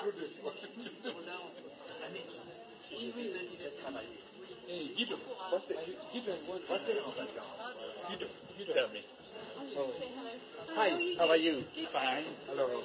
Hey, Hi, how are you? Fine. Hello,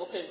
Okay.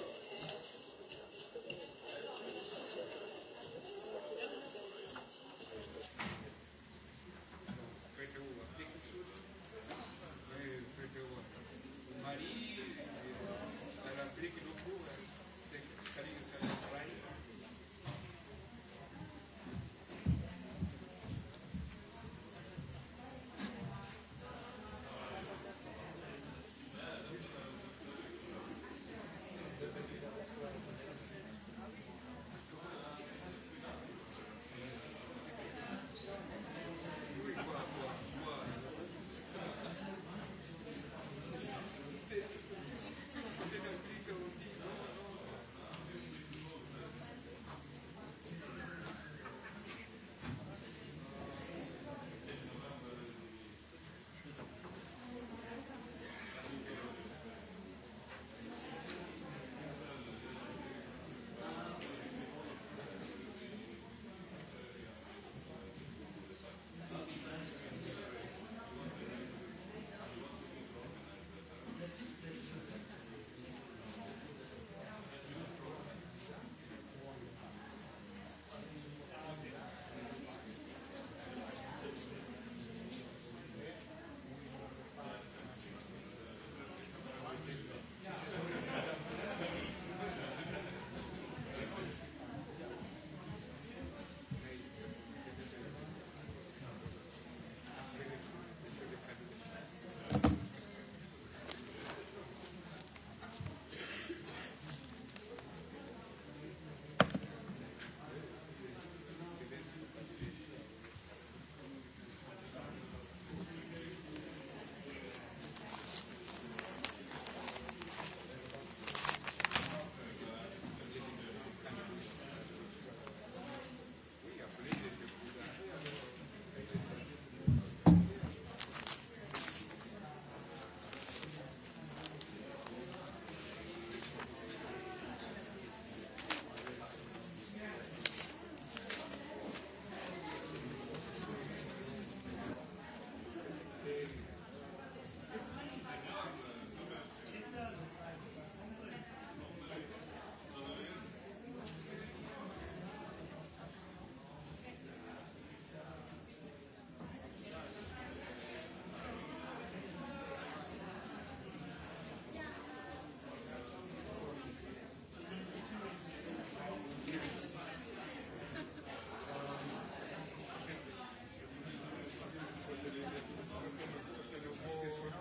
Ευχαριστώ.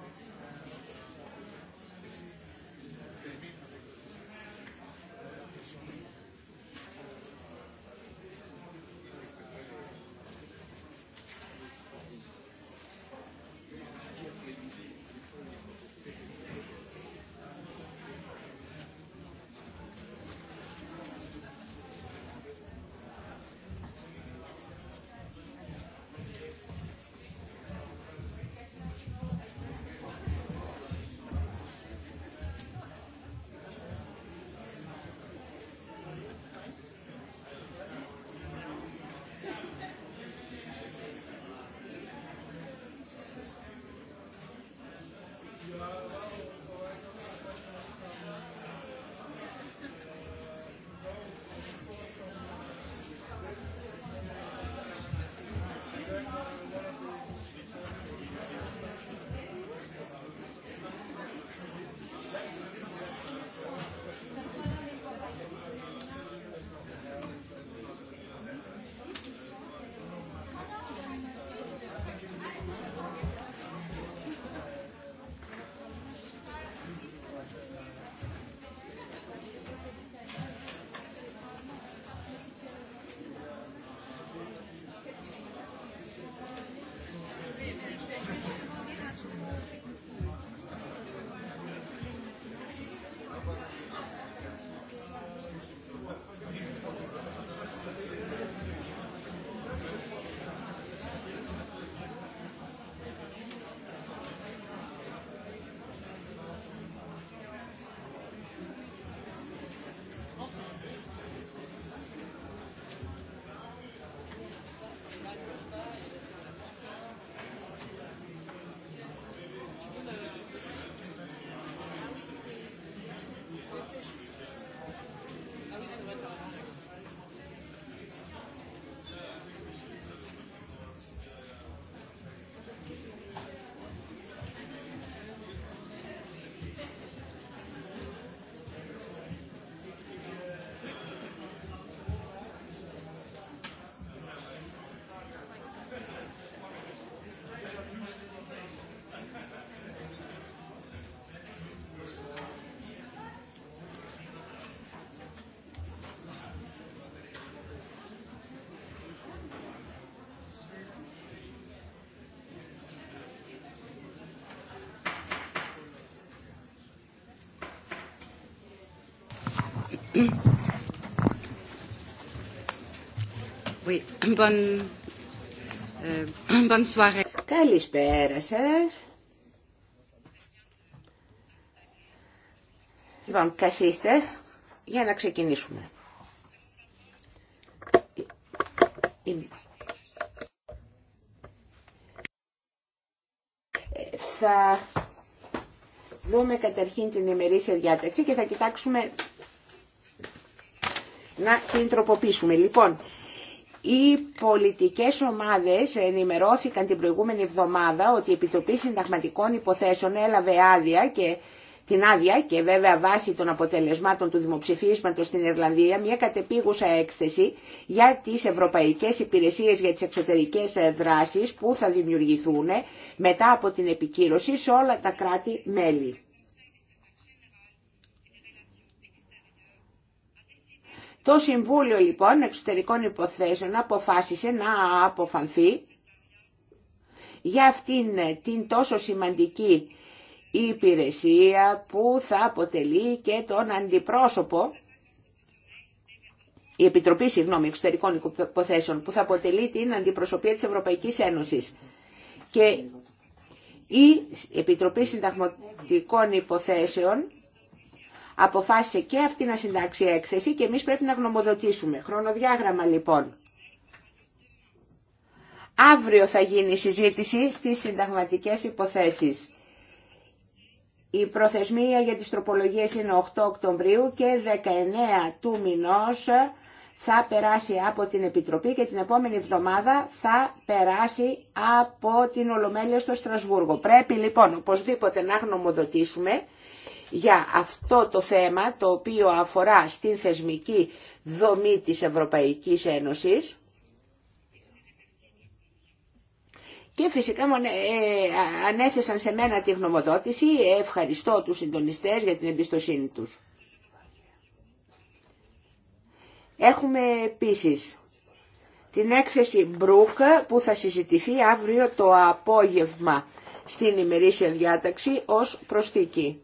Euh, Καλησπέρα σα. Λοιπόν, καθίστε για να ξεκινήσουμε. Ε, θα δούμε καταρχήν την ημερήσια διάταξη και θα κοιτάξουμε να την τροποποιήσουμε. Λοιπόν, οι πολιτικές ομάδες ενημερώθηκαν την προηγούμενη εβδομάδα ότι η Επιτροπή Συνταγματικών Υποθέσεων έλαβε άδεια και την άδεια και βέβαια βάσει των αποτελεσμάτων του δημοψηφίσματος στην Ιρλανδία μια κατεπίγουσα έκθεση για τις ευρωπαϊκές υπηρεσίες για τις εξωτερικές δράσεις που θα δημιουργηθούν μετά από την επικύρωση σε όλα τα κράτη-μέλη. Το Συμβούλιο λοιπόν Εξωτερικών Υποθέσεων αποφάσισε να αποφανθεί για αυτήν ε, την τόσο σημαντική υπηρεσία που θα αποτελεί και τον αντιπρόσωπο η Επιτροπή συγγνώμη, Εξωτερικών Υποθέσεων που θα αποτελεί την αντιπροσωπεία της Ευρωπαϊκής Ένωσης και η Επιτροπή Συνταγματικών Υποθέσεων αποφάσισε και αυτή να συντάξει έκθεση και εμείς πρέπει να γνωμοδοτήσουμε. Χρονοδιάγραμμα λοιπόν. Αύριο θα γίνει η συζήτηση στις συνταγματικές υποθέσεις. Η προθεσμία για τις τροπολογίες είναι 8 Οκτωβρίου και 19 του μηνός θα περάσει από την Επιτροπή και την επόμενη εβδομάδα θα περάσει από την Ολομέλεια στο Στρασβούργο. Πρέπει λοιπόν οπωσδήποτε να γνωμοδοτήσουμε για αυτό το θέμα το οποίο αφορά στην θεσμική δομή της Ευρωπαϊκής Ένωσης και φυσικά ε, ανέθεσαν σε μένα τη γνωμοδότηση. Ευχαριστώ τους συντονιστές για την εμπιστοσύνη τους. Έχουμε επίσης την έκθεση Μπρουκ που θα συζητηθεί αύριο το απόγευμα στην ημερήσια διάταξη ως προσθήκη.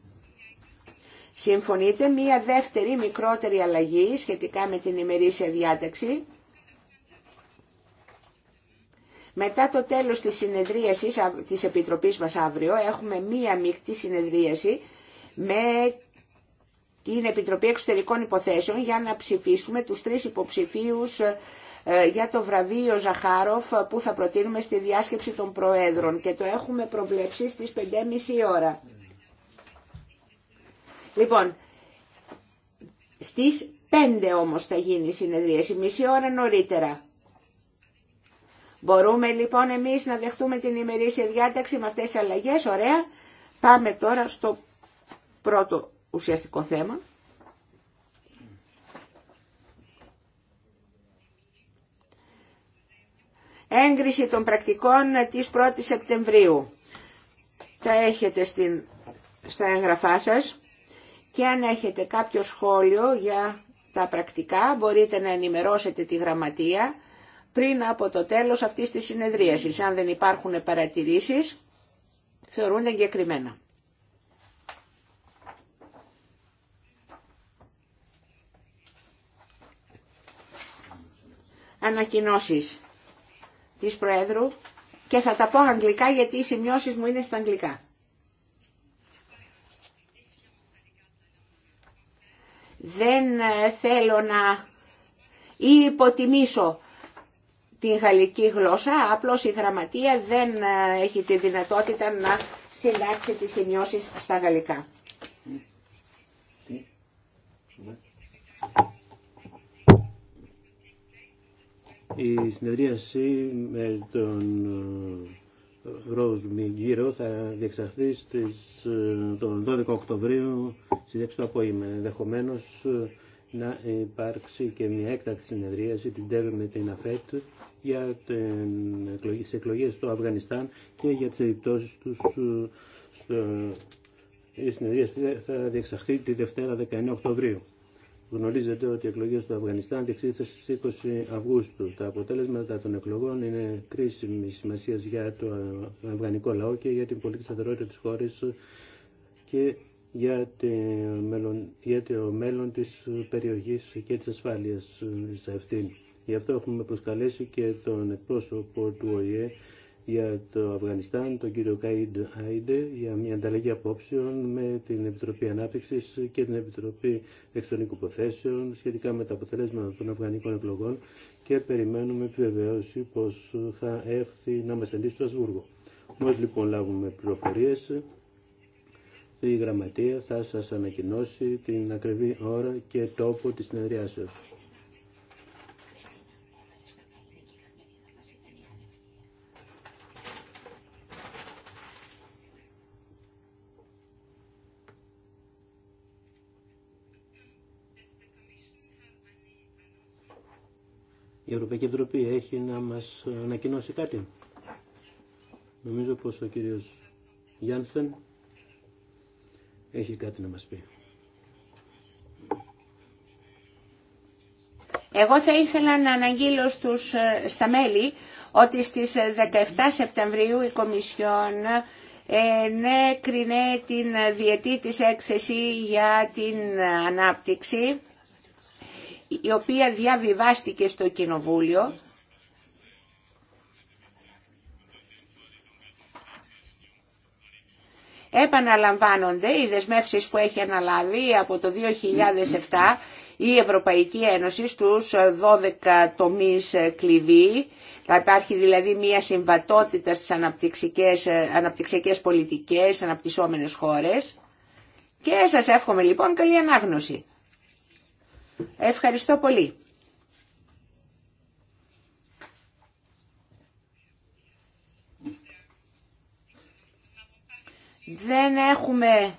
Συμφωνείτε μία δεύτερη μικρότερη αλλαγή σχετικά με την ημερήσια διάταξη. Μετά το τέλος της συνεδρίασης της Επιτροπής μας αύριο έχουμε μία μεικτή συνεδρίαση με την Επιτροπή Εξωτερικών Υποθέσεων για να ψηφίσουμε τους τρεις υποψηφίους ε, για το βραβείο Ζαχάροφ ε, που θα προτείνουμε στη διάσκεψη των Προέδρων και το έχουμε προβλέψει στις 5.30 ώρα. Λοιπόν, στις 5 όμως θα γίνει η συνεδρίαση, μισή ώρα νωρίτερα. Μπορούμε λοιπόν εμείς να δεχτούμε την ημερήσια διάταξη με αυτές τις αλλαγές, ωραία. Πάμε τώρα στο πρώτο ουσιαστικό θέμα. Έγκριση των πρακτικών της 1 η Σεπτεμβρίου. Τα έχετε στην, στα έγγραφά σας και αν έχετε κάποιο σχόλιο για τα πρακτικά μπορείτε να ενημερώσετε τη γραμματεία πριν από το τέλος αυτής της συνεδρίασης. Αν δεν υπάρχουν παρατηρήσεις, θεωρούνται εγκεκριμένα. Ανακοινώσεις της Προέδρου και θα τα πω αγγλικά γιατί οι σημειώσεις μου είναι στα αγγλικά. Δεν ε, θέλω να υποτιμήσω την γαλλική γλώσσα, απλώς η γραμματεία δεν ε, έχει τη δυνατότητα να συντάξει τις σημειώσεις στα γαλλικά. Η συνεδρίαση με τον ε, Ροζ Μιγκύρο θα διεξαχθεί στις, ε, τον 12 Οκτωβρίου στις 6 το απόγευμα. Ενδεχομένω ε, να υπάρξει και μια έκτακτη συνεδρίαση την ΤΕΒΕ με την ΑΦΕΤ για τις εκλογές στο Αφγανιστάν και για τις επιπτώσεις τους ε, στο, η συνεδρία θα διεξαχθεί τη Δευτέρα 19 Οκτωβρίου. Γνωρίζετε ότι η εκλογέ στο Αφγανιστάν διεξήχθησαν στι 20 Αυγούστου. Τα αποτέλεσματα των εκλογών είναι κρίσιμη σημασία για το αφγανικό λαό και για την πολιτική σταθερότητα τη χώρα και για, το μέλλον, για το της περιοχής και τη ασφάλεια σε αυτήν. Γι' αυτό έχουμε προσκαλέσει και τον εκπρόσωπο του ΟΗΕ για το Αφγανιστάν, τον κύριο Καϊντ Άιντε, για μια ανταλλαγή απόψεων με την Επιτροπή Ανάπτυξη και την Επιτροπή Εξωτερικών Υποθέσεων σχετικά με τα αποτελέσματα των Αφγανικών εκλογών και περιμένουμε επιβεβαίωση πω θα έρθει να μα εντύσει στο Ασβούργο. Μόλι λοιπόν λάβουμε πληροφορίε, η Γραμματεία θα σα ανακοινώσει την ακριβή ώρα και τόπο τη συνεδριάσεω. η Ευρωπαϊκή Επιτροπή έχει να μας ανακοινώσει κάτι. Νομίζω πως ο κύριος Γιάνσεν έχει κάτι να μας πει. Εγώ θα ήθελα να αναγγείλω στους, ε, στα μέλη ότι στις 17 ε, Σεπτεμβρίου η Κομισιόν ε, ενέκρινε την διετή της έκθεση για την ανάπτυξη η οποία διαβιβάστηκε στο Κοινοβούλιο επαναλαμβάνονται οι δεσμεύσεις που έχει αναλάβει από το 2007 η Ευρωπαϊκή Ένωση στους 12 τομείς κλειδί. Θα υπάρχει δηλαδή μια συμβατότητα στις αναπτυξιακές, αναπτυξιακές πολιτικές, αναπτυσσόμενες χώρες. Και σας εύχομαι λοιπόν καλή ανάγνωση. Ευχαριστώ πολύ. Δεν έχουμε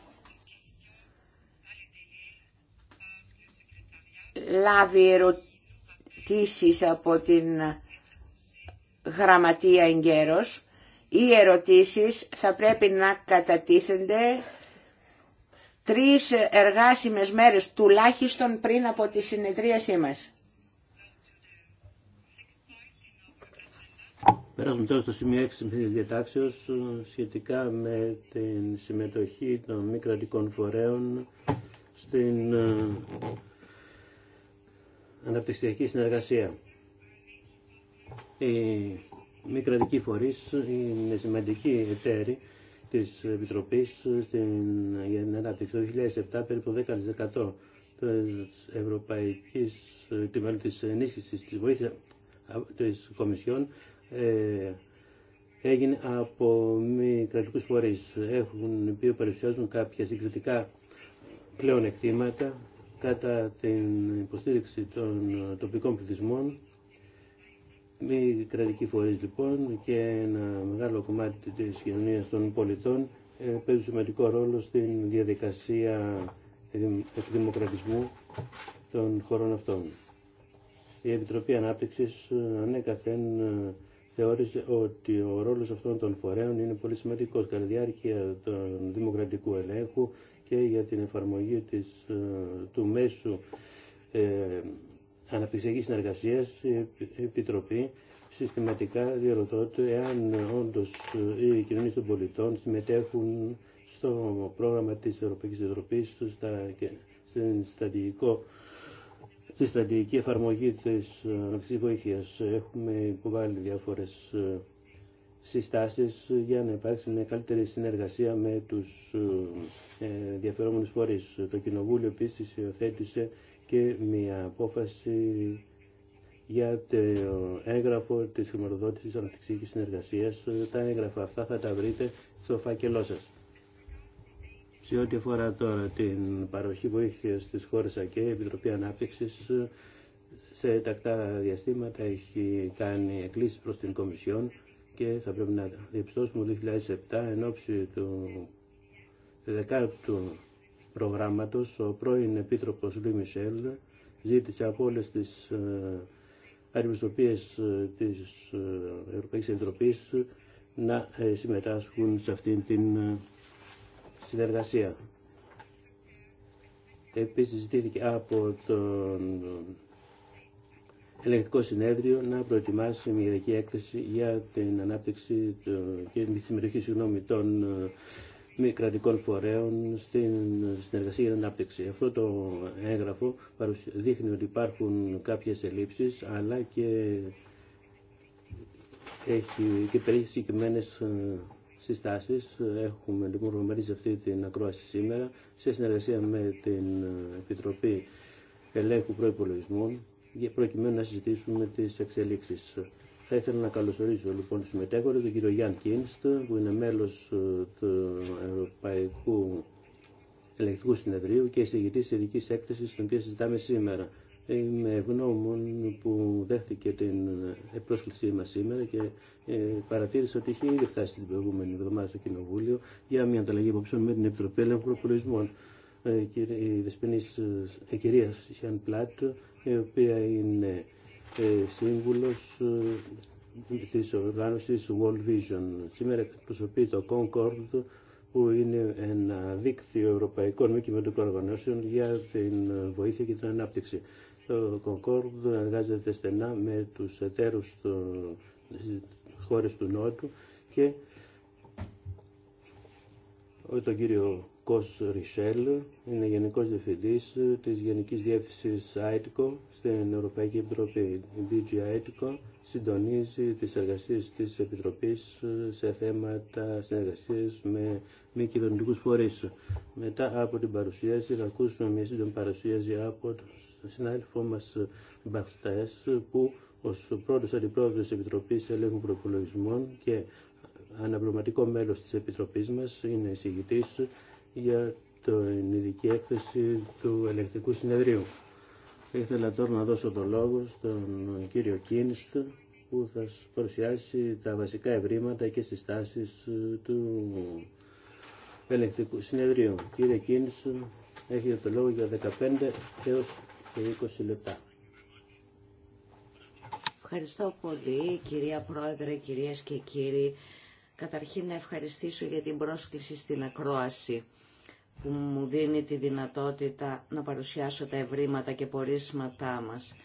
λάβει ερωτήσεις από την γραμματεία εγκαίρως. Οι ερωτήσεις θα πρέπει να κατατίθενται τρεις εργάσιμες μέρες τουλάχιστον πριν από τη συνεδρίασή μας. Περάσουμε τώρα στο σημείο 6 της σχετικά με την συμμετοχή των μη κρατικών φορέων στην ε, αναπτυξιακή συνεργασία. Οι μη κρατικοί φορείς είναι σημαντικοί εταίροι της Επιτροπής στην Ανάπτυξη, του 2007 περίπου 10% της ευρωπαϊκής, της ενίσχυσης της βοήθειας της Κομισιόν ε, έγινε από μη κρατικού φορεί. Έχουν οι οποίοι παρουσιάζουν κάποια συγκριτικά πλέον εκτήματα κατά την υποστήριξη των τοπικών πληθυσμών μη κρατικοί φορείς λοιπόν και ένα μεγάλο κομμάτι της κοινωνία των πολιτών ε, παίζουν σημαντικό ρόλο στην διαδικασία δημοκρατισμού των χωρών αυτών. Η Επιτροπή Ανάπτυξης ε, ανέκαθεν ε, θεώρησε ότι ο ρόλος αυτών των φορέων είναι πολύ σημαντικός κατά διάρκεια του δημοκρατικού ελέγχου και για την εφαρμογή της, του μέσου αναπτυξιακή συνεργασία η Επιτροπή συστηματικά του εάν όντως οι κοινωνίες των πολιτών συμμετέχουν στο πρόγραμμα της Ευρωπαϊκής Επιτροπής στην στη στρατηγική εφαρμογή της αναπτυξιακής βοήθειας. Έχουμε υποβάλει διάφορες ε, συστάσεις για να υπάρξει μια καλύτερη συνεργασία με τους ε, ενδιαφερόμενους φορείς. Το Κοινοβούλιο επίσης υιοθέτησε και μια απόφαση για το έγγραφο της χρηματοδότησης αναπτυξιακής συνεργασίας. Τα έγγραφα αυτά θα τα βρείτε στο φάκελό σας. Σε ό,τι αφορά τώρα την παροχή βοήθεια στις χώρες ΑΚΕ, η Επιτροπή Ανάπτυξης σε τακτά διαστήματα έχει κάνει εκκλήσεις προς την Κομισιόν και θα πρέπει να διαπιστώσουμε το 2007 εν ώψη του 10 προγράμματος, ο πρώην Επίτροπος Λουί Μισελ ζήτησε από όλες τις ε, αντιμετωπίες ε, της ε, Ευρωπαϊκής Επιτροπής να συμμετάσχουν σε αυτήν την συνεργασία. Επίσης ζητήθηκε από το ελεγκτικό συνέδριο να προετοιμάσει μια ειδική έκθεση για την ανάπτυξη και τη συμμετοχή συγγνώμη, των μη κρατικών φορέων στην συνεργασία για την ανάπτυξη. Αυτό το έγγραφο δείχνει ότι υπάρχουν κάποιες ελλείψεις αλλά και έχει και περιέχει συγκεκριμένε ε, συστάσεις. Έχουμε λοιπόν αυτή την ακρόαση σήμερα σε συνεργασία με την ε, Επιτροπή Ελέγχου Προϋπολογισμών προκειμένου να συζητήσουμε τις εξελίξεις. Θα ήθελα να καλωσορίσω λοιπόν του συμμετέχοντες, τον κύριο Γιάνν Κίνστ, που είναι μέλο ε, του Ευρωπαϊκού Ελεκτικού Συνεδρίου και εισηγητή τη ειδική έκθεση, την οποία συζητάμε σήμερα. Είμαι ευγνώμων που δέχτηκε την πρόσκλησή μα σήμερα και ε, παρατήρησα ότι είχε ήδη φτάσει την προηγούμενη εβδομάδα στο Κοινοβούλιο για μια ανταλλαγή υποψίων με την Επιτροπή Ελέγχου Προπολογισμών. Ε, η δεσπενή κυρία Σιάν Πλάτ, η οποία είναι ε, σύμβουλος ε, της οργάνωσης World Vision. Σήμερα εκπροσωπεί το Concord που είναι ένα δίκτυο ευρωπαϊκών μη κυβερνητικών οργανώσεων για την βοήθεια και την ανάπτυξη. Το Concord εργάζεται στενά με τους εταίρους χώρες του Νότου και τον κύριο Κος Ρισελ, είναι Γενικός Διευθυντής της Γενικής Διεύθυνσης ΑΕΤΚΟ στην Ευρωπαϊκή Επιτροπή. Η DG ΑΕΤΚΟ συντονίζει τις εργασίες της Επιτροπής σε θέματα συνεργασίες με μη κυβερνητικούς φορείς. Μετά από την παρουσίαση θα ακούσουμε μια σύντομη παρουσίαση από τον συνάδελφό μας Μπαχστές που ως πρώτος αντιπρόεδρος της Επιτροπής Ελέγχου Προπολογισμών και αναπληρωματικό μέλος της Επιτροπής μας είναι εισηγητής για την ειδική έκθεση του ελεκτικού συνεδρίου. Θα ήθελα τώρα να δώσω το λόγο στον κύριο Κίνιστ που θα παρουσιάσει τα βασικά ευρήματα και συστάσεις του ελεκτικού συνεδρίου. Κύριε Κίνιστ, έχετε το λόγο για 15 έως 20 λεπτά. Ευχαριστώ πολύ κυρία Πρόεδρε, κυρίες και κύριοι. Καταρχήν να ευχαριστήσω για την πρόσκληση στην ακρόαση που μου δίνει τη δυνατότητα να παρουσιάσω τα ευρήματα και πορίσματά μας.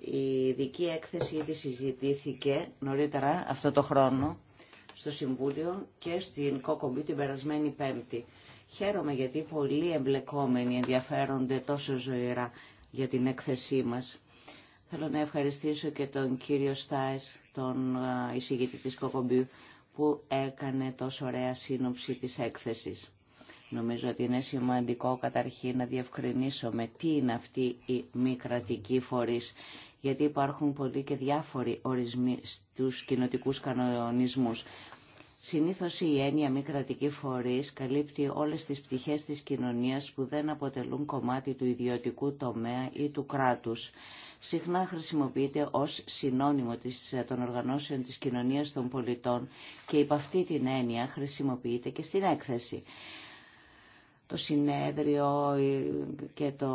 Η δική έκθεση ήδη συζητήθηκε νωρίτερα αυτό το χρόνο στο Συμβούλιο και στην Κόκομπή την περασμένη Πέμπτη. Χαίρομαι γιατί πολλοί εμπλεκόμενοι ενδιαφέρονται τόσο ζωηρά για την έκθεσή μας. Θέλω να ευχαριστήσω και τον κύριο Στάις, τον εισηγητή της Κοκομπή, που έκανε τόσο ωραία σύνοψη της έκθεσης. Νομίζω ότι είναι σημαντικό καταρχήν να διευκρινίσουμε τι είναι αυτή η μη κρατική φορείς, γιατί υπάρχουν πολλοί και διάφοροι ορισμοί στους κοινοτικού κανονισμούς. Συνήθως η έννοια μη κρατική φορείς καλύπτει όλες τις πτυχές της κοινωνίας που δεν αποτελούν κομμάτι του ιδιωτικού τομέα ή του κράτους. Συχνά χρησιμοποιείται ως συνώνυμο των οργανώσεων της κοινωνίας των πολιτών και υπ' αυτή την έννοια χρησιμοποιείται και στην έκθεση το συνέδριο και το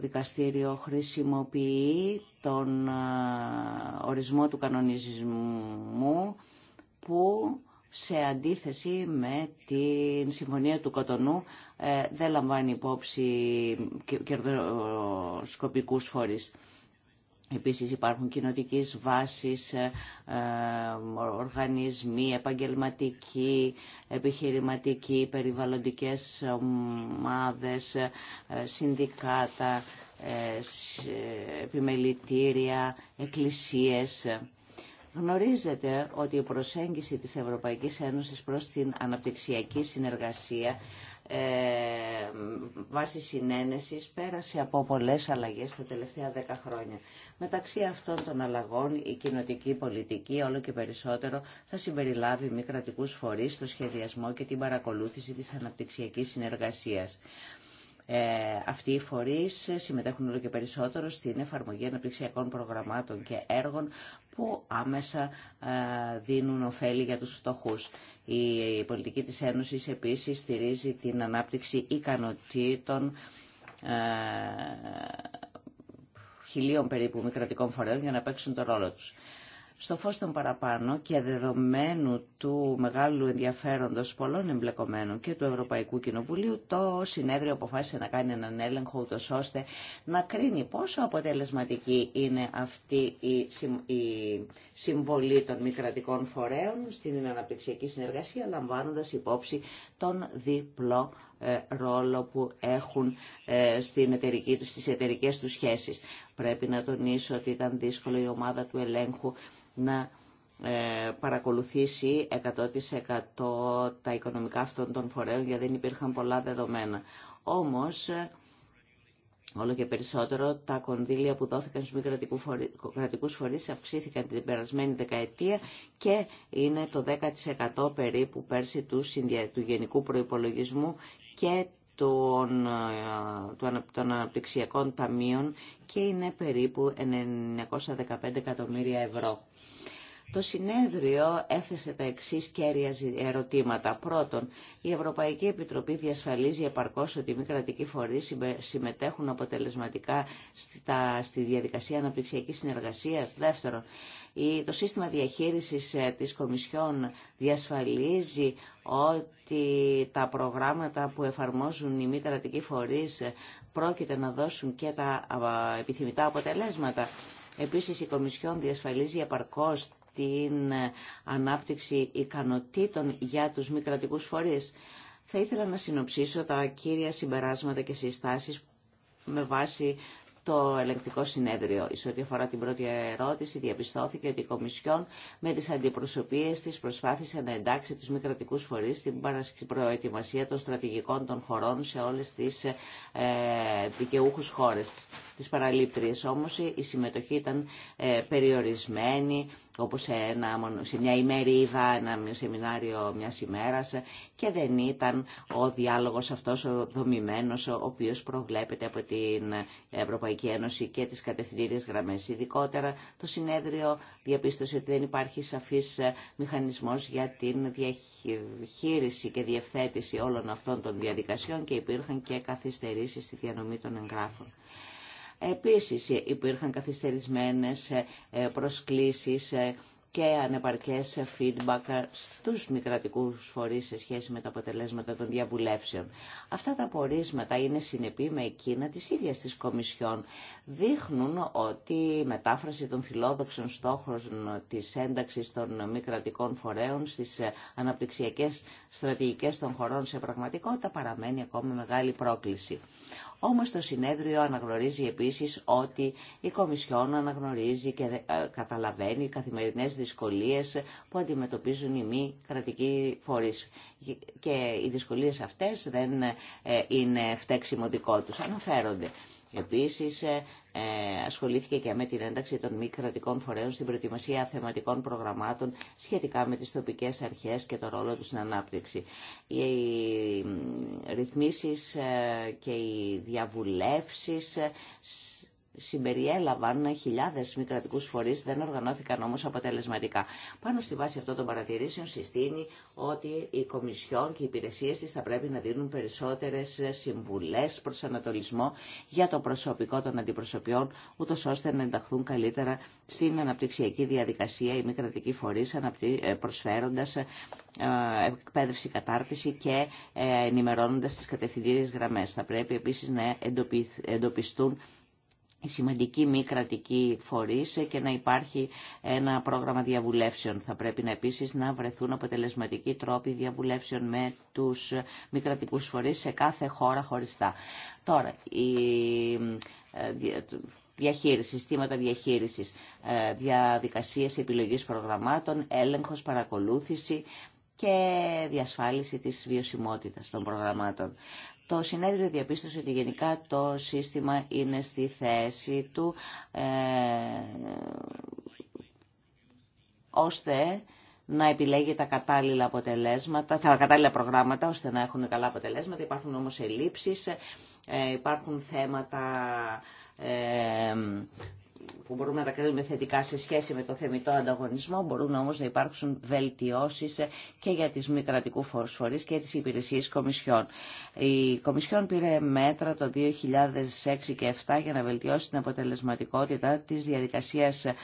δικαστήριο χρησιμοποιεί τον ορισμό του κανονισμού που σε αντίθεση με την Συμφωνία του Κοτονού ε, δεν λαμβάνει υπόψη κερδοσκοπικούς φορείς. Επίσης υπάρχουν κοινοτικέ βάσεις, ε, ε, οργανισμοί, επαγγελματικοί, επιχειρηματικοί, περιβαλλοντικές ομάδες, ε, συνδικάτα, επιμελητήρια, εκκλησίες. Γνωρίζετε ότι η προσέγγιση της Ευρωπαϊκής Ένωσης προς την αναπτυξιακή συνεργασία ε, βάσει συνένεσης πέρασε από πολλές αλλαγές τα τελευταία δέκα χρόνια. Μεταξύ αυτών των αλλαγών η κοινοτική πολιτική όλο και περισσότερο θα συμπεριλάβει μη κρατικούς φορείς στο σχεδιασμό και την παρακολούθηση της αναπτυξιακής συνεργασίας. Ε, αυτοί οι φορείς συμμετέχουν όλο και περισσότερο στην εφαρμογή αναπτυξιακών προγραμμάτων και έργων που άμεσα ε, δίνουν ωφέλη για τους στόχους Η πολιτική της Ένωσης επίσης στηρίζει την ανάπτυξη ικανοτήτων ε, χιλίων περίπου μικρατικών φορέων για να παίξουν το ρόλο τους στο φως των παραπάνω και δεδομένου του μεγάλου ενδιαφέροντος πολλών εμπλεκομένων και του Ευρωπαϊκού Κοινοβουλίου, το συνέδριο αποφάσισε να κάνει έναν έλεγχο ούτως ώστε να κρίνει πόσο αποτελεσματική είναι αυτή η συμβολή των μη κρατικών φορέων στην αναπτυξιακή συνεργασία, λαμβάνοντας υπόψη τον διπλό ε, ρόλο που έχουν ε, στην εταιρική, στις εταιρικές τους σχέσεις. Πρέπει να τονίσω ότι ήταν δύσκολο η ομάδα του ελέγχου να ε, παρακολουθήσει 100% τα οικονομικά αυτών των φορέων γιατί δεν υπήρχαν πολλά δεδομένα. Όμως Όλο και περισσότερο τα κονδύλια που δόθηκαν στους μη κρατικούς φορείς αυξήθηκαν την περασμένη δεκαετία και είναι το 10% περίπου πέρσι του, του γενικού προϋπολογισμού και ε, των, των αναπτυξιακών ταμείων και είναι περίπου 915 εκατομμύρια ευρώ. Το συνέδριο έθεσε τα εξή κέρια ερωτήματα. Πρώτον, η Ευρωπαϊκή Επιτροπή διασφαλίζει επαρκώ ότι οι μη κρατικοί φορεί συμμετέχουν αποτελεσματικά στη διαδικασία αναπτυξιακή συνεργασίας. Δεύτερον, το σύστημα διαχείρισης ε, της Κομισιόν διασφαλίζει ότι τα προγράμματα που εφαρμόζουν οι μη κρατικοί φορεί ε, πρόκειται να δώσουν και τα επιθυμητά αποτελέσματα. Επίσης, η Κομισιόν διασφαλίζει επαρκώς την ανάπτυξη ικανοτήτων για τους μη κρατικούς φορείς. Θα ήθελα να συνοψίσω τα κύρια συμπεράσματα και συστάσεις με βάση το ελεγκτικό συνέδριο. Σε ό,τι αφορά την πρώτη ερώτηση, διαπιστώθηκε ότι η Κομισιόν με τις αντιπροσωπείες της προσπάθησε να εντάξει τους μη κρατικούς φορείς στην προετοιμασία των στρατηγικών των χωρών σε όλες τις ε, δικαιούχους χώρες, της παραλήπτριες. Όμως η συμμετοχή ήταν ε, περιορισμένη, όπως σε, ένα, σε μια ημερίδα, ένα σεμινάριο μια ημέρα και δεν ήταν ο διάλογος αυτός ο δομημένος ο οποίος προβλέπεται από την Ευρωπαϊκή Ένωση και τις κατευθυντήριες γραμμές. Ειδικότερα το συνέδριο διαπίστωσε ότι δεν υπάρχει σαφής μηχανισμός για την διαχείριση και διευθέτηση όλων αυτών των διαδικασιών και υπήρχαν και καθυστερήσεις στη διανομή των εγγράφων. Επίσης υπήρχαν καθυστερισμένες ε, ε, προσκλήσεις ε, και ανεπαρκές feedback στους κρατικούς φορείς σε σχέση με τα αποτελέσματα των διαβουλεύσεων. Αυτά τα πορίσματα είναι συνεπή με εκείνα της ίδιας της Κομισιόν. Δείχνουν ότι η μετάφραση των φιλόδοξων στόχων της ένταξης των μη κρατικών φορέων στις αναπτυξιακές στρατηγικές των χωρών σε πραγματικότητα παραμένει ακόμα μεγάλη πρόκληση. Όμως το συνέδριο αναγνωρίζει επίσης ότι η Κομισιόν αναγνωρίζει και ε, καταλαβαίνει καθημερινές δυσκολίες που αντιμετωπίζουν οι μη κρατικοί φορείς. Και οι δυσκολίες αυτές δεν ε, είναι φταίξιμο δικό τους, αναφέρονται. Επίσης ε, ε, ασχολήθηκε και με την ένταξη των μη κρατικών φορέων στην προετοιμασία θεματικών προγραμμάτων σχετικά με τις τοπικές αρχές και το ρόλο τους στην ανάπτυξη. Οι ε, ρυθμίσεις ε, και οι διαβουλεύσεις συμπεριέλαβαν χιλιάδε μη κρατικού φορείς, δεν οργανώθηκαν όμω αποτελεσματικά. Πάνω στη βάση αυτών των παρατηρήσεων συστήνει ότι οι Κομισιόν και οι υπηρεσίε τη θα πρέπει να δίνουν περισσότερε συμβουλέ προ ανατολισμό για το προσωπικό των αντιπροσωπιών, ούτω ώστε να ενταχθούν καλύτερα στην αναπτυξιακή διαδικασία οι μη κρατικοί φορείς, ε, προσφέροντα ε, εκπαίδευση κατάρτιση και ε, ενημερώνοντα τι κατευθυντήριε γραμμέ. Θα πρέπει επίση να εντοπιστούν σημαντική μη κρατική φορείς και να υπάρχει ένα πρόγραμμα διαβουλεύσεων. Θα πρέπει να επίσης να βρεθούν αποτελεσματικοί τρόποι διαβουλεύσεων με τους μη κρατικούς φορείς σε κάθε χώρα χωριστά. Τώρα, η ε, διαχείριση, συστήματα διαχείρισης, ε, διαδικασίες επιλογής προγραμμάτων, έλεγχος, παρακολούθηση και διασφάλιση της βιωσιμότητας των προγραμμάτων. Το συνέδριο διαπίστωσε ότι γενικά το σύστημα είναι στη θέση του ε, ώστε να επιλέγει τα κατάλληλα αποτελέσματα, τα κατάλληλα προγράμματα ώστε να έχουν καλά αποτελέσματα. Υπάρχουν όμως ελλείψεις, ε, υπάρχουν θέματα ε, που μπορούμε να τα κρίνουμε θετικά σε σχέση με το θεμητό ανταγωνισμό, μπορούν όμως να υπάρξουν βελτιώσεις και για τις μη κρατικού και τις υπηρεσίες κομισιών. Η Κομισιόν πήρε μέτρα το 2006 και 2007 για να βελτιώσει την αποτελεσματικότητα της διαδικασίας ε,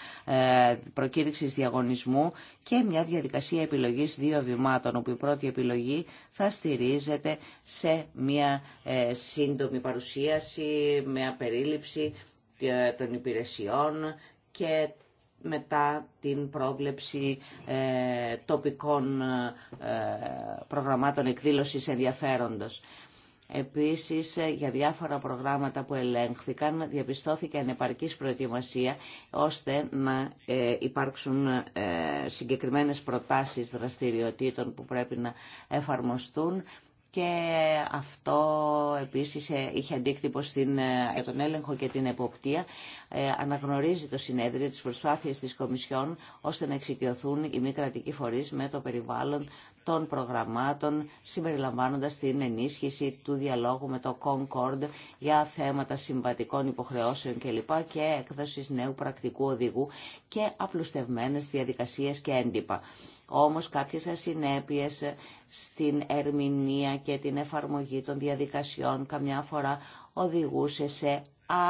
προκήρυξης διαγωνισμού και μια διαδικασία επιλογής δύο βημάτων, όπου η πρώτη επιλογή θα στηρίζεται σε μια ε, σύντομη παρουσίαση με απερίληψη ε, των υπηρεσιών και μετά την πρόβλεψη ε, τοπικών ε, προγραμμάτων εκδήλωσης ενδιαφέροντος. Επίσης, για διάφορα προγράμματα που ελέγχθηκαν, διαπιστώθηκε ανεπαρκής προετοιμασία, ώστε να υπάρξουν συγκεκριμένες προτάσεις δραστηριοτήτων που πρέπει να εφαρμοστούν και αυτό επίσης ε, είχε αντίκτυπο στην, ε, για τον έλεγχο και την εποπτεία. Ε, αναγνωρίζει το συνέδριο τις προσπάθειες της Κομισιόν ώστε να εξοικειωθούν οι μη κρατικοί φορείς με το περιβάλλον των προγραμμάτων συμπεριλαμβάνοντας την ενίσχυση του διαλόγου με το Concord για θέματα συμβατικών υποχρεώσεων κλπ. και έκδοσης νέου πρακτικού οδηγού και απλουστευμένες διαδικασίες και έντυπα. Όμως κάποιες ασυνέπειες στην ερμηνεία και την εφαρμογή των διαδικασιών καμιά φορά οδηγούσε σε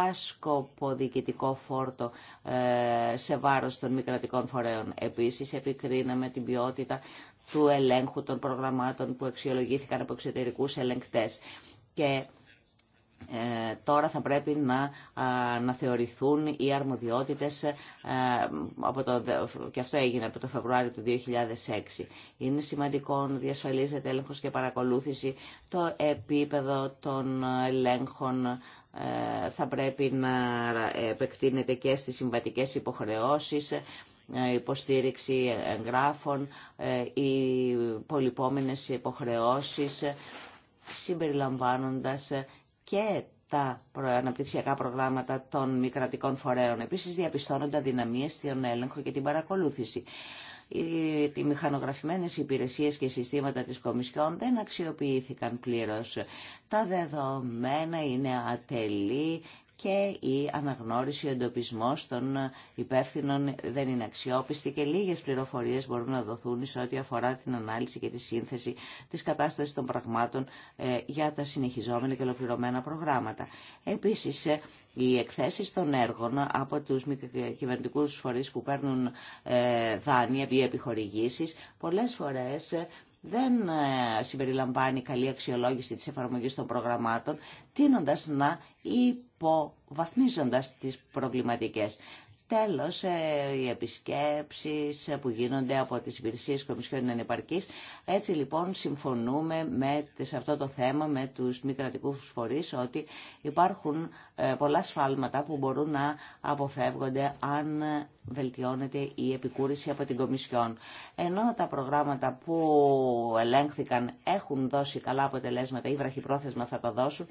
άσκοπο διοικητικό φόρτο ε, σε βάρος των μη κρατικών φορέων. Επίσης επικρίναμε την ποιότητα του ελέγχου των προγραμμάτων που αξιολογήθηκαν από εξωτερικούς ελεγκτές. Και ε, τώρα θα πρέπει να να θεωρηθούν οι αρμοδιότητες ε, από το, και αυτό έγινε από το Φεβρουάριο του 2006. Είναι σημαντικό να διασφαλίζεται έλεγχος και παρακολούθηση το επίπεδο των ελέγχων ε, θα πρέπει να επεκτείνεται και στις συμβατικές υποχρεώσεις ε, υποστήριξη εγγράφων, ε, οι πολυπόμενες υποχρεώσεις, ε, συμπεριλαμβάνοντας και τα αναπτυξιακά προγράμματα των μη κρατικών φορέων. Επίσης διαπιστώνονται δυναμίες στον έλεγχο και την παρακολούθηση. Οι μηχανογραφημένες υπηρεσίες και συστήματα της Κομισιόν δεν αξιοποιήθηκαν πλήρως. Τα δεδομένα είναι ατελή, και η αναγνώριση, ο εντοπισμό των υπεύθυνων δεν είναι αξιόπιστη και λίγες πληροφορίες μπορούν να δοθούν σε ό,τι αφορά την ανάλυση και τη σύνθεση της κατάστασης των πραγμάτων ε, για τα συνεχιζόμενα και ολοκληρωμένα προγράμματα. Επίσης, ε, οι εκθέσει των έργων από τους κυβερνητικού φορείς που παίρνουν ε, δάνεια ή επιχορηγήσεις πολλές φορές δεν ε, συμπεριλαμβάνει καλή αξιολόγηση της εφαρμογής των προγραμμάτων, τίνοντας να υποβαθμίζοντας τις προβληματικές. Τέλος, ε, οι επισκέψεις που γίνονται από τις υπηρεσίες Κομισιόν είναι Έτσι λοιπόν συμφωνούμε με, σε αυτό το θέμα με τους μη κρατικούς φορείς ότι υπάρχουν ε, πολλά σφάλματα που μπορούν να αποφεύγονται αν βελτιώνεται η επικούρηση από την Κομισιόν. Ενώ τα προγράμματα που ελέγχθηκαν έχουν δώσει καλά αποτελέσματα ή βραχυπρόθεσμα θα τα δώσουν,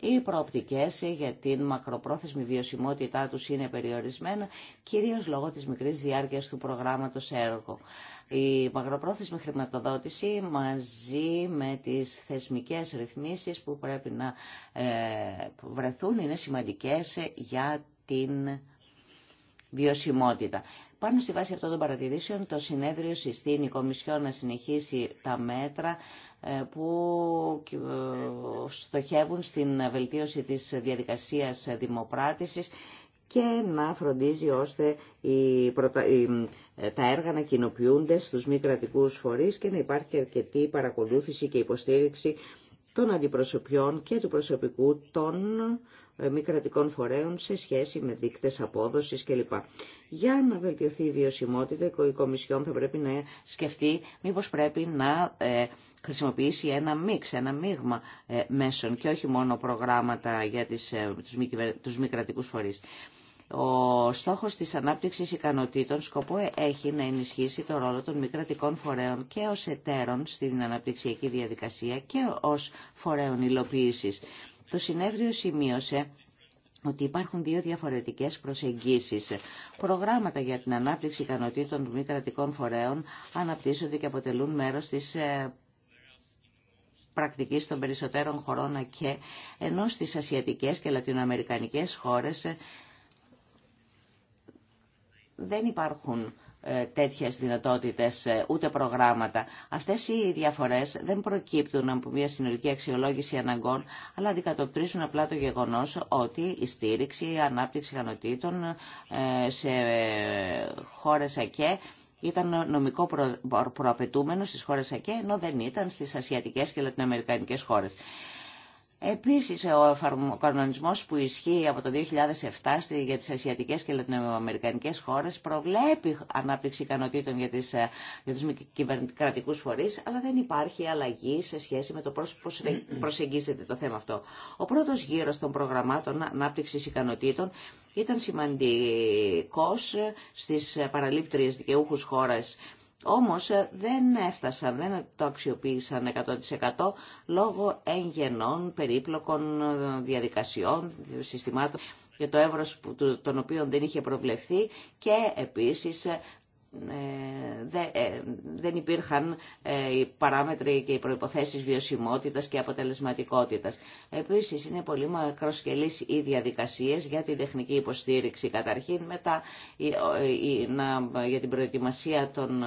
οι προοπτικές για την μακροπρόθεσμη βιωσιμότητά τους είναι περιορισμένα, κυρίως λόγω της μικρής διάρκειας του προγράμματος έργο. Η μακροπρόθεσμη χρηματοδότηση μαζί με τις θεσμικές ρυθμίσεις που πρέπει να ε, βρεθούν είναι σημαντικές για την βιωσιμότητα. Πάνω στη βάση αυτών των παρατηρήσεων, το συνέδριο συστήνει η Κομισιό να συνεχίσει τα μέτρα ε, που ε, στοχεύουν στην βελτίωση της διαδικασίας δημοπράτησης και να φροντίζει ώστε η ε, τα έργα να κοινοποιούνται στους μη κρατικού φορείς και να υπάρχει αρκετή παρακολούθηση και υποστήριξη των αντιπροσωπιών και του προσωπικού των ε, μη κρατικών φορέων σε σχέση με δείκτες απόδοσης κλπ. Για να βελτιωθεί η βιωσιμότητα, η Κομισιόν θα πρέπει να σκεφτεί μήπως πρέπει να ε, χρησιμοποιήσει ένα μίξ, ένα μείγμα ε, μέσων και όχι μόνο προγράμματα για τις, τους, μη, κρατικούς φορείς. Ο στόχος της ανάπτυξης ικανοτήτων σκοπό έχει να ενισχύσει το ρόλο των μη κρατικών φορέων και ως εταίρων στην αναπτυξιακή διαδικασία και ως φορέων υλοποίησης. Το συνέδριο σημείωσε ότι υπάρχουν δύο διαφορετικές προσεγγίσεις. Προγράμματα για την ανάπτυξη ικανοτήτων των μη κρατικών φορέων αναπτύσσονται και αποτελούν μέρος της ε, πρακτικής των περισσότερων χωρών και ενώ στις ασιατικές και λατινοαμερικανικές χώρες ε, δεν υπάρχουν ε, τέτοιες δυνατότητες, ε, ούτε προγράμματα. Αυτές οι διαφορές δεν προκύπτουν από μια συνολική αξιολόγηση αναγκών, αλλά αντικατοπτρίζουν απλά το γεγονός ότι η στήριξη, η ανάπτυξη ικανοτήτων ε, σε χώρες ΑΚΕ ήταν νομικό προ, προαπαιτούμενο στις χώρες ΑΚΕ, ενώ δεν ήταν στις ασιατικές και λατινοαμερικανικές χώρες. Επίσης, ο κανονισμός που ισχύει από το 2007 για τις ασιατικές και λατινοαμερικανικές χώρες προβλέπει ανάπτυξη ικανοτήτων για, τις, ε, για τους κυβερνητικούς φορείς, αλλά δεν υπάρχει αλλαγή σε σχέση με το πώς προσεγγίζεται το θέμα αυτό. Ο πρώτος γύρος των προγραμμάτων ανάπτυξης ικανοτήτων ήταν σημαντικός ε, στις παραλήπτριες δικαιούχους χώρες όμως ε, δεν έφτασαν, δεν το αξιοποίησαν 100% λόγω εγγενών περίπλοκων ε, διαδικασιών, συστημάτων και το εύρος των οποίων δεν είχε προβλεφθεί και επίσης ε, ε, ε, δεν υπήρχαν ε, οι παράμετροι και οι προϋποθέσεις βιωσιμότητας και αποτελεσματικότητας. Επίσης είναι πολύ μακροσκελής οι διαδικασίες για την τεχνική υποστήριξη καταρχήν μετά για την προετοιμασία των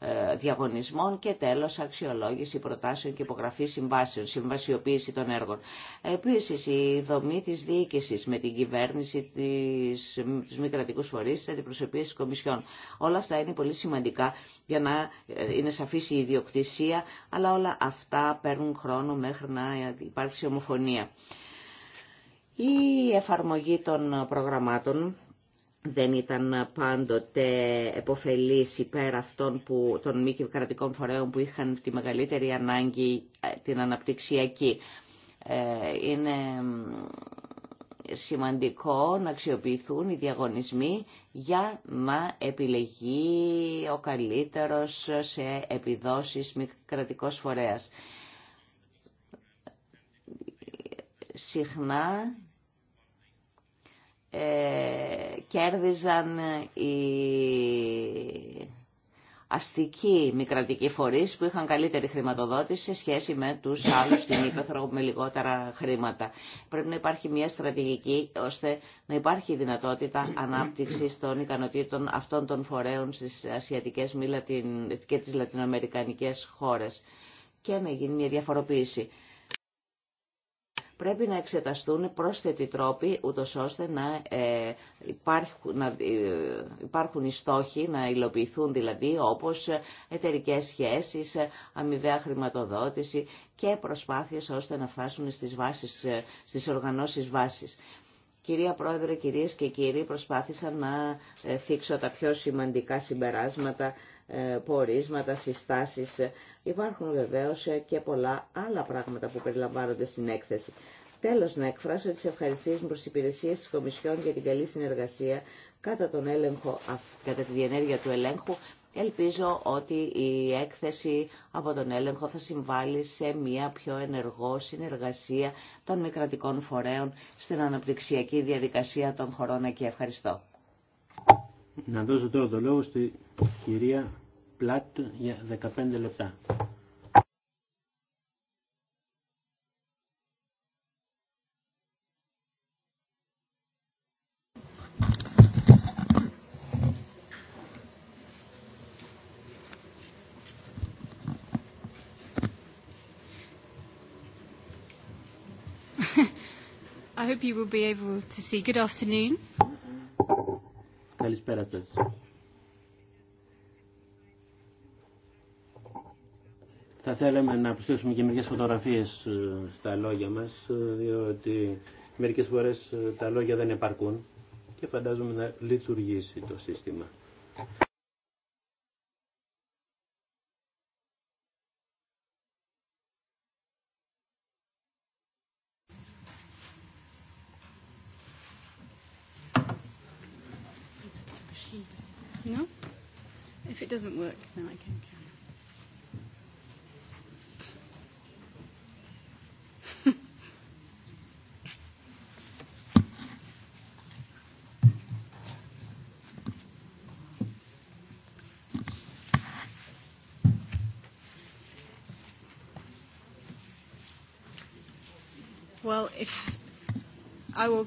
ε, διαγωνισμών και τέλος αξιολόγηση προτάσεων και υπογραφή συμβάσεων, συμβασιοποίηση των έργων. Επίσης η δομή της διοίκησης με την κυβέρνηση, της, τους μη κρατικού φορείς, την αντιπροσωπείε της Όλα αυτά είναι πολύ σημαντικά για να ε, είναι σαφής η ιδιοκτησία, αλλά όλα αυτά παίρνουν χρόνο μέχρι να υπάρξει ομοφωνία. Η εφαρμογή των προγραμμάτων δεν ήταν πάντοτε επωφελής υπέρ αυτών που, των μη κρατικών φορέων που είχαν τη μεγαλύτερη ανάγκη ε, την αναπτυξιακή. Ε, είναι σημαντικό να αξιοποιηθούν οι διαγωνισμοί για να επιλεγεί ο καλύτερος σε επιδόσεις μη κρατικός φορέας. Συχνά ε, κέρδιζαν οι αστικοί μη κρατικοί φορείς που είχαν καλύτερη χρηματοδότηση σε σχέση με τους άλλους στην Ήπεθρο με λιγότερα χρήματα. Πρέπει να υπάρχει μια στρατηγική ώστε να υπάρχει δυνατότητα ανάπτυξης των ικανοτήτων αυτών των φορέων στις ασιατικές και τις λατινοαμερικανικές χώρες και να γίνει μια διαφοροποίηση. Πρέπει να εξεταστούν πρόσθετοι τρόποι, ούτω ώστε να, ε, υπάρχουν, να ε, υπάρχουν οι στόχοι, να υλοποιηθούν δηλαδή, όπως εταιρικές σχέσεις, αμοιβαία χρηματοδότηση και προσπάθειες ώστε να φτάσουν στις, βάσεις, ε, στις οργανώσεις βάσης. Κυρία Πρόεδρε, κυρίες και κύριοι, προσπάθησα να ε, θίξω τα πιο σημαντικά συμπεράσματα ε, πορίσματα, συστάσεις. Υπάρχουν βεβαίως και πολλά άλλα πράγματα που περιλαμβάνονται στην έκθεση. Τέλος, να εκφράσω τις ευχαριστήσεις μου προς τις υπηρεσίες της Κομισιόν για την καλή συνεργασία κατά, τον έλεγχο, κατά τη διενέργεια του ελέγχου. Ελπίζω ότι η έκθεση από τον έλεγχο θα συμβάλλει σε μια πιο ενεργό συνεργασία των μη κρατικών φορέων στην αναπτυξιακή διαδικασία των χωρών εκεί. Ευχαριστώ. Να δώσω τώρα το λόγο στη κυρία Πλάτ για 15 λεπτά. I hope you will be able to see. Good afternoon. Καλησπέρα σας. Θα θέλαμε να προσθέσουμε και μερικές φωτογραφίες ε, στα λόγια μας, ε, διότι μερικές φορές ε, τα λόγια δεν επαρκούν και φαντάζομαι να λειτουργήσει το σύστημα.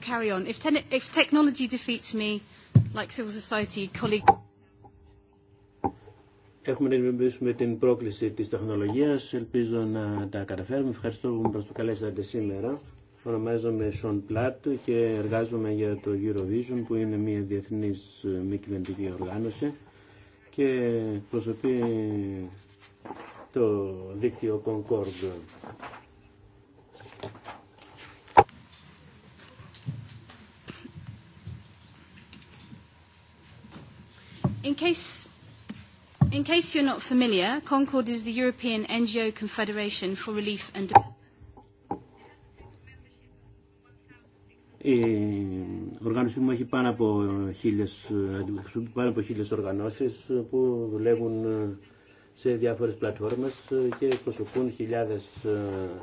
carry on. If technology defeats me, like civil society colleagues. Έχουμε να αντιμετωπίσουμε την πρόκληση της τεχνολογίας. Ελπίζω να τα καταφέρουμε. Ευχαριστώ που μας το καλέσατε σήμερα. Ονομάζομαι Σον Πλάτ και εργάζομαι για το Eurovision που είναι μια διεθνής ε, μη κυβερνητική οργάνωση και προσωπεί το δίκτυο Concord. In case you're not familiar, Concord is the European NGO Confederation for Relief and Development. Η οργάνωσή μου έχει πάνω από χίλιες, πάνω από χίλιες οργανώσεις που δουλεύουν σε διάφορες πλατφόρμες και προσωπούν χιλιάδες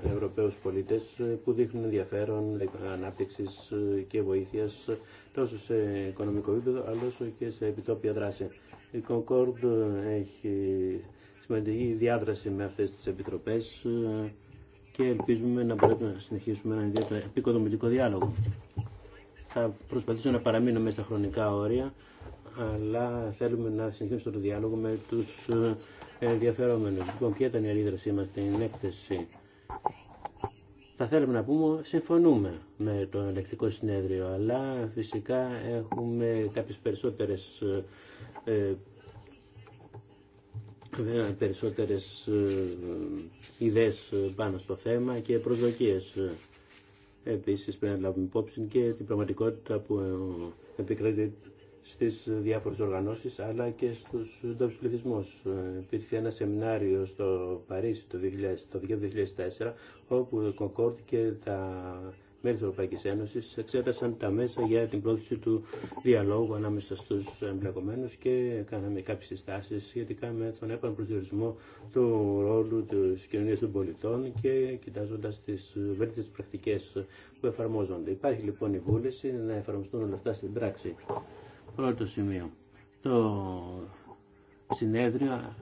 ε, Ευρωπαίους πολίτες ε, που δείχνουν ενδιαφέρον ανάπτυξης ε, και βοήθειας τόσο σε οικονομικό επίπεδο αλλά όσο και σε επιτόπια δράση. Η Concord έχει σημαντική διάδραση με αυτές τις επιτροπές και ελπίζουμε να μπορέσουμε να συνεχίσουμε ένα ιδιαίτερο επικοδομητικό διάλογο. Θα προσπαθήσω να παραμείνω μέσα στα χρονικά όρια αλλά θέλουμε να συνεχίσουμε το διάλογο με τους ε, ενδιαφερόμενους. Λοιπόν, ποια ήταν η αντίδρασή μα στην έκθεση. Θα θέλουμε να πούμε, συμφωνούμε με το ελεκτικό συνέδριο, αλλά φυσικά έχουμε κάποιες περισσότερες ε, περισσότερες ε, ιδέες πάνω στο θέμα και προσδοκίες. Επίσης πρέπει να λάβουμε υπόψη και την πραγματικότητα που επικρατεί στις διάφορες οργανώσεις αλλά και στους ντόπιους πληθυσμούς. Υπήρχε ένα σεμινάριο στο Παρίσι το, 2004 όπου η Κοκόρτ και τα μέλη της Ευρωπαϊκής Ένωσης εξέτασαν τα μέσα για την πρόθεση του διαλόγου ανάμεσα στους εμπλεκομένους και κάναμε κάποιες συστάσεις σχετικά με τον επαναπροσδιορισμό του ρόλου της κοινωνίας των πολιτών και κοιτάζοντας τις βέλτιστες πρακτικές που εφαρμόζονται. Υπάρχει λοιπόν η βούληση να εφαρμοστούν όλα αυτά στην πράξη. Πρώτο σημείο. Το συνέδριο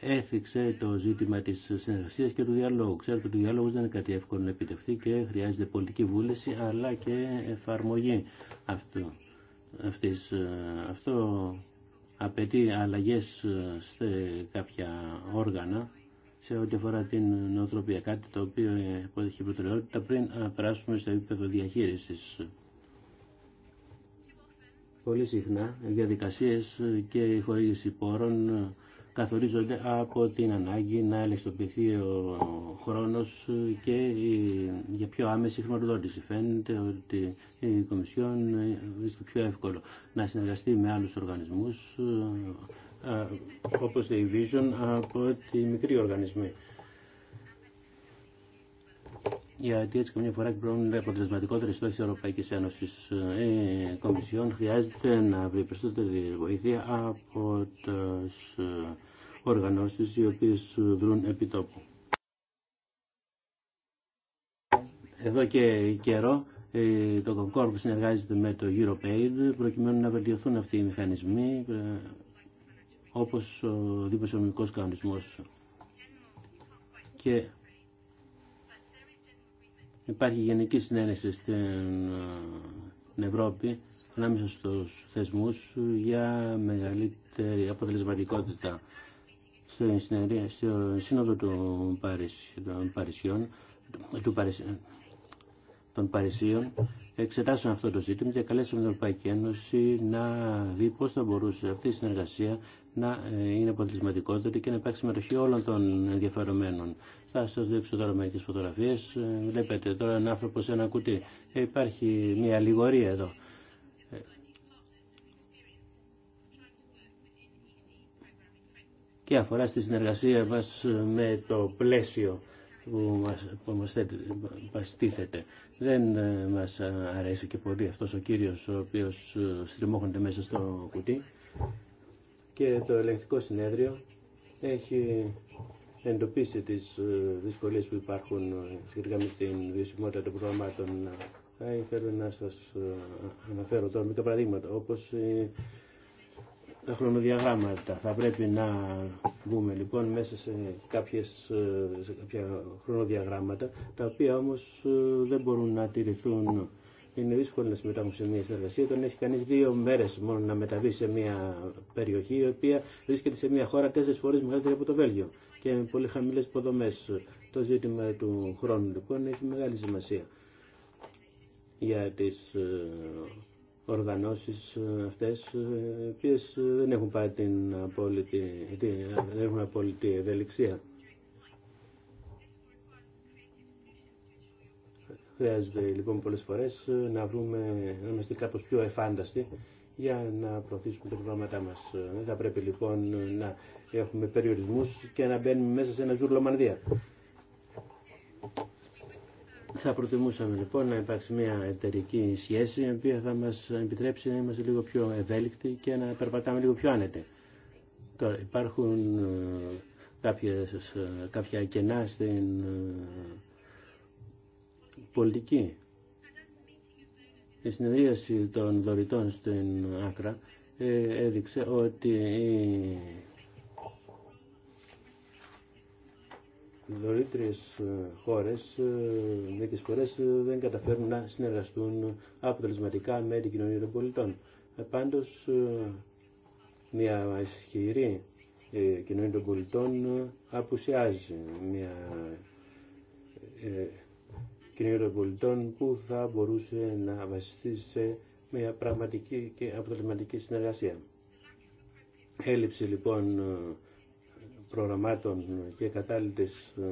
έφυξε το ζήτημα της συνεργασίας και του διαλόγου. Ξέρετε ότι ο διάλογος δεν είναι κάτι εύκολο να επιτευχθεί και χρειάζεται πολιτική βούληση αλλά και εφαρμογή αυτού. Αυτής, ε, αυτό απαιτεί αλλαγές ε, σε κάποια όργανα σε ό,τι αφορά την νοοτροπία, κάτι το οποίο έχει προτεραιότητα πριν να ε, περάσουμε στο επίπεδο διαχείρισης πολύ συχνά διαδικασίες και η χορήγηση πόρων καθορίζονται από την ανάγκη να ελεγχιστοποιηθεί ο χρόνος και για πιο άμεση χρηματοδότηση. Φαίνεται ότι η Κομισιόν βρίσκεται πιο εύκολο να συνεργαστεί με άλλους οργανισμούς ε, όπως η Vision από τη μικρή οργανισμή γιατί έτσι καμιά φορά εκπληρώνουν αποτελεσματικότερε στόχε τη Ευρωπαϊκή Ένωση. Η ε, Κομισιόν χρειάζεται να βρει περισσότερη βοήθεια από τι ε, οργανώσει οι οποίε δρούν επί τόπου. Εδώ και καιρό ε, το που συνεργάζεται με το EuroPaid προκειμένου να βελτιωθούν αυτοί οι μηχανισμοί όπως ο δημοσιονομικός κανονισμός και Υπάρχει γενική συνένεση ε, στην Ευρώπη ανάμεσα στους θεσμούς για μεγαλύτερη αποτελεσματικότητα. στο σύνοδο του των Παρισιών, του των Παρισίων, εξετάσαμε αυτό το ζήτημα και καλέσαμε την Ευρωπαϊκή Ένωση να δει πώς θα μπορούσε αυτή η συνεργασία να ε, είναι αποτελεσματικότερη και να υπάρξει συμμετοχή όλων των ενδιαφερομένων. Θα σα δείξω τώρα μερικές φωτογραφίες. Ε, βλέπετε τώρα έναν άνθρωπο σε ένα κουτί. Ε, υπάρχει μια λιγορία εδώ. Και αφορά στη συνεργασία μας με το πλαίσιο που μας, που Δεν ε, μας αρέσει και πολύ αυτός ο κύριος ο οποίος στριμώχνεται μέσα στο κουτί. Και το ελεγκτικό συνέδριο έχει εντοπίσει τι ε, δυσκολίε που υπάρχουν ε, σχετικά με την βιωσιμότητα των προγραμμάτων. Θα ήθελα να σας ε, αναφέρω τώρα μικρά παραδείγματα, όπως τα χρονοδιαγράμματα. Θα πρέπει να μπούμε λοιπόν μέσα σε, κάποιες, σε κάποια χρονοδιαγράμματα, τα οποία όμως δεν μπορούν να τηρηθούν είναι δύσκολο να συμμετάχουν σε μια συνεργασία όταν έχει κανεί δύο μέρε μόνο να μεταβεί σε μια περιοχή η οποία βρίσκεται σε μια χώρα τέσσερι φορέ μεγαλύτερη από το Βέλγιο και με πολύ χαμηλέ υποδομέ. Το ζήτημα του χρόνου λοιπόν έχει μεγάλη σημασία για τι ε, οργανώσει ε, αυτέ, ε, οι οποίε δεν έχουν πάει την δεν έχουν απόλυτη ευελιξία. Χρειάζεται λοιπόν πολλές φορές ε, να βρούμε, να είμαστε κάπως πιο εφάνταστοι για να προωθήσουμε τα προγράμματά μας. Ε, δεν θα πρέπει λοιπόν να έχουμε περιορισμούς και να μπαίνουμε μέσα σε ένα μανδύα. Θα προτιμούσαμε λοιπόν να υπάρξει μια εταιρική σχέση η οποία θα μας επιτρέψει να είμαστε λίγο πιο ευέλικτοι και να περπατάμε λίγο πιο άνετοι. Τώρα υπάρχουν ε, κάποια κενά στην πολιτική. Η συνεδρίαση των δωρητών στην Άκρα ε, έδειξε ότι οι δωρήτριες χώρες ε, μερικές φορές ε, δεν καταφέρνουν να συνεργαστούν αποτελεσματικά με την κοινωνία των πολιτών. Πάντως, μια ισχυρή κοινωνία των πολιτών απουσιάζει μια κοινωνία των πολιτών που θα μπορούσε να βασιστεί σε μια πραγματική και αποτελεσματική συνεργασία. Έλλειψη λοιπόν προγραμμάτων και κατάλληλης ε,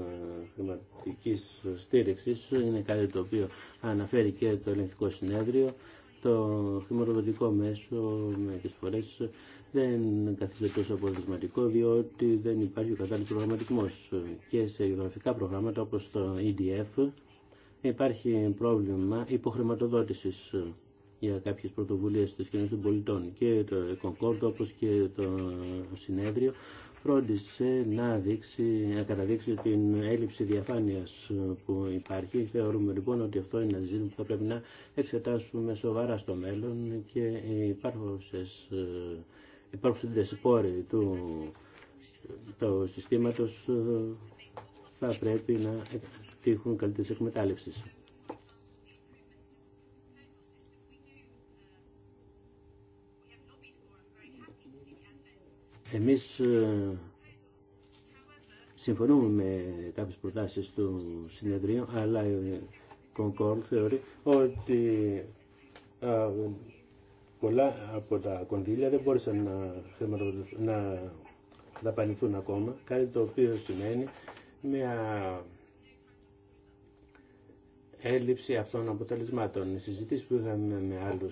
χρηματικής στήριξης είναι κάτι το οποίο αναφέρει και το ελληνικό συνέδριο. Το χρηματοδοτικό μέσο μερικές φορές δεν καθίζει τόσο αποτελεσματικό διότι δεν υπάρχει ο κατάλληλος προγραμματισμός και σε γεωγραφικά προγράμματα όπως το EDF υπάρχει πρόβλημα υποχρηματοδότησης ε, για κάποιες πρωτοβουλίες της κοινωνίας των πολιτών και το Κονκόρντο όπως και το συνέδριο φρόντισε να, δείξει, να καταδείξει την έλλειψη διαφάνειας ε, που υπάρχει. Θεωρούμε λοιπόν ότι αυτό είναι ένα ζήτημα που θα πρέπει να εξετάσουμε σοβαρά στο μέλλον και οι ε, υπάρχουσες πόροι του, του συστήματος θα πρέπει να έχουν καλύτερη εκμετάλλευση. Εμείς ε, συμφωνούμε με κάποιες προτάσεις του συνεδρίου, αλλά η ε, Concord θεωρεί ότι ε, πολλά από τα κονδύλια δεν μπόρεσαν να, να δαπανηθούν ακόμα, κάτι το οποίο σημαίνει μια έλλειψη αυτών αποτελεσμάτων. Οι συζητήσεις που είχαμε με άλλου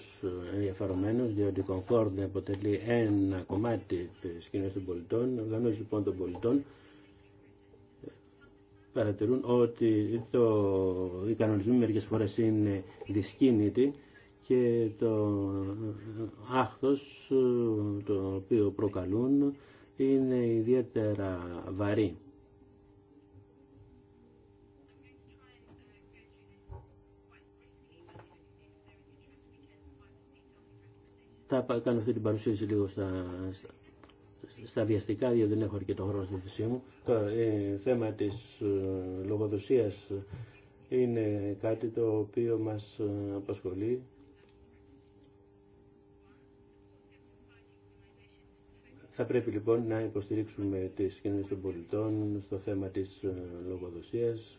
ενδιαφερομένου, διότι η Concord αποτελεί ένα κομμάτι τη κοινωνίας των πολιτών, οργανώσεις λοιπόν των πολιτών, παρατηρούν ότι το, οι κανονισμοί μερικέ φορέ είναι δυσκίνητοι και το άχθος το οποίο προκαλούν είναι ιδιαίτερα βαρύ. Θα κάνω αυτή την παρουσίαση λίγο στα, στα βιαστικά, διότι δεν έχω αρκετό χρόνο στη θέση μου. Το ε, θέμα της ε, λογοδοσίας είναι κάτι το οποίο μας ε, απασχολεί. Θα πρέπει λοιπόν να υποστηρίξουμε τις κοινωνίες των πολιτών στο θέμα της ε, λογοδοσίας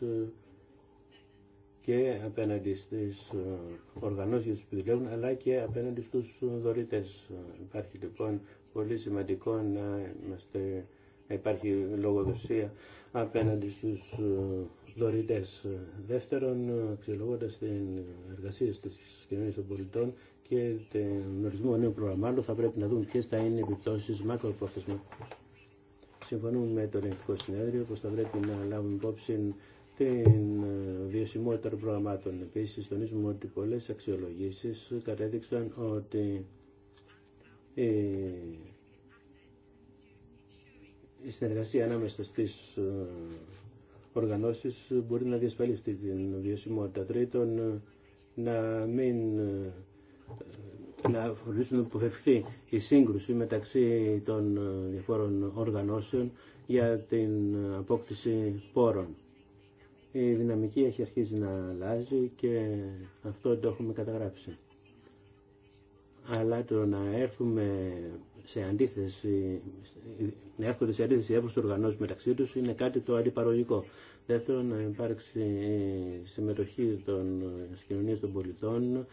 και απέναντι στις ε, οργανώσεις που δουλεύουν αλλά και απέναντι στους δωρητές. Υπάρχει λοιπόν πολύ σημαντικό να, είμαστε, υπάρχει λογοδοσία απέναντι στους ε, δωρητές. Δεύτερον, αξιολογώντας την εργασία της κοινωνίας των πολιτών και τον ορισμό νέου προγραμμάτων θα πρέπει να δούμε ποιες θα είναι οι επιπτώσεις μακροπρόθεσμα. Συμφωνούμε με το Ελληνικό συνέδριο πως θα πρέπει να λάβουμε υπόψη την ε, βιωσιμότητα των προγραμμάτων. επίση τονίζουμε ότι πολλέ αξιολογήσει κατέδειξαν ότι η συνεργασία ανάμεσα στι ε, οργανώσει μπορεί να διασφαλίσει την βιωσιμότητα. Τρίτον, ε, να μην να φροντίσουν να αποφευχθεί η σύγκρουση μεταξύ των διαφόρων οργανώσεων για την απόκτηση πόρων η δυναμική έχει αρχίσει να αλλάζει και αυτό το έχουμε καταγράψει. Αλλά το να έρθουμε σε αντίθεση, να έρχονται σε αντίθεση οι οργανώσει μεταξύ τους είναι κάτι το αντιπαρογικό. Δεύτερον, να υπάρξει συμμετοχή των Κοινωνία των πολιτών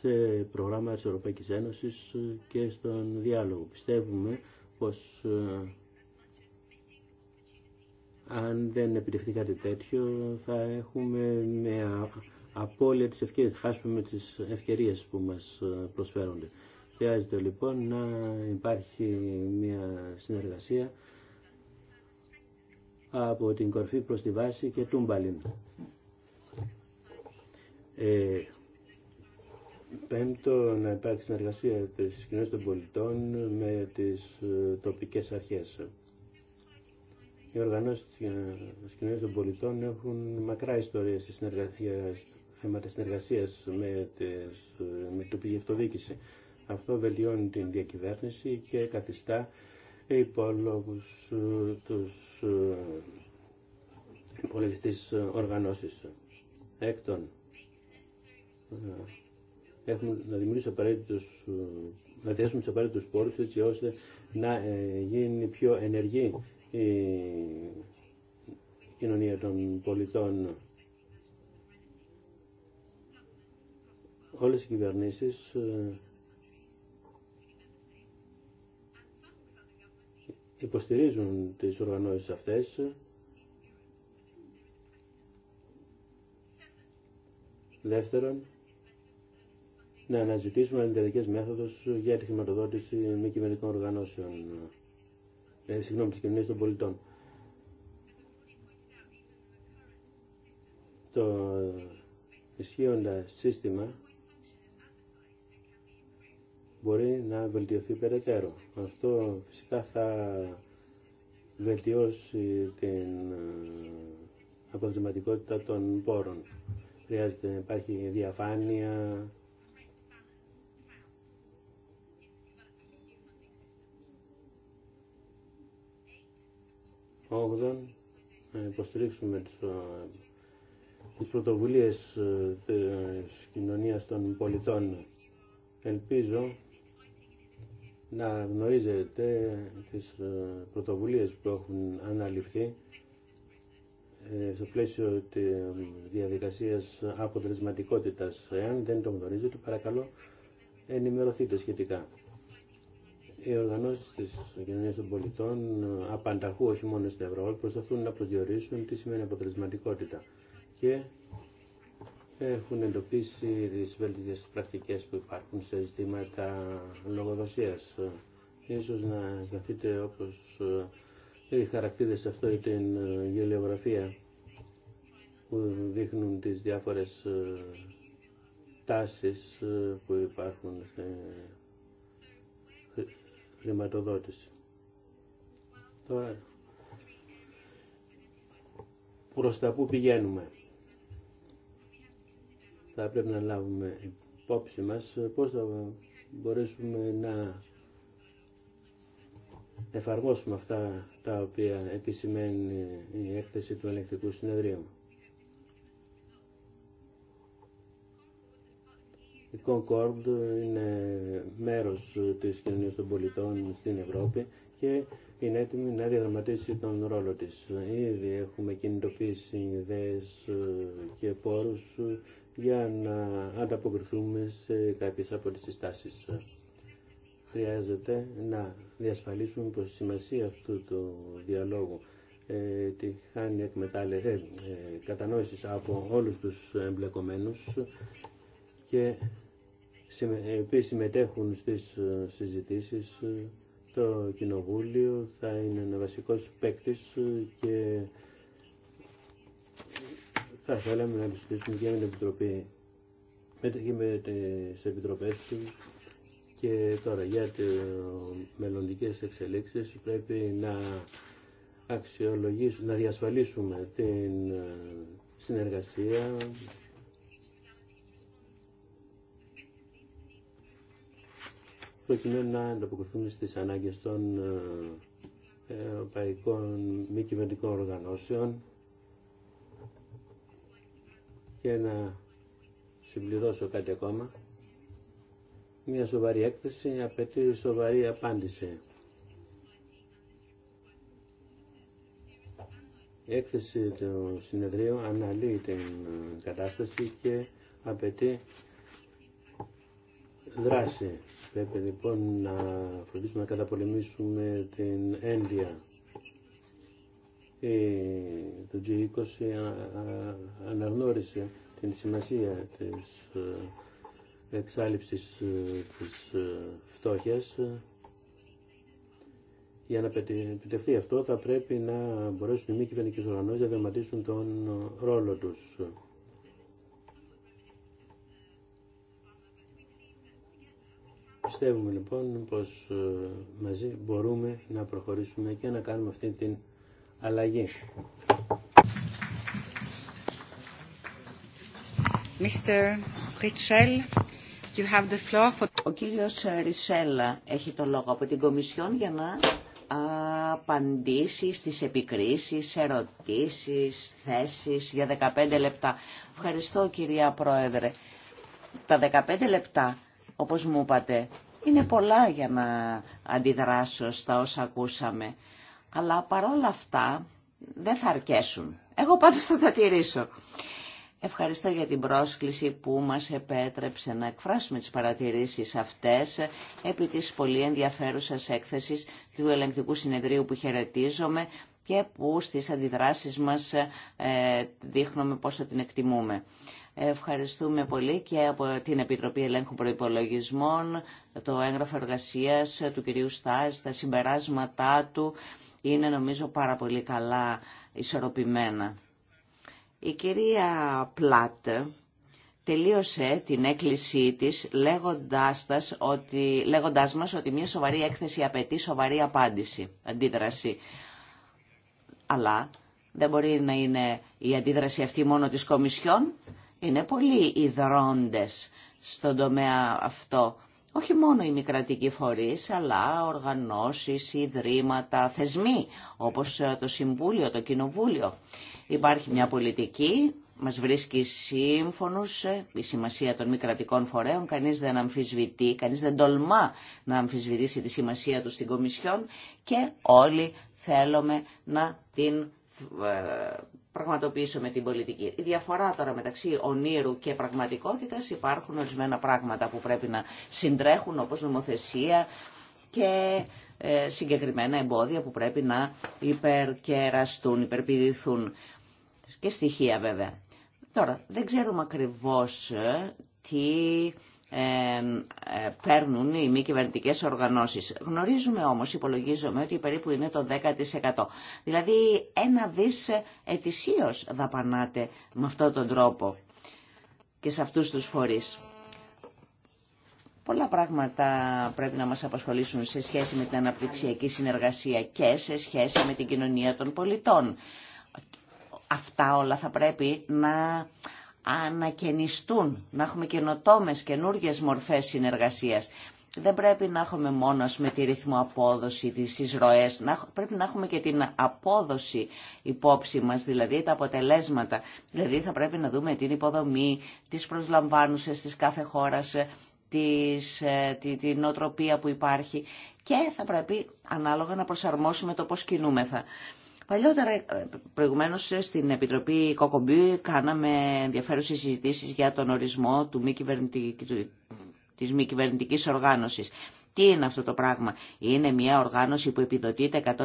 σε προγράμματα τη Ευρωπαϊκής Ένωσης και στον διάλογο. Πιστεύουμε πως ε, αν δεν επιτευχθεί κάτι τέτοιο θα έχουμε μια απώλεια της ευκαιρίας, χάσουμε τις ευκαιρίες που μας ε, προσφέρονται. Χρειάζεται λοιπόν να υπάρχει μια συνεργασία από την κορφή προς τη βάση και τούμπαλιν. Ε, πέμπτο, να υπάρχει συνεργασία της κοινωνίας των πολιτών με τις ε, τοπικές αρχές. Οι οργανώσει τη κοινωνία των πολιτών έχουν μακρά ιστορία σε συνεργασία, θέματα συνεργασία με, το με το αυτοδιοίκηση. Αυτό βελτιώνει την διακυβέρνηση και καθιστά υπόλογου ε, του ε, υπολογιστή οργανώσει. Έκτον, ε, έχουμε να δημιουργήσουμε απαραίτητους να διέσουμε του απαραίτητου πόρου έτσι ώστε να γίνει πιο ενεργή η κοινωνία των πολιτών. Όλες οι κυβερνήσεις ε, υποστηρίζουν τις οργανώσεις αυτές Δεύτερον, να αναζητήσουμε ελληνικές μέθοδους για τη χρηματοδότηση μη κυβερνητικών οργανώσεων ε, συγγνώμη, τις κοινωνίες των πολιτών. Το ισχύοντα σύστημα μπορεί να βελτιωθεί περαιτέρω. Αυτό φυσικά θα βελτιώσει την ε, αποτελεσματικότητα των πόρων. Χρειάζεται να υπάρχει διαφάνεια, Όγδον, να υποστηρίξουμε τις ε, πρωτοβουλίες ε, της κοινωνίας των πολιτών. Ελπίζω να γνωρίζετε τις ε, πρωτοβουλίες που έχουν αναλυφθεί στο πλαίσιο της διαδικασίας αποτελεσματικότητας. Εάν δεν το γνωρίζετε, παρακαλώ ενημερωθείτε σχετικά. Οι οργανώσει τη κοινωνία των πολιτών, ε, απανταχού όχι μόνο στην Ευρώπη, προσπαθούν να προσδιορίσουν τι σημαίνει αποτελεσματικότητα και έχουν εντοπίσει τι βέλτιστε πρακτικέ που υπάρχουν σε ζητήματα λογοδοσία. Ίσως να αισθανθείτε όπω ε, οι χαρακτήρε σε αυτό την ε, γελιογραφία που δείχνουν τι διάφορε τάσει που υπάρχουν χρηματοδότηση. Τώρα, προς τα που πηγαίνουμε. Θα πρέπει να λάβουμε υπόψη μας πώς θα μπορέσουμε να εφαρμόσουμε αυτά τα οποία επισημαίνει η έκθεση του ελεκτικού συνεδρίου. Η Concord είναι μέρος της κοινωνίας των πολιτών στην Ευρώπη και είναι έτοιμη να διαδραματίσει τον ρόλο της. Ήδη έχουμε κινητοποιήσει ιδέες και πόρους για να ανταποκριθούμε σε κάποιες από τις συστάσεις. Χρειάζεται να διασφαλίσουμε πως η σημασία αυτού του διαλόγου ε, τη χάνει εκμετάλλευση ε, ε από όλους τους εμπλεκομένους και οι οποίοι συμμετέχουν στις ε, συζητήσεις ε, το Κοινοβούλιο θα είναι ένα βασικός παίκτη ε, και θα θέλαμε να συζητήσουμε και με την Επιτροπή και με Επιτροπές του και τώρα για τις μελλοντικές εξελίξεις πρέπει να αξιολογήσουμε, να διασφαλίσουμε την συνεργασία προκειμένου να ανταποκριθούν στις ανάγκες των ε, ευρωπαϊκών μη κυβερνητικών οργανώσεων και να συμπληρώσω κάτι ακόμα. Μια σοβαρή έκθεση απαιτεί σοβαρή απάντηση. Η έκθεση του συνεδρίου αναλύει την κατάσταση και απαιτεί δράση. Πρέπει λοιπόν να φροντίσουμε να καταπολεμήσουμε την ένδια. Το G20 αναγνώρισε την σημασία της ε, εξάλληψης ε, της ε, φτώχειας. Για να επιτευχθεί αυτό θα πρέπει να μπορέσουν οι μη κυβερνικές οργανώσεις να δερματίσουν τον ρόλο τους. Πιστεύουμε λοιπόν πως ε, μαζί μπορούμε να προχωρήσουμε και να κάνουμε αυτή την αλλαγή. Mr. you have the floor for... Ο κύριος Ρισέλα έχει το λόγο από την Κομισιόν για να απαντήσει στις επικρίσεις, ερωτήσεις, θέσεις για 15 λεπτά. Ευχαριστώ κυρία Πρόεδρε. Τα 15 λεπτά όπως μου είπατε. Είναι πολλά για να αντιδράσω στα όσα ακούσαμε. Αλλά παρόλα αυτά δεν θα αρκέσουν. Εγώ πάντως θα τα τηρήσω. Ευχαριστώ για την πρόσκληση που μας επέτρεψε να εκφράσουμε τις παρατηρήσεις αυτές επί της πολύ ενδιαφέρουσας έκθεσης του ελεγκτικού συνεδρίου που χαιρετίζομαι και που στις αντιδράσεις μας ε, δείχνουμε πόσο την εκτιμούμε. Ευχαριστούμε πολύ και από την Επιτροπή Ελέγχου Προϋπολογισμών, το έγγραφο εργασίας του κυρίου Στάζ, τα συμπεράσματά του είναι νομίζω πάρα πολύ καλά ισορροπημένα. Η κυρία Πλάτ τελείωσε την έκκλησή της λέγοντάς, ότι, λέγοντάς μας ότι μια σοβαρή έκθεση απαιτεί σοβαρή απάντηση, αντίδραση. Αλλά δεν μπορεί να είναι η αντίδραση αυτή μόνο της Κομισιόν. Είναι πολύ οι στον τομέα αυτό. Όχι μόνο οι μη κρατικοί φορείς, αλλά οργανώσεις, ιδρύματα, θεσμοί, όπως ε, το Συμβούλιο, το Κοινοβούλιο. Υπάρχει μια πολιτική, μας βρίσκει σύμφωνος ε, η σημασία των μη κρατικών φορέων, κανείς δεν αμφισβητεί, κανείς δεν τολμά να αμφισβητήσει τη σημασία του στην Κομισιόν και όλοι θέλουμε να την ε, πραγματοποιήσουμε την πολιτική. Η διαφορά τώρα μεταξύ ονείρου και πραγματικότητας υπάρχουν ορισμένα πράγματα που πρέπει να συντρέχουν όπως νομοθεσία και ε, συγκεκριμένα εμπόδια που πρέπει να υπερκεραστούν, υπερπηδηθούν και στοιχεία βέβαια. Τώρα, δεν ξέρουμε ακριβώς ε, τι ε, παίρνουν οι μη κυβερνητικέ οργανώσεις. Γνωρίζουμε όμως, υπολογίζουμε ότι περίπου είναι το 10%. Δηλαδή ένα δις ετησίως δαπανάτε με αυτόν τον τρόπο και σε αυτούς τους φορείς. Πολλά πράγματα πρέπει να μας απασχολήσουν σε σχέση με την αναπτυξιακή συνεργασία και σε σχέση με την κοινωνία των πολιτών. Αυτά όλα θα πρέπει να ανακαινιστούν, να έχουμε καινοτόμες καινούριε μορφές συνεργασίας. Δεν πρέπει να έχουμε μόνο με τη ρυθμό απόδοση, τις εισρωές, πρέπει να έχουμε και την απόδοση υπόψη μας, δηλαδή τα αποτελέσματα. Δηλαδή θα πρέπει να δούμε την υποδομή, τις προσλαμβάνουσες της κάθε χώρας, ε, ε, τη, την νοοτροπία που υπάρχει και θα πρέπει ανάλογα να προσαρμόσουμε το πώς κινούμεθα. Παλιότερα, ε, προηγουμένω ε, στην Επιτροπή Κοκομπή, κάναμε ενδιαφέρουσε συζητήσει για τον ορισμό του μη της μη κυβερνητική οργάνωσης. Τι είναι αυτό το πράγμα. Είναι μια οργάνωση που επιδοτείται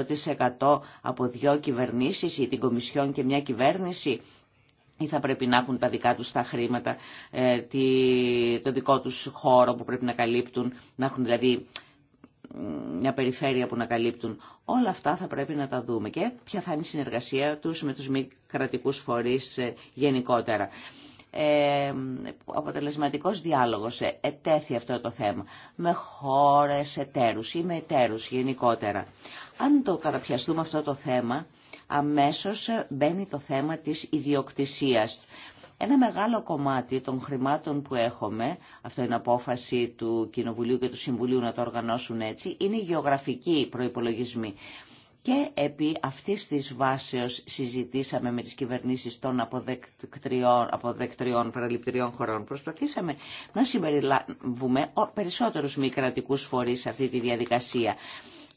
100% από δυο κυβερνήσεις ή την Κομισιόν και μια κυβέρνηση ή θα πρέπει να έχουν τα δικά τους τα χρήματα, ε, το δικό τους χώρο που πρέπει να καλύπτουν, να έχουν δηλαδή μια περιφέρεια που να καλύπτουν. Όλα αυτά θα πρέπει να τα δούμε και ποια θα είναι η συνεργασία τους με τους μη κρατικούς φορείς ε, γενικότερα. Ε, αποτελεσματικός διάλογος ε, ετέθη αυτό το θέμα με χώρες εταίρους ή με εταίρους γενικότερα. Αν το καταπιαστούμε αυτό το θέμα, αμέσως ε, μπαίνει το θέμα της ιδιοκτησίας ένα μεγάλο κομμάτι των χρημάτων που έχουμε, αυτό είναι απόφαση του Κοινοβουλίου και του Συμβουλίου να το οργανώσουν έτσι, είναι οι γεωγραφικοί προϋπολογισμοί. Και επί αυτής της βάσεως συζητήσαμε με τις κυβερνήσεις των αποδεκτριών, αποδεκτριών παραληπτηριών χωρών. Προσπαθήσαμε να συμπεριλάβουμε περισσότερους μη κρατικούς φορείς σε αυτή τη διαδικασία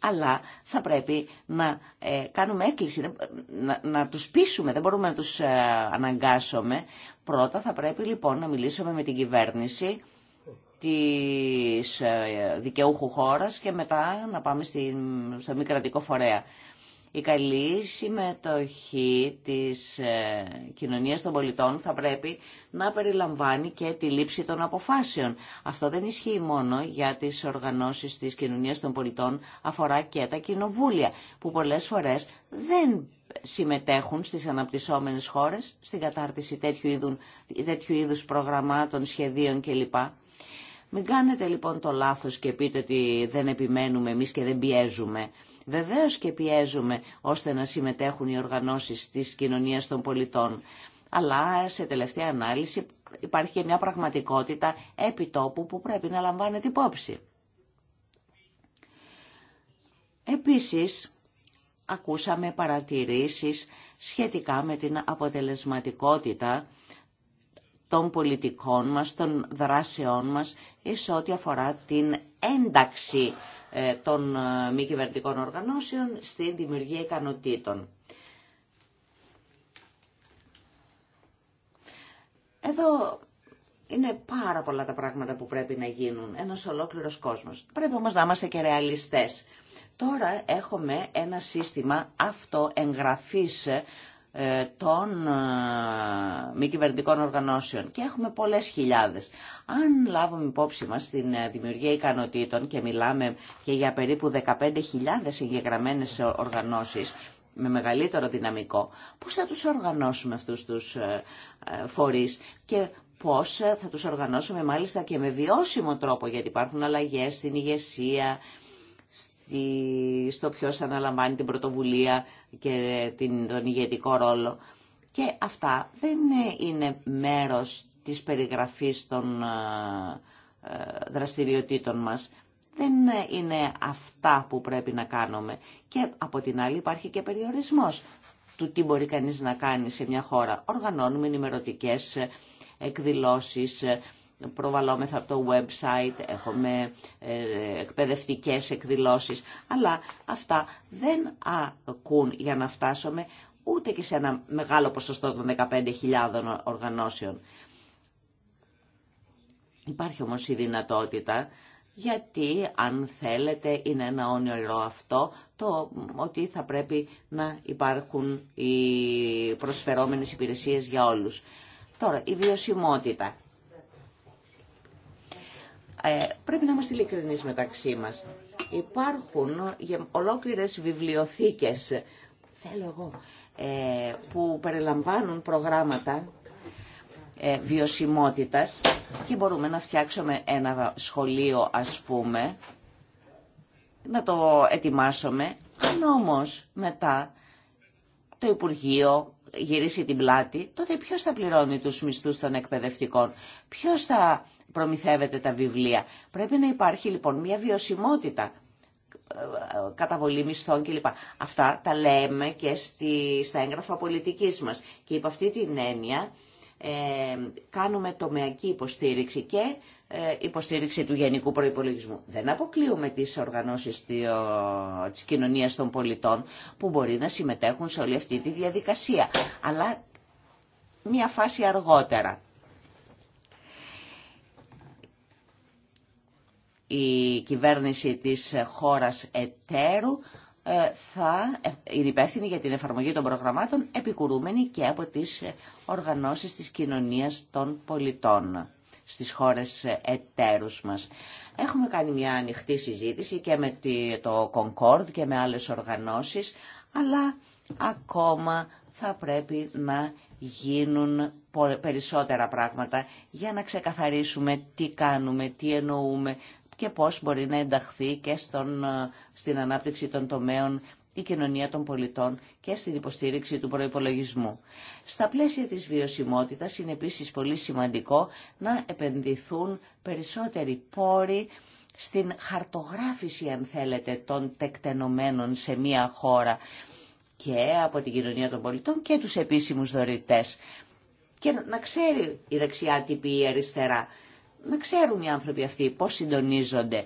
αλλά θα πρέπει να ε, κάνουμε έκκληση, να, να τους πείσουμε, δεν μπορούμε να τους ε, αναγκάσουμε. Πρώτα θα πρέπει λοιπόν να μιλήσουμε με την κυβέρνηση της ε, δικαιούχου χώρας και μετά να πάμε στην στο μη κρατικό φορέα. Η καλή συμμετοχή της ε, κοινωνίας των πολιτών θα πρέπει να περιλαμβάνει και τη λήψη των αποφάσεων. Αυτό δεν ισχύει μόνο για τις οργανώσεις της κοινωνίας των πολιτών, αφορά και τα κοινοβούλια, που πολλές φορές δεν συμμετέχουν στις αναπτυσσόμενες χώρες στην κατάρτιση τέτοιου είδους, τέτοιου είδους προγραμμάτων, σχεδίων κλπ. Μην κάνετε λοιπόν το λάθος και πείτε ότι δεν επιμένουμε εμείς και δεν πιέζουμε. Βεβαίως και πιέζουμε ώστε να συμμετέχουν οι οργανώσεις της κοινωνίας των πολιτών. Αλλά σε τελευταία ανάλυση υπάρχει και μια πραγματικότητα επί τόπου που πρέπει να λαμβάνεται υπόψη. Επίσης, ακούσαμε παρατηρήσεις σχετικά με την αποτελεσματικότητα των πολιτικών μας, των δράσεών μας, σε ό,τι αφορά την ένταξη ε, των ε, μη κυβερνητικών οργανώσεων στην δημιουργία ικανοτήτων. Εδώ είναι πάρα πολλά τα πράγματα που πρέπει να γίνουν. Ένας ολόκληρος κόσμος. Πρέπει όμως να είμαστε και ρεαλιστές. Τώρα έχουμε ένα σύστημα αυτοεγγραφής ε, ε, των ε, μη κυβερνητικών οργανώσεων και έχουμε πολλές χιλιάδες. Αν λάβουμε υπόψη μας την ε, δημιουργία ικανοτήτων και μιλάμε και για περίπου 15.000 εγγεγραμμένες οργανώσεις με μεγαλύτερο δυναμικό, πώς θα τους οργανώσουμε αυτούς τους φορείς και πώς θα τους οργανώσουμε μάλιστα και με βιώσιμο τρόπο γιατί υπάρχουν αλλαγές στην ηγεσία, στο ποιος αναλαμβάνει την πρωτοβουλία και την, τον ηγετικό ρόλο. Και αυτά δεν είναι μέρος της περιγραφής των ε, ε, δραστηριοτήτων μας. Δεν είναι αυτά που πρέπει να κάνουμε. Και από την άλλη υπάρχει και περιορισμός του τι μπορεί κανείς να κάνει σε μια χώρα. Οργανώνουμε ενημερωτικέ εκδηλώσεις, ε, προβαλόμεθα από το website, έχουμε ε, εκπαιδευτικές εκδηλώσεις, αλλά αυτά δεν ακούν για να φτάσουμε ούτε και σε ένα μεγάλο ποσοστό των 15.000 οργανώσεων. Υπάρχει όμως η δυνατότητα γιατί αν θέλετε είναι ένα όνειρο αυτό το ότι θα πρέπει να υπάρχουν οι προσφερόμενες υπηρεσίες για όλους. Τώρα, η βιωσιμότητα. Ε, πρέπει να είμαστε ειλικρινεί μεταξύ μας. Υπάρχουν ε, ολόκληρες βιβλιοθήκες θέλω εγώ, ε, που περιλαμβάνουν προγράμματα βιωσιμότητας και μπορούμε να φτιάξουμε ένα σχολείο ας πούμε, να το ετοιμάσουμε, αν όμως μετά το Υπουργείο γυρίσει την πλάτη, τότε ποιος θα πληρώνει τους μισθούς των εκπαιδευτικών, ποιος θα προμηθεύεται τα βιβλία. Πρέπει να υπάρχει λοιπόν μια βιωσιμότητα καταβολή μισθών κλπ. Αυτά τα λέμε και στη, στα έγγραφα πολιτικής μας. Και υπ' αυτή την έννοια ε, κάνουμε τομεακή υποστήριξη και ε, υποστήριξη του γενικού προϋπολογισμού. Δεν αποκλείουμε τις οργανώσεις της κοινωνίας των πολιτών που μπορεί να συμμετέχουν σε όλη αυτή τη διαδικασία. Αλλά μια φάση αργότερα. η κυβέρνηση της χώρας εταίρου ε, θα ε, είναι υπεύθυνη για την εφαρμογή των προγραμμάτων επικουρούμενη και από τις οργανώσεις της κοινωνίας των πολιτών στις χώρες εταίρους μας. Έχουμε κάνει μια ανοιχτή συζήτηση και με το Concord και με άλλες οργανώσεις, αλλά ακόμα θα πρέπει να γίνουν περισσότερα πράγματα για να ξεκαθαρίσουμε τι κάνουμε, τι εννοούμε, και πώς μπορεί να ενταχθεί και στον, ε, στην ανάπτυξη των τομέων η κοινωνία των πολιτών και στην υποστήριξη του προϋπολογισμού. Στα πλαίσια της βιωσιμότητας είναι επίσης πολύ σημαντικό να επενδυθούν περισσότεροι πόροι στην χαρτογράφηση, αν θέλετε, των τεκτενομένων σε μία χώρα και από την κοινωνία των πολιτών και τους επίσημους δωρητές. Και να ξέρει η δεξιά τύπη η αριστερά να ξέρουν οι άνθρωποι αυτοί πώς συντονίζονται.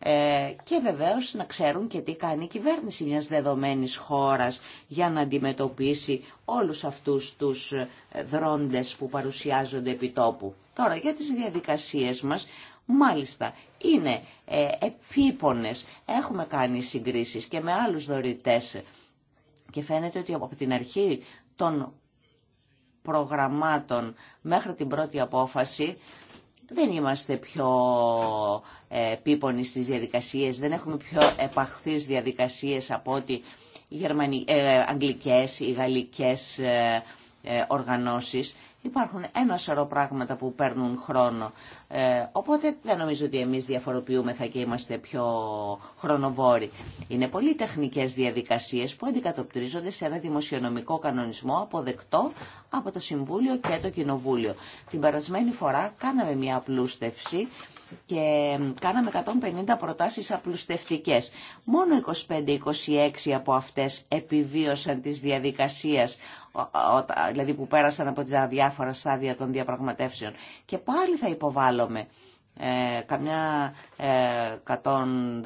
Ε, και βεβαίως να ξέρουν και τι κάνει η κυβέρνηση μιας δεδομένης χώρας για να αντιμετωπίσει όλους αυτούς τους ε, δρόντες που παρουσιάζονται επί τόπου. Τώρα για τις διαδικασίες μας, μάλιστα είναι ε, επίπονες, έχουμε κάνει συγκρίσεις και με άλλους δωρητές και φαίνεται ότι από την αρχή των προγραμμάτων μέχρι την πρώτη απόφαση δεν είμαστε πιο πίπονοι στις διαδικασίες, δεν έχουμε πιο επαχθείς διαδικασίες από ότι οι ε, αγγλικές, οι γαλλικές ε, ε, οργανώσεις. Υπάρχουν ένα σωρό πράγματα που παίρνουν χρόνο. Ε, οπότε δεν νομίζω ότι εμείς θα και είμαστε πιο χρονοβόροι. Είναι πολύ τεχνικές διαδικασίες που αντικατοπτρίζονται σε ένα δημοσιονομικό κανονισμό αποδεκτό από το Συμβούλιο και το Κοινοβούλιο. Την περασμένη φορά κάναμε μια απλούστευση και κάναμε 150 προτάσεις απλουστευτικές. Μόνο 25-26 από αυτές επιβίωσαν τις διαδικασίες δηλαδή που πέρασαν από τα διάφορα στάδια των διαπραγματεύσεων. Και πάλι θα υποβάλλομαι ε, καμιά ε,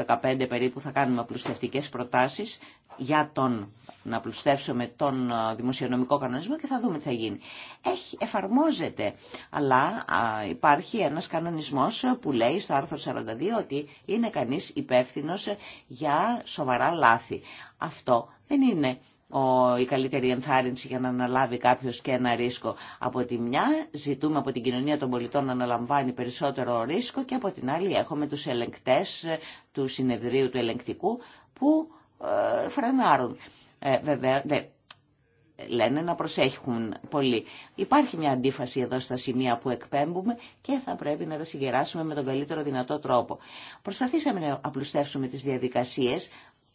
115 περίπου θα κάνουμε απλουστευτικές προτάσεις για τον, να απλουστεύσουμε τον ε, δημοσιονομικό κανονισμό και θα δούμε τι θα γίνει. Έχει, εφαρμόζεται, αλλά υπάρχει ένας κανονισμός που λέει στο άρθρο 42 ότι είναι κανείς υπεύθυνος για σοβαρά λάθη. Αυτό δεν είναι ο, η καλύτερη ενθάρρυνση για να αναλάβει κάποιος και ένα ρίσκο. Από τη μια ζητούμε από την κοινωνία των πολιτών να αναλαμβάνει περισσότερο ρίσκο και από την άλλη έχουμε τους ελεγκτές ε, του συνεδρίου του ελεγκτικού που ε, φρενάρουν. Ε, βέβαια, λένε να προσέχουν πολύ. Υπάρχει μια αντίφαση εδώ στα σημεία που εκπέμπουμε και θα πρέπει να τα συγκεράσουμε με τον καλύτερο δυνατό τρόπο. Προσπαθήσαμε να απλουστεύσουμε τις διαδικασίες,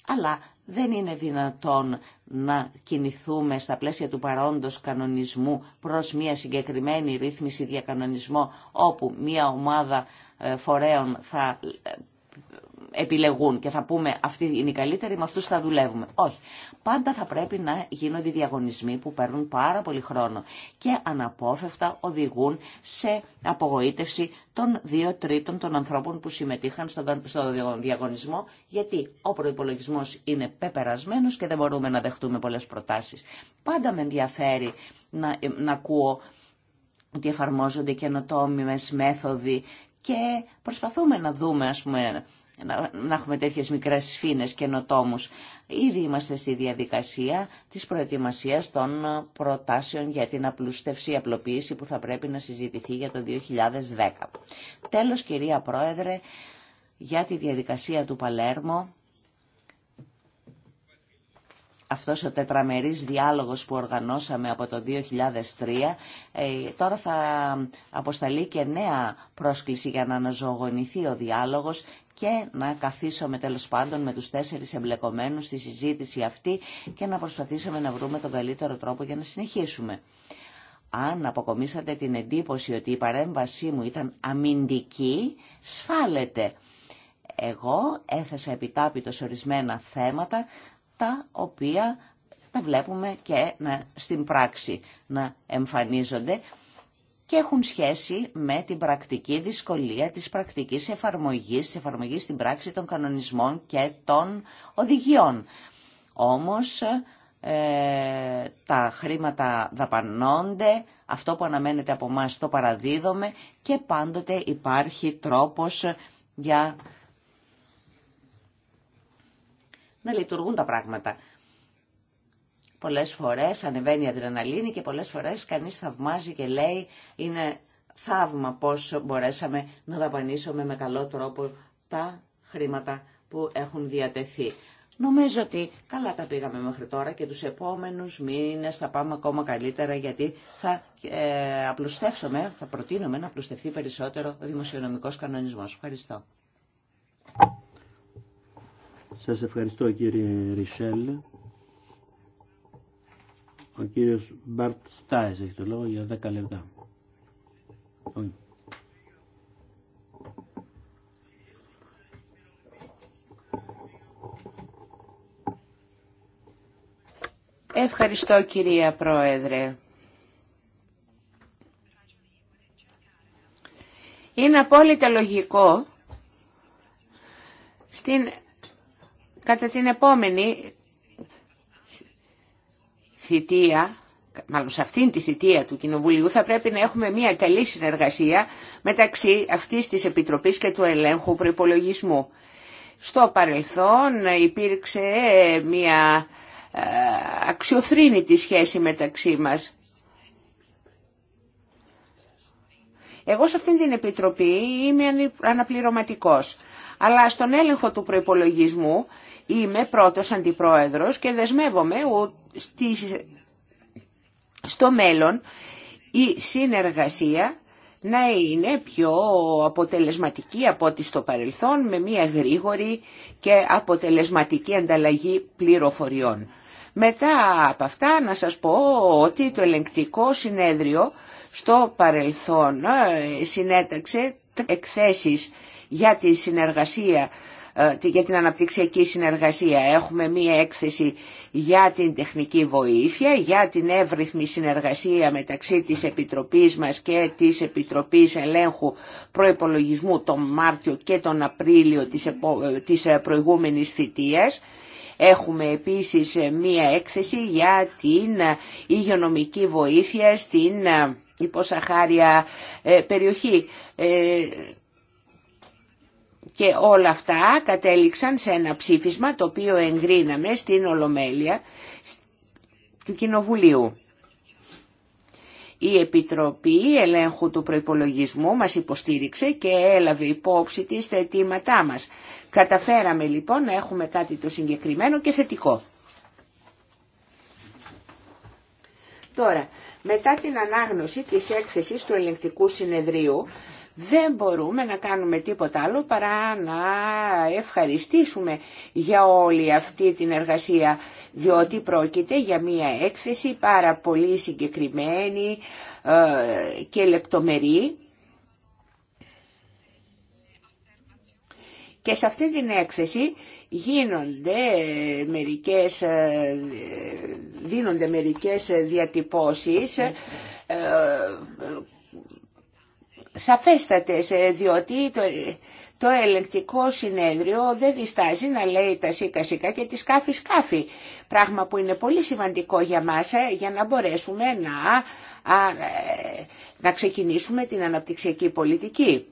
αλλά δεν είναι δυνατόν να κινηθούμε στα πλαίσια του παρόντος κανονισμού προς μια συγκεκριμένη ρύθμιση διακανονισμό όπου μια ομάδα ε, φορέων θα ε, επιλεγούν και θα πούμε αυτή είναι η καλύτεροι, με αυτού θα δουλεύουμε. Όχι. Πάντα θα πρέπει να γίνονται διαγωνισμοί που παίρνουν πάρα πολύ χρόνο και αναπόφευκτα οδηγούν σε απογοήτευση των δύο τρίτων των ανθρώπων που συμμετείχαν στον διαγωνισμό, γιατί ο προπολογισμό είναι πεπερασμένο και δεν μπορούμε να δεχτούμε πολλέ προτάσει. Πάντα με ενδιαφέρει να, ε, να ακούω ότι εφαρμόζονται καινοτόμιμες μέθοδοι και προσπαθούμε να δούμε, ας πούμε, να έχουμε τέτοιες μικρές σφήνες καινοτόμου, Ήδη είμαστε στη διαδικασία της προετοιμασίας των ε, προτάσεων για την απλούστευση, απλοποίηση που θα πρέπει να συζητηθεί για το 2010. Τέλος, κυρία Πρόεδρε, για τη διαδικασία του Παλέρμο, αυτός ο τετραμερής διάλογος που οργανώσαμε από το 2003 ε, τώρα θα αποσταλεί και νέα πρόσκληση για να αναζωογονηθεί ο διάλογος και να καθίσουμε τέλος πάντων με τους τέσσερις εμπλεκομένους στη συζήτηση αυτή και να προσπαθήσουμε να βρούμε τον καλύτερο τρόπο για να συνεχίσουμε. Αν αποκομίσατε την εντύπωση ότι η παρέμβασή μου ήταν αμυντική, σφάλετε. Εγώ έθεσα επιτάπητος ορισμένα θέματα τα οποία τα βλέπουμε και στην πράξη να εμφανίζονται και έχουν σχέση με την πρακτική δυσκολία της πρακτικής εφαρμογής, της εφαρμογής στην πράξη των κανονισμών και των οδηγιών. Όμως ε, τα χρήματα δαπανώνται, αυτό που αναμένεται από μας το παραδίδομαι και πάντοτε υπάρχει τρόπος για να λειτουργούν τα πράγματα. Πολλές φορές ανεβαίνει η αδρεναλίνη και πολλές φορές κανείς θαυμάζει και λέει είναι θαύμα πώ μπορέσαμε να δαπανίσουμε με καλό τρόπο τα χρήματα που έχουν διατεθεί. Νομίζω ότι καλά τα πήγαμε μέχρι τώρα και τους επόμενους μήνες θα πάμε ακόμα καλύτερα γιατί θα ε, απλουστεύσουμε, θα προτείνουμε να απλουστευτεί περισσότερο ο δημοσιονομικός κανονισμός. Ευχαριστώ. Σας ευχαριστώ κύριε Ρισελ. Ο κύριος Μπαρτ Στάις έχει το λόγο για 10 λεπτά. Ευχαριστώ κυρία Πρόεδρε. Είναι απόλυτα λογικό στην Κατά την επόμενη θητεία, μάλλον σε αυτήν τη θητεία του Κοινοβουλίου, θα πρέπει να έχουμε μια καλή συνεργασία μεταξύ αυτής της Επιτροπής και του ελέγχου προϋπολογισμού. Στο παρελθόν υπήρξε μια ε, αξιοθρύνητη σχέση μεταξύ μας. Εγώ σε αυτήν την Επιτροπή είμαι αναπληρωματικός, αλλά στον έλεγχο του προϋπολογισμού Είμαι πρώτος αντιπρόεδρος και δεσμεύομαι στο μέλλον η συνεργασία να είναι πιο αποτελεσματική από ό,τι στο παρελθόν με μια γρήγορη και αποτελεσματική ανταλλαγή πληροφοριών. Μετά από αυτά να σας πω ότι το ελεγκτικό συνέδριο στο παρελθόν ε, συνέταξε εκθέσεις για τη συνεργασία ε, για την αναπτυξιακή συνεργασία. Έχουμε μία έκθεση για την τεχνική βοήθεια, για την εύρυθμη συνεργασία μεταξύ της Επιτροπής μας και της Επιτροπής Ελέγχου Προϋπολογισμού τον Μάρτιο και τον Απρίλιο της ε, ε, προηγούμενης θητείας. Έχουμε επίσης μία έκθεση για την υγειονομική βοήθεια στην υποσαχάρια περιοχή. Και όλα αυτά κατέληξαν σε ένα ψήφισμα το οποίο εγκρίναμε στην Ολομέλεια του Κοινοβουλίου. Η Επιτροπή Ελέγχου του Προϋπολογισμού μας υποστήριξε και έλαβε υπόψη της τα αιτήματά μας. Καταφέραμε λοιπόν να έχουμε κάτι το συγκεκριμένο και θετικό. Τώρα, μετά την ανάγνωση της έκθεσης του ελεγκτικού συνεδρίου, δεν μπορούμε να κάνουμε τίποτα άλλο παρά να ευχαριστήσουμε για όλη αυτή την εργασία, διότι πρόκειται για μια έκθεση πάρα πολύ συγκεκριμένη ε, και λεπτομερή. Και σε αυτή την έκθεση γίνονται μερικές, ε, δίνονται μερικές διατυπώσεις ε, σαφέστατες, ε, διότι το, το ελεγκτικό συνέδριο δεν διστάζει να λέει τα σίκα σίκα και τη σκάφη σκάφη, πράγμα που είναι πολύ σημαντικό για μας ε, για να μπορέσουμε να, ε, να ξεκινήσουμε την αναπτυξιακή πολιτική.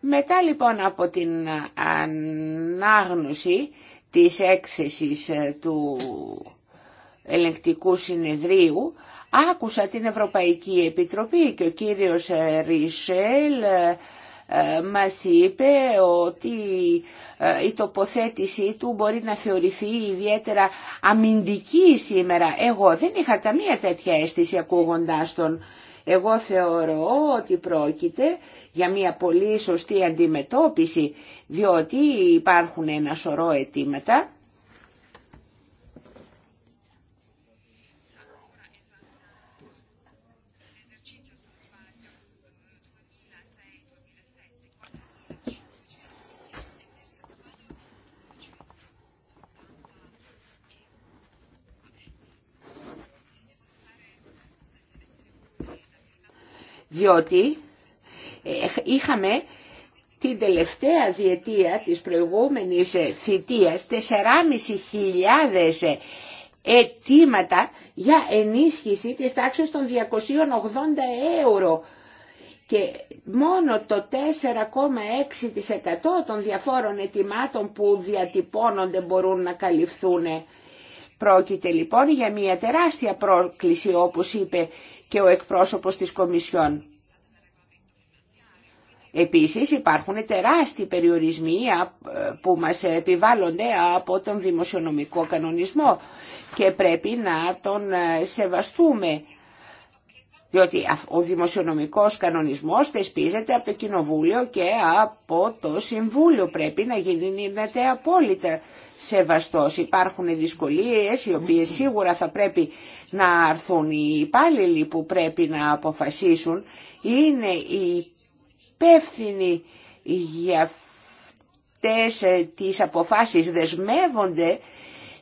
Μετά λοιπόν από την ανάγνωση της έκθεσης ε, του ελεγκτικού συνεδρίου, άκουσα την Ευρωπαϊκή Επιτροπή και ο κύριος ε, Ρισελ ε, μας είπε ότι η τοποθέτησή του μπορεί να θεωρηθεί ιδιαίτερα αμυντική σήμερα. Εγώ δεν είχα καμία τέτοια αίσθηση ακούγοντας τον εγώ θεωρώ ότι πρόκειται για μια πολύ σωστή αντιμετώπιση, διότι υπάρχουν ένα σωρό αιτήματα διότι ε, είχαμε την τελευταία διετία της προηγούμενης ε, θητείας 4.500 ε, αιτήματα για ενίσχυση της τάξης των 280 ευρώ και μόνο το 4,6% των διαφόρων αιτημάτων που διατυπώνονται μπορούν να καλυφθούν Πρόκειται λοιπόν για μια τεράστια πρόκληση όπως είπε και ο εκπρόσωπος της Κομισιόν. Επίσης υπάρχουν τεράστιοι περιορισμοί που μας επιβάλλονται από τον δημοσιονομικό κανονισμό και πρέπει να τον ε, σεβαστούμε. Διότι ο δημοσιονομικός κανονισμός θεσπίζεται από το Κοινοβούλιο και από το Συμβούλιο. Πρέπει να γίνεται απόλυτα σεβαστός. Υπάρχουν δυσκολίες οι οποίες σίγουρα θα πρέπει να έρθουν Οι υπάλληλοι που πρέπει να αποφασίσουν είναι οι υπεύθυνοι για αυτές ε, τις αποφάσεις. Δεσμεύονται,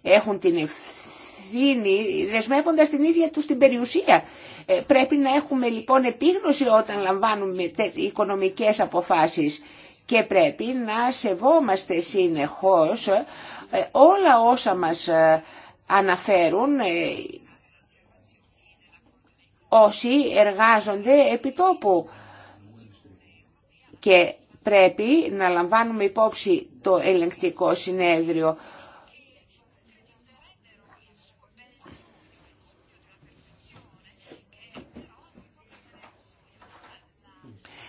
έχουν την ευθύνη, δεσμεύοντας την ίδια τους την περιουσία ε, πρέπει να έχουμε λοιπόν επίγνωση όταν λαμβάνουμε οικονομικές αποφάσεις και πρέπει να σεβόμαστε συνεχώς ε, όλα όσα μας ε, αναφέρουν όσοι εργάζονται επί τόπου. Και πρέπει να λαμβάνουμε υπόψη το ελεγκτικό συνέδριο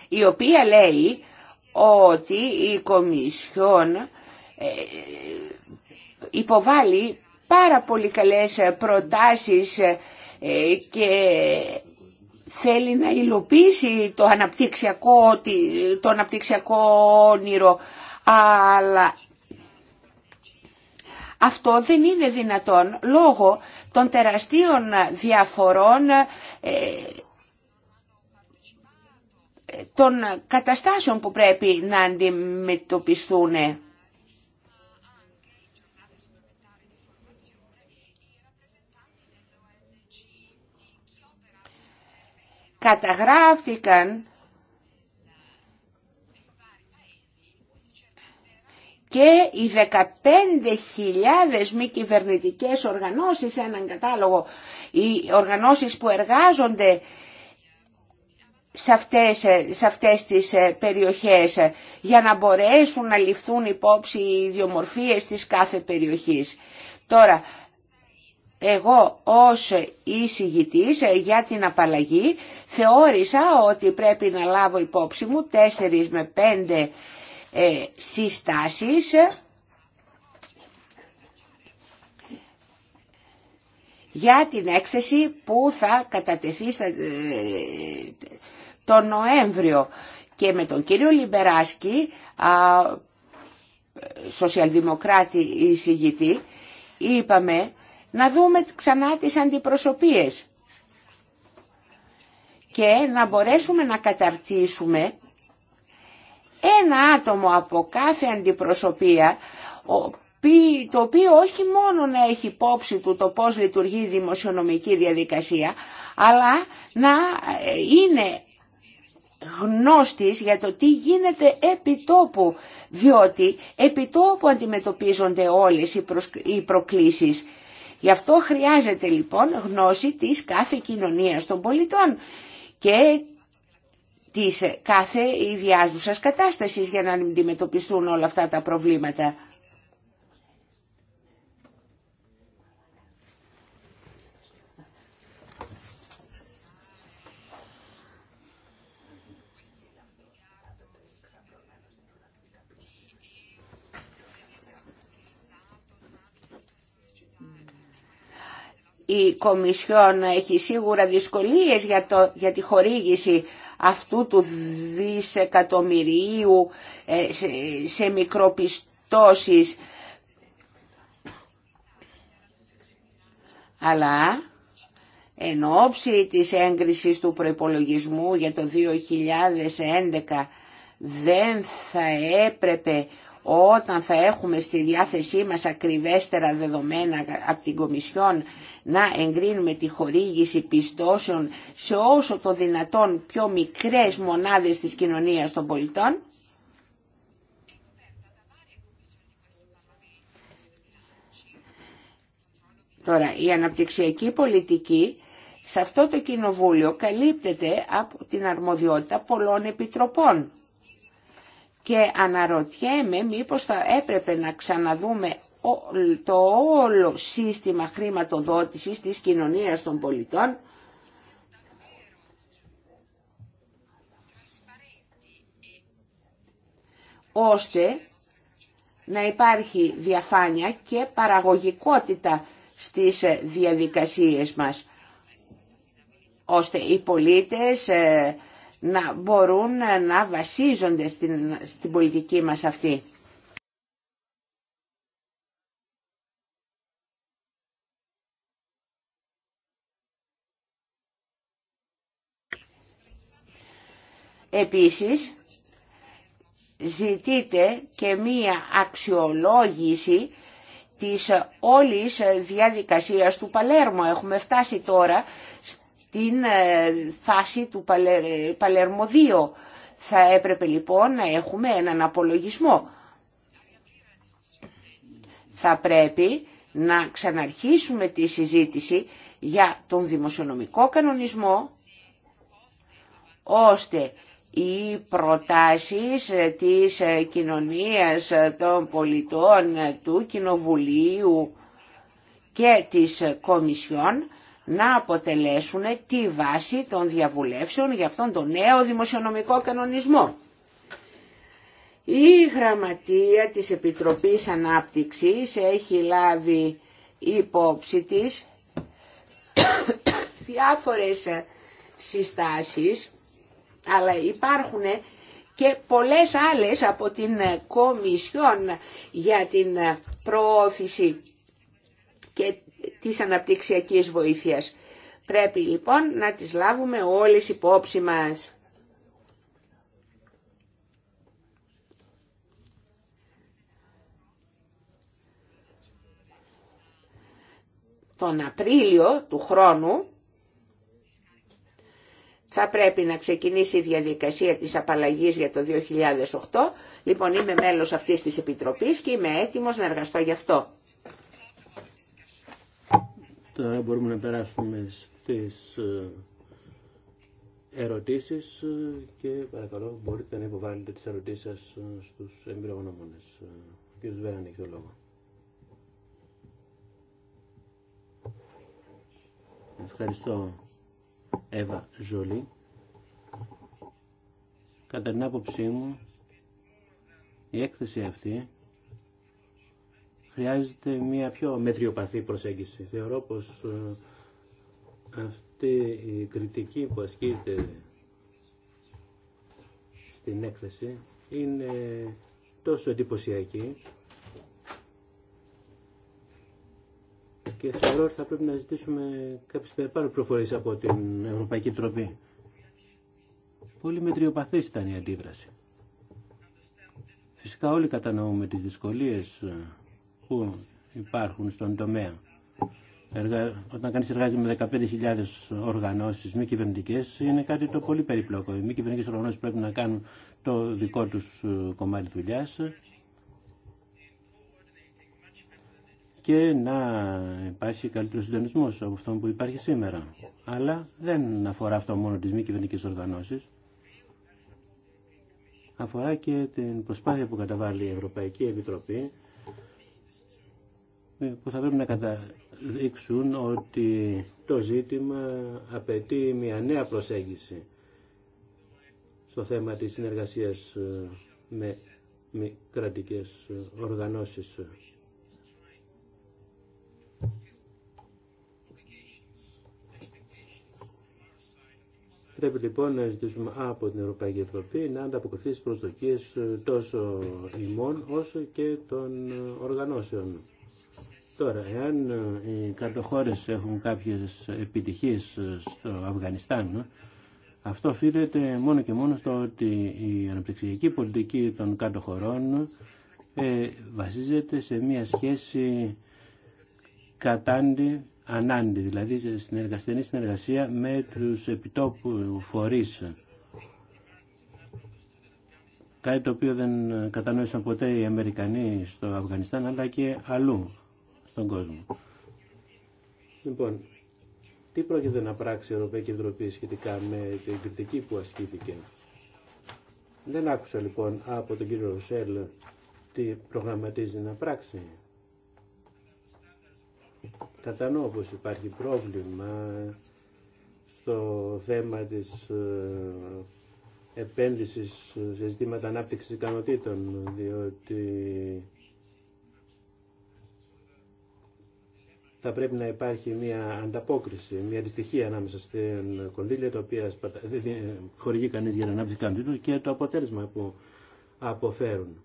η οποία λέει ότι η Κομισιόν ε, υποβάλλει πάρα πολύ καλές προτάσεις ε, και θέλει να υλοποιήσει το αναπτυξιακό, το αναπτυξιακό όνειρο, αλλά αυτό δεν είναι δυνατόν λόγω των τεραστίων διαφορών ε, των καταστάσεων που πρέπει να αντιμετωπιστούν. Καταγράφηκαν και οι 15.000 μη κυβερνητικές οργανώσεις σε έναν κατάλογο, οι οργανώσεις που εργάζονται σε αυτές, ε, σε αυτές τις ε, περιοχές ε, για να μπορέσουν να ληφθούν υπόψη οι ιδιομορφίες της κάθε περιοχής. Τώρα, εγώ ως εισηγητής για την απαλλαγή θεώρησα ότι πρέπει να λάβω υπόψη μου τέσσερις με πέντε ε, συστάσεις για την έκθεση που θα κατατεθεί στα, τον Νοέμβριο και με τον κύριο Λιμπεράσκη, α, σοσιαλδημοκράτη εισηγητή, είπαμε να δούμε ξανά τις αντιπροσωπίες και να μπορέσουμε να καταρτήσουμε ένα άτομο από κάθε αντιπροσωπεία το οποίο όχι μόνο να έχει υπόψη του το πώς λειτουργεί η δημοσιονομική διαδικασία αλλά να ε, είναι γνώστης για το τι γίνεται επί τόπου, διότι επί τόπου αντιμετωπίζονται όλες οι προκλήσεις. Γι' αυτό χρειάζεται λοιπόν γνώση της κάθε κοινωνίας των πολιτών και της κάθε ιδιάζουσας κατάστασης για να αντιμετωπιστούν όλα αυτά τα προβλήματα. η Κομισιόν έχει σίγουρα δυσκολίες για, το, για τη χορήγηση αυτού του δισεκατομμυρίου ε, σε, σε μικροπιστώσεις. Αλλά εν ώψη της έγκρισης του προϋπολογισμού για το 2011 δεν θα έπρεπε όταν θα έχουμε στη διάθεσή μας ακριβέστερα δεδομένα από την Κομισιόν να εγκρίνουμε τη χορήγηση πιστώσεων σε όσο το δυνατόν πιο μικρές μονάδες της κοινωνίας των πολιτών. Τώρα, η αναπτυξιακή πολιτική σε αυτό το κοινοβούλιο καλύπτεται από την αρμοδιότητα πολλών επιτροπών. Και αναρωτιέμαι μήπως θα έπρεπε να ξαναδούμε το όλο σύστημα χρηματοδότησης της κοινωνίας των πολιτών ώστε να υπάρχει διαφάνεια και παραγωγικότητα στις ε, διαδικασίες μας, ώστε οι πολίτες ε, να μπορούν να βασίζονται στην, στην πολιτική μας αυτή. Επίσης, ζητείτε και μία αξιολόγηση της όλης διαδικασίας του Παλέρμο. Έχουμε φτάσει τώρα στην ε, φάση του Παλέρμο 2. Θα έπρεπε λοιπόν να έχουμε έναν απολογισμό. Θα πρέπει να ξαναρχίσουμε τη συζήτηση για τον δημοσιονομικό κανονισμό, ώστε οι προτάσεις της κοινωνίας των πολιτών του Κοινοβουλίου και της Κομισιόν να αποτελέσουν τη βάση των διαβουλεύσεων για αυτόν τον νέο δημοσιονομικό κανονισμό. Η Γραμματεία της Επιτροπής Ανάπτυξης έχει λάβει υπόψη της διάφορες συστάσεις αλλά υπάρχουν και πολλές άλλες από την ε, Κομισιόν για την ε, προώθηση και της αναπτυξιακής βοήθειας. Πρέπει λοιπόν να τις λάβουμε όλες υπόψη μας. Τον Απρίλιο του χρόνου θα πρέπει να ξεκινήσει η διαδικασία της απαλλαγής για το 2008. Λοιπόν, είμαι μέλος αυτής της Επιτροπής και είμαι έτοιμος να εργαστώ γι' αυτό. Τώρα μπορούμε να περάσουμε στις ε, ερωτήσεις ε, και παρακαλώ μπορείτε να υποβάλλετε τις ερωτήσεις σας ε, στους εμπειρογνώμονες. Ο κ. Βέραν έχει το λόγο. Ευχαριστώ Εύα Ζολή. Κατά την άποψή μου, η έκθεση αυτή χρειάζεται μια πιο μετριοπαθή προσέγγιση. Θεωρώ πως ε, αυτή η κριτική που ασκείται στην έκθεση είναι τόσο εντυπωσιακή και θεωρώ ότι θα πρέπει να ζητήσουμε κάποιες περαιτέρω προφορέ από την Ευρωπαϊκή Τροπή. Πολύ μετριοπαθής ήταν η αντίδραση. Φυσικά όλοι κατανοούμε τις δυσκολίες ε, που υπάρχουν στον τομέα. Όταν κανείς εργάζεται με 15.000 οργανώσεις μη κυβερνητικέ, είναι κάτι το πολύ περιπλόκο. Οι μη κυβερνητικές οργανώσεις πρέπει να κάνουν το δικό τους ε, κομμάτι δουλειάς και να υπάρχει καλύτερο συντονισμό από αυτό που υπάρχει σήμερα. Αλλά δεν αφορά αυτό μόνο τις μη οργανώσεις. Αφορά και την προσπάθεια που καταβάλει η Ευρωπαϊκή Επιτροπή ε, που θα πρέπει να καταδείξουν ότι το ζήτημα απαιτεί μια νέα προσέγγιση στο θέμα της συνεργασίας ε, με μη κρατικές οργανώσεις Πρέπει λοιπόν να ζητήσουμε από την Ευρωπαϊκή Επιτροπή να ανταποκριθεί στις προσδοκίες ε, τόσο ημών όσο και των ε, οργανώσεων. Τώρα, εάν ε, οι κατοχώρες έχουν κάποιες επιτυχίες στο Αφγανιστάν, αυτό οφείλεται μόνο και μόνο στο ότι η αναπτυξιακή πολιτική των κάτω βασίζεται σε μια σχέση κατάντη ανάντη, δηλαδή στην στενή συνεργασία με τους επιτόπου φορείς. Κάτι το οποίο δεν κατανόησαν ποτέ οι Αμερικανοί στο Αφγανιστάν, αλλά και αλλού στον κόσμο. Λοιπόν, τι πρόκειται να πράξει η Ευρωπαϊκή Ευρωπή σχετικά με την κριτική που ασκήθηκε. Δεν άκουσα λοιπόν από τον κύριο Ρουσέλ τι προγραμματίζει να πράξει κατανοώ πως υπάρχει πρόβλημα στο θέμα της ε, επένδυσης σε ζητήματα ανάπτυξης ικανοτήτων, διότι θα πρέπει να υπάρχει μια ανταπόκριση, μια αντιστοιχία ανάμεσα στην κονδύλια τα οποία χορηγεί κανείς για την ανάπτυξη ικανοτήτων και το αποτέλεσμα που αποφέρουν.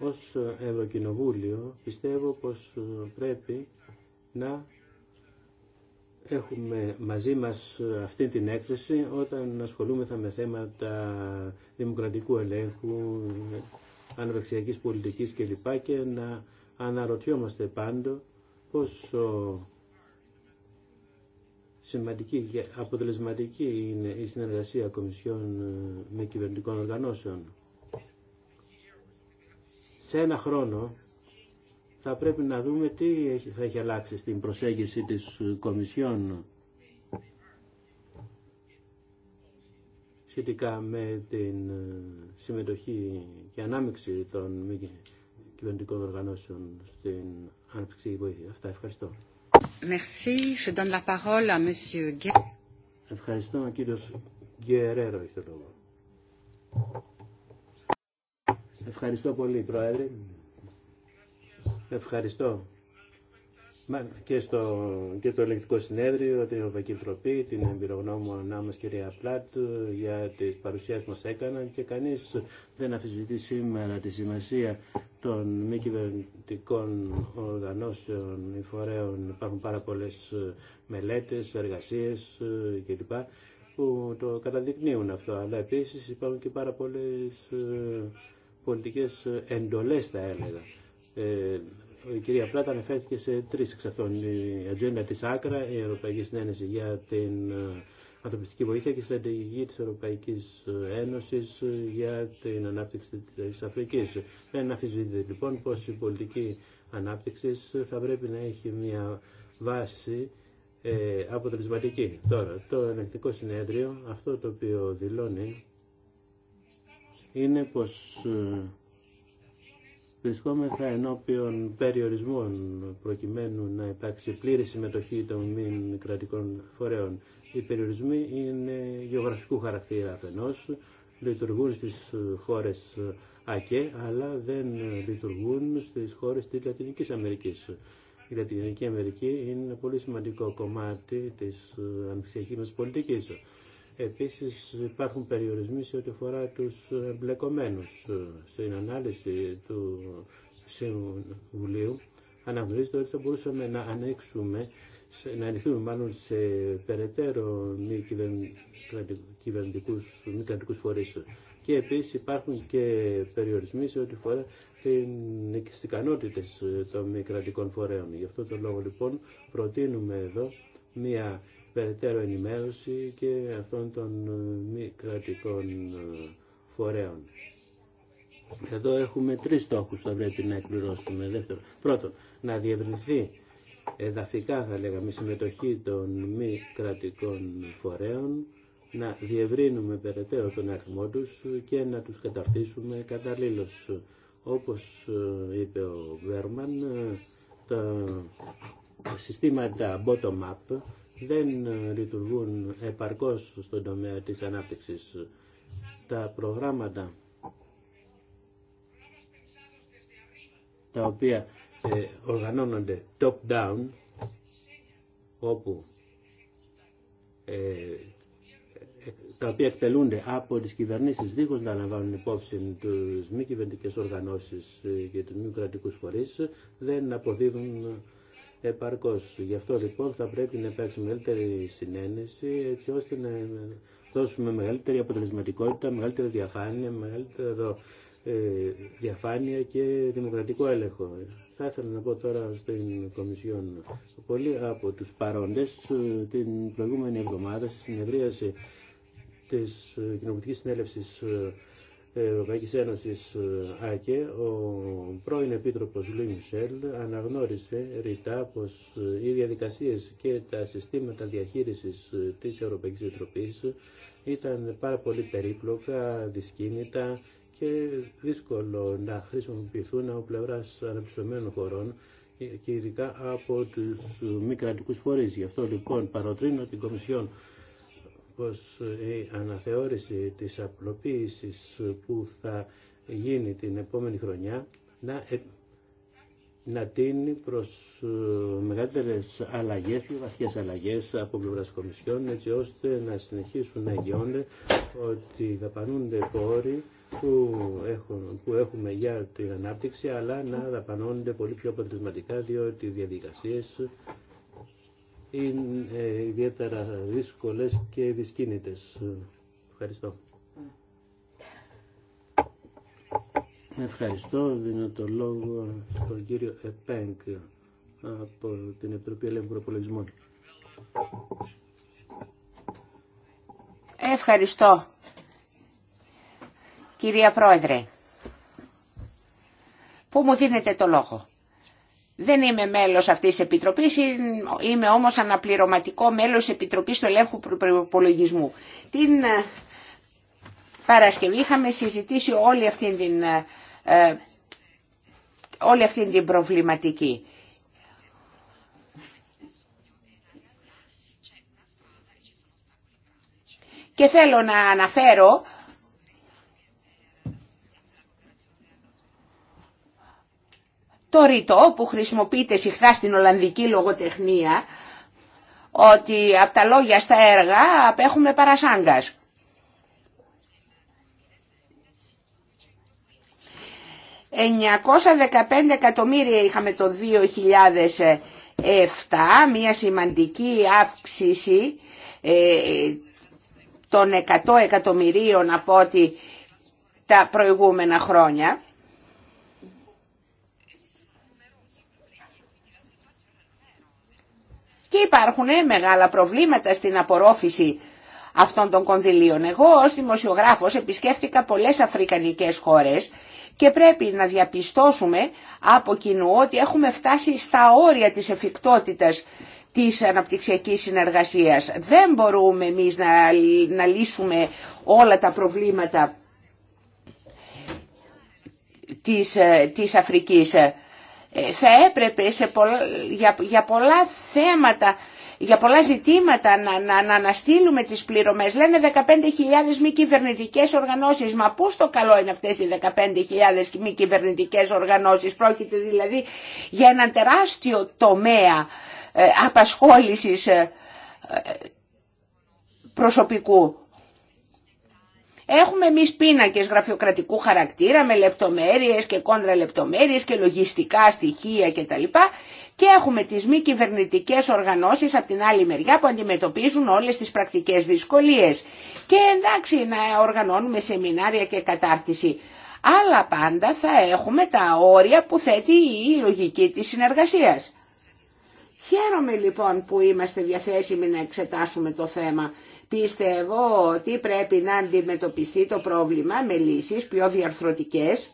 ως Ευρωκοινοβούλιο πιστεύω πως ε, πρέπει να έχουμε μαζί μας ε, αυτή την έκθεση όταν ασχολούμεθα με θέματα δημοκρατικού ελέγχου, ανεπεξιακής πολιτικής κλπ. και να αναρωτιόμαστε πάντο πόσο σημαντική και αποτελεσματική είναι η συνεργασία κομισιών ε, με κυβερνητικών οργανώσεων σε ένα χρόνο θα πρέπει να δούμε τι θα έχει αλλάξει στην προσέγγιση της Κομισιόν σχετικά με την ε, συμμετοχή και ανάμειξη των μη κυβερνητικών οργανώσεων στην ανάπτυξη βοήθεια. Αυτά ευχαριστώ. Merci. Je donne la parole à Monsieur Ευχαριστώ, κύριος Γκερέρο, έχει το Ευχαριστώ πολύ, Πρόεδρε. Ευχαριστώ και, στο, και το ελεγκτικό Συνέδριο, την Ευρωπαϊκή Επιτροπή, την εμπειρογνώμη μας κυρία Πλάτ για τις παρουσιάσεις μας έκαναν και κανείς δεν αφισβητεί σήμερα τη σημασία των μη κυβερνητικών οργανώσεων ή Υπάρχουν πάρα πολλές μελέτες, εργασίες κλπ που το καταδεικνύουν αυτό, αλλά επίση υπάρχουν και πάρα πολλές ε, πολιτικές ε, εντολές θα έλεγα. Ε, η κυρία Πλάτα αναφέρθηκε σε τρεις εξ αυτών. Η ατζέντα της Άκρα, η Ευρωπαϊκή Συνένεση για την ε, ανθρωπιστική βοήθεια και η στρατηγική της Ευρωπαϊκής Ένωσης για την ανάπτυξη της Αφρικής. Δεν αφισβητείται λοιπόν πως η πολιτική ανάπτυξη θα πρέπει να έχει μια βάση ε, αποτελεσματική. Τώρα, το ελεγκτικό συνέδριο αυτό το οποίο δηλώνει είναι πως ε, βρισκόμεθα ενώπιον περιορισμών προκειμένου να υπάρξει πλήρη συμμετοχή των μη κρατικών φορέων. Οι περιορισμοί είναι γεωγραφικού χαρακτήρα αφενός, λειτουργούν στις χώρες ΑΚΕ, αλλά δεν λειτουργούν στις χώρες της Λατινικής Αμερικής. Η Λατινική Αμερική είναι πολύ σημαντικό κομμάτι της ανεξιακής μας πολιτικής. Επίσης υπάρχουν περιορισμοί σε ό,τι αφορά τους εμπλεκομένους. Στην ανάλυση του Συμβουλίου αναγνωρίζεται ότι θα μπορούσαμε να ανοίξουμε, να ανοιχθούμε μάλλον σε περαιτέρω μη κυβερνητικούς, μη κρατικούς φορείς. Και επίσης υπάρχουν και περιορισμοί σε ό,τι αφορά τις ικανότητες των μη κρατικών φορέων. Γι' αυτό το λόγο λοιπόν προτείνουμε εδώ μία περαιτέρω ενημέρωση και αυτών των ε, μη κρατικών ε, φορέων. Εδώ έχουμε τρεις στόχους που θα πρέπει να εκπληρώσουμε. Δεύτερο, πρώτον, να διευρυνθεί εδαφικά θα λέγαμε η συμμετοχή των μη κρατικών φορέων, να διευρύνουμε περαιτέρω τον αριθμό τους και να τους καταρτήσουμε καταλήλως. Όπως ε, είπε ο Βέρμαν, τα συστήματα bottom-up δεν ε, λειτουργούν επαρκώς στον τομέα της ανάπτυξης. Τα προγράμματα τα οποία ε, οργανώνονται top-down, όπου ε, τα οποία εκτελούνται από τις κυβερνήσεις δίχως να λαμβάνουν υπόψη τους μη κυβερνητικέ οργανώσεις και τους μη κρατικούς φορείς δεν αποδίδουν επαρκώς. Γι' αυτό λοιπόν θα πρέπει να υπάρξει μεγαλύτερη συνένεση έτσι ώστε να δώσουμε μεγαλύτερη αποτελεσματικότητα, μεγαλύτερη διαφάνεια, μεγαλύτερο ε, διαφάνεια και δημοκρατικό έλεγχο. Θα ήθελα να πω τώρα στην Κομισιόν. Πολλοί από τους παρόντες ε, την προηγούμενη εβδομάδα στη συνεδρίαση της ε, Κοινοβουλικής Συνέλευσης Ευρωπαϊκή Ένωση, ε, ΑΚΕ, ο πρώην Επίτροπος Λουί αναγνώρισε ρητά πω ε, οι διαδικασίε και τα συστήματα διαχείρισης ε, της Ευρωπαϊκή Επιτροπή ήταν πάρα πολύ περίπλοκα, δυσκίνητα και δύσκολο να χρησιμοποιηθούν από πλευρά αναπτυσσομένων χωρών και ειδικά από του μη κρατικού φορείς. Γι' αυτό λοιπόν παροτρύνω την Κομισιόν πως η αναθεώρηση της απλοποίησης που θα γίνει την επόμενη χρονιά να, ε, να τίνει προς ε, μεγαλύτερες αλλαγές, πιο βαθιές αλλαγές από πλευράς κομισιών έτσι ώστε να συνεχίσουν να εγγυώνται ότι δαπανούνται πόροι που, έχουν, που έχουμε για την ανάπτυξη αλλά να δαπανούνται πολύ πιο αποτελεσματικά διότι οι διαδικασίες είναι ε, ιδιαίτερα δύσκολες και δυσκίνητες. Ευχαριστώ. Ευχαριστώ. Δίνω το λόγο στον κύριο Επέγκ από την Επιτροπή Ελέγχου Προπολογισμών. Ευχαριστώ. Κυρία Πρόεδρε, που μου δίνετε το λόγο. Δεν είμαι μέλος αυτής της Επιτροπής, είμαι όμως αναπληρωματικό μέλος Επιτροπής του Ελέγχου Προπολογισμού. Την ε, Παρασκευή είχαμε συζητήσει όλη την, ε, ε, όλη αυτή την προβληματική. Και θέλω να αναφέρω το ρητό που χρησιμοποιείται συχνά στην Ολλανδική λογοτεχνία, ότι από τα λόγια στα έργα απέχουμε παρασάγκας. «915 εκατομμύρια είχαμε το 2007, μια σημαντική αύξηση ε, των 100 εκατομμυρίων από ό,τι τα προηγούμενα χρόνια. Και υπάρχουν ε, μεγάλα προβλήματα στην απορρόφηση αυτών των κονδυλίων. Εγώ ως δημοσιογράφος επισκέφτηκα πολλές αφρικανικές χώρες και πρέπει να διαπιστώσουμε από κοινού ότι έχουμε φτάσει στα όρια της εφικτότητας της αναπτυξιακής συνεργασίας. Δεν μπορούμε εμείς να, λύσουμε όλα τα προβλήματα της, ε, της Αφρικής. Ε, θα έπρεπε σε για, για πολλά θέματα για πολλά ζητήματα να, να, να αναστείλουμε τις πληρωμές. Λένε 15.000 μη κυβερνητικέ οργανώσεις. Μα πού στο καλό είναι αυτές οι 15.000 μη κυβερνητικέ οργανώσεις. Πρόκειται δηλαδή για έναν τεράστιο τομέα ε, απασχόλησης ε, ε, προσωπικού. Έχουμε εμεί πίνακε γραφειοκρατικού χαρακτήρα με λεπτομέρειες και κόντρα λεπτομέρειες και λογιστικά στοιχεία κτλ. Και έχουμε τις μη κυβερνητικέ οργανώσεις από την άλλη μεριά που αντιμετωπίζουν όλες τις πρακτικές δυσκολίες. Και εντάξει να οργανώνουμε σεμινάρια και κατάρτιση. Αλλά πάντα θα έχουμε τα όρια που θέτει η λογική της συνεργασίας. Χαίρομαι λοιπόν που είμαστε διαθέσιμοι να εξετάσουμε το θέμα Πιστεύω ότι πρέπει να αντιμετωπιστεί το πρόβλημα με λύσεις πιο διαρθρωτικές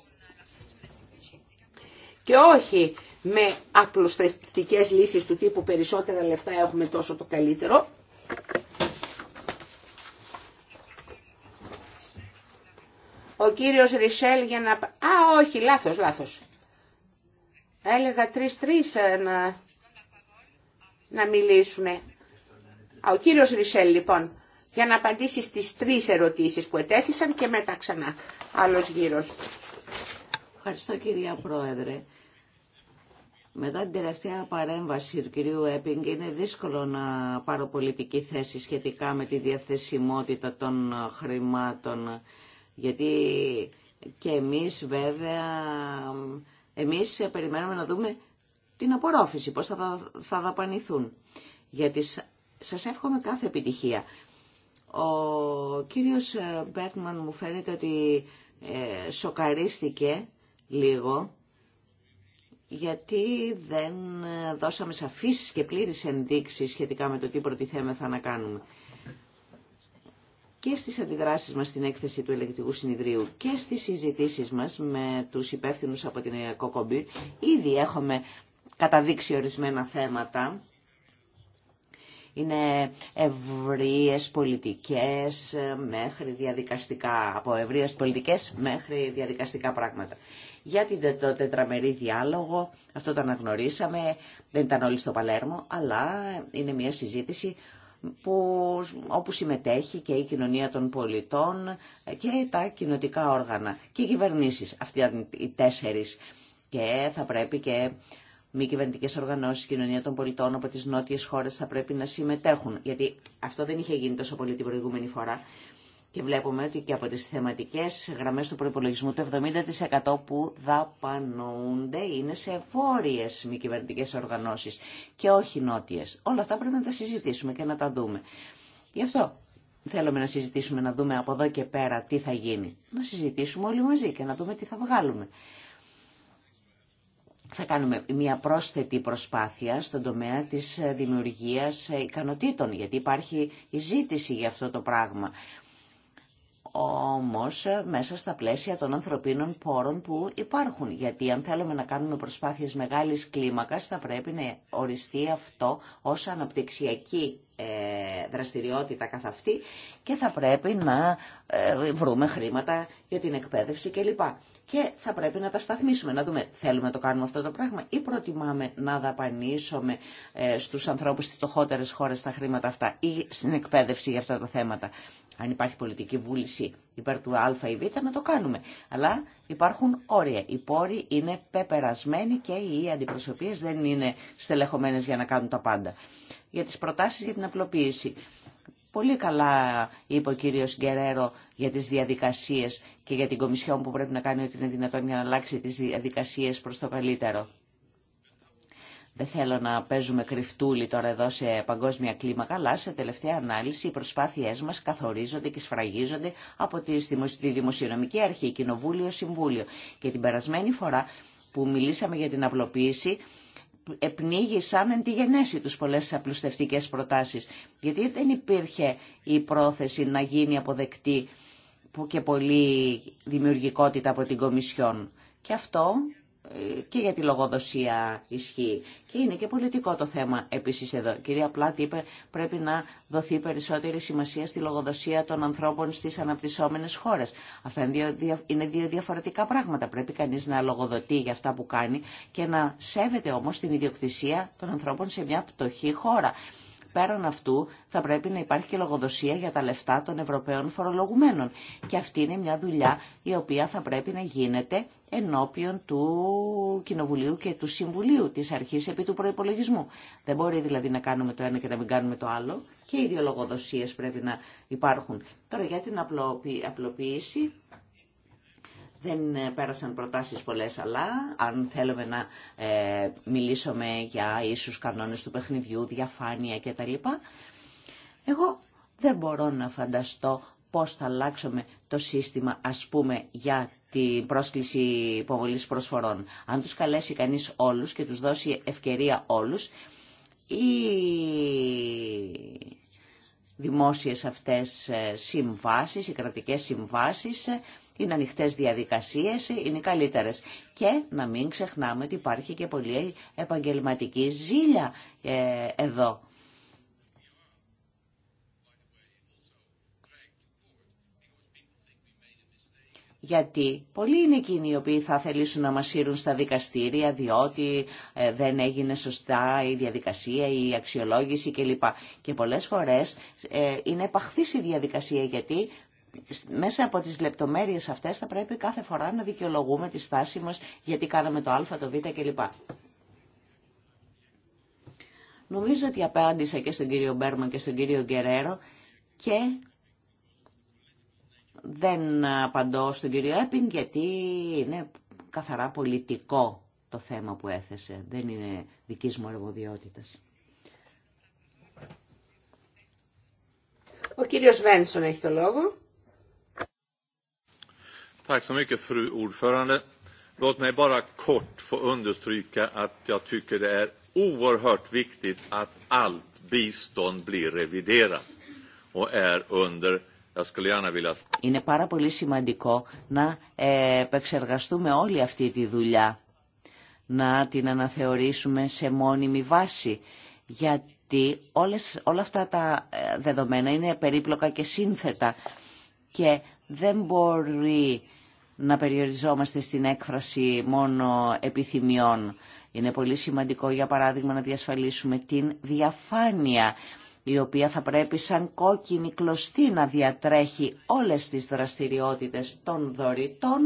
και όχι με απλουστευτικές λύσεις του τύπου περισσότερα λεφτά έχουμε τόσο το καλύτερο. Ο κύριος Ρισελ για να... Α, όχι, λάθος, λάθος. Έλεγα τρεις-τρεις ε, να, να μιλήσουνε. Ο κύριος Ρισελ, λοιπόν για να απαντήσει στις τρεις ερωτήσεις που ετέθησαν και μετά ξανά άλλος γύρος. Ευχαριστώ κυρία Πρόεδρε. Μετά την τελευταία παρέμβαση του κυρίου Έπινγκ είναι δύσκολο να πάρω πολιτική θέση σχετικά με τη διαθεσιμότητα των χρημάτων γιατί και εμείς βέβαια εμείς περιμένουμε να δούμε την απορρόφηση, πώς θα, θα δαπανηθούν. Γιατί σας εύχομαι κάθε επιτυχία. Ο κύριος ε, Μπέρτμαν μου φαίνεται ότι ε, σοκαρίστηκε λίγο γιατί δεν ε, δώσαμε σαφείς και πλήρης ενδείξεις σχετικά με το τι προτιθέμεθα να κάνουμε. Και στις αντιδράσεις μας στην έκθεση του Ελεκτικού Συνειδρίου και στις συζητήσεις μας με τους υπεύθυνους από την ΕΚΟΚΟΜΠΗ ήδη έχουμε καταδείξει ορισμένα θέματα είναι ευρείε πολιτικές ε, μέχρι διαδικαστικά, από ευρείε πολιτικές μέχρι διαδικαστικά πράγματα. Για το τετραμερή διάλογο, αυτό το αναγνωρίσαμε, δεν ήταν όλοι στο Παλέρμο, αλλά είναι μια συζήτηση που, όπου συμμετέχει και η κοινωνία των πολιτών και τα κοινοτικά όργανα και οι κυβερνήσεις, αυτοί οι τέσσερις. Και θα πρέπει και μη κυβερνητικέ οργανώσει, κοινωνία των πολιτών από τι νότιε χώρε θα πρέπει να συμμετέχουν. Γιατί αυτό δεν είχε γίνει τόσο πολύ την προηγούμενη φορά. Και βλέπουμε ότι και από τι θεματικέ γραμμέ του προπολογισμού το 70% που δαπανούνται είναι σε βόρειε μη κυβερνητικέ οργανώσει και όχι νότιε. Όλα αυτά πρέπει να τα συζητήσουμε και να τα δούμε. Γι' αυτό θέλουμε να συζητήσουμε, να δούμε από εδώ και πέρα τι θα γίνει. Να συζητήσουμε όλοι μαζί και να δούμε τι θα βγάλουμε θα κάνουμε μια πρόσθετη προσπάθεια στον τομέα της δημιουργίας ικανοτήτων, γιατί υπάρχει η ζήτηση για αυτό το πράγμα. Όμως μέσα στα πλαίσια των ανθρωπίνων πόρων που υπάρχουν, γιατί αν θέλουμε να κάνουμε προσπάθειες μεγάλης κλίμακας θα πρέπει να οριστεί αυτό ως αναπτυξιακή ε, δραστηριότητα καθ' αυτή και θα πρέπει να ε, βρούμε χρήματα για την εκπαίδευση κλπ. Και θα πρέπει να τα σταθμίσουμε, να δούμε θέλουμε να το κάνουμε αυτό το πράγμα ή προτιμάμε να δαπανίσουμε ε, στους ανθρώπους στις στοχότερες χώρες τα χρήματα αυτά ή στην εκπαίδευση για αυτά τα θέματα. Αν υπάρχει πολιτική βούληση υπέρ του Α ή Β να το κάνουμε. Αλλά υπάρχουν όρια. Οι πόροι είναι πεπερασμένοι και οι αντιπροσωπείες δεν είναι στελεχωμένες για να κάνουν τα πάντα. Για τις προτάσεις για την απλοποίηση. Πολύ καλά είπε ο κύριο Γκερέρο για τι διαδικασίε και για την Κομισιόν που πρέπει να κάνει ό,τι είναι δυνατόν για να αλλάξει τι διαδικασίε προ το καλύτερο. Δεν θέλω να παίζουμε κρυφτούλι τώρα εδώ σε παγκόσμια κλίμακα, αλλά σε τελευταία ανάλυση οι προσπάθειές μας καθορίζονται και σφραγίζονται από τη Δημοσιονομική Αρχή, Κοινοβούλιο, Συμβούλιο. Και την περασμένη φορά που μιλήσαμε για την απλοποίηση, σαν εν τη γενέση τους πολλές απλουστευτικές προτάσεις. Γιατί δεν υπήρχε η πρόθεση να γίνει αποδεκτή που και πολλή δημιουργικότητα από την Κομισιόν. Και αυτό και για τη λογοδοσία ισχύει. Και είναι και πολιτικό το θέμα επίσης εδώ. κυρία Πλάτη είπε πρέπει να δοθεί περισσότερη σημασία στη λογοδοσία των ανθρώπων στις αναπτυσσόμενε χώρε. Αυτά είναι δύο, διαφορετικά πράγματα. Πρέπει κανεί να λογοδοτεί για αυτά που κάνει και να σέβεται όμως την ιδιοκτησία των ανθρώπων σε μια πτωχή χώρα. Πέραν αυτού θα πρέπει να υπάρχει και λογοδοσία για τα λεφτά των Ευρωπαίων φορολογουμένων. Και αυτή είναι μια δουλειά η οποία θα πρέπει να γίνεται ενώπιον του Κοινοβουλίου και του Συμβουλίου της αρχής επί του προϋπολογισμού. Δεν μπορεί δηλαδή να κάνουμε το ένα και να μην κάνουμε το άλλο και οι δύο λογοδοσίες πρέπει να υπάρχουν. Τώρα για την απλοποίηση δεν ε, πέρασαν προτάσεις πολλές, αλλά αν θέλουμε να ε, μιλήσουμε για ίσους κανόνες του παιχνιδιού, διαφάνεια κτλ. Εγώ δεν μπορώ να φανταστώ πώς θα αλλάξουμε το σύστημα, ας πούμε, για την πρόσκληση υποβολής προσφορών. Αν τους καλέσει κανείς όλους και τους δώσει ευκαιρία όλους, οι δημόσιες αυτές ε, συμβάσεις, οι κρατικές συμβάσεις είναι ανοιχτέ διαδικασίες, είναι καλύτερε. Και να μην ξεχνάμε ότι υπάρχει και πολλή επαγγελματική ζήλια ε, εδώ. Γιατί πολλοί είναι εκείνοι οι οποίοι θα θελήσουν να μας σύρουν στα δικαστήρια διότι ε, δεν έγινε σωστά η διαδικασία, η αξιολόγηση κλπ. Και πολλές φορές ε, είναι επαχθής η διαδικασία γιατί μέσα από τις λεπτομέρειες αυτές θα πρέπει κάθε φορά να δικαιολογούμε τη στάση μας γιατί κάναμε το α, το β κλπ. Νομίζω ότι απάντησα και στον κύριο Μπέρμαν και στον κύριο Γκερέρο και δεν απαντώ στον κύριο Έπιν γιατί είναι καθαρά πολιτικό το θέμα που έθεσε. Δεν είναι δικής μου αρμοδιότητας. Ο κύριος Βένσον έχει το λόγο είναι πάρα πολύ σημαντικό να ε, επεξεργαστούμε όλη αυτή τη δουλειά, να την αναθεωρήσουμε σε μόνιμη βάση, γιατί όλα αυτά τα ε, δεδομένα είναι περίπλοκα και σύνθετα και δεν μπορεί να περιοριζόμαστε στην έκφραση μόνο επιθυμιών. Είναι πολύ σημαντικό, για παράδειγμα, να διασφαλίσουμε την διαφάνεια, η οποία θα πρέπει σαν κόκκινη κλωστή να διατρέχει όλες τις δραστηριότητες των δωρητών,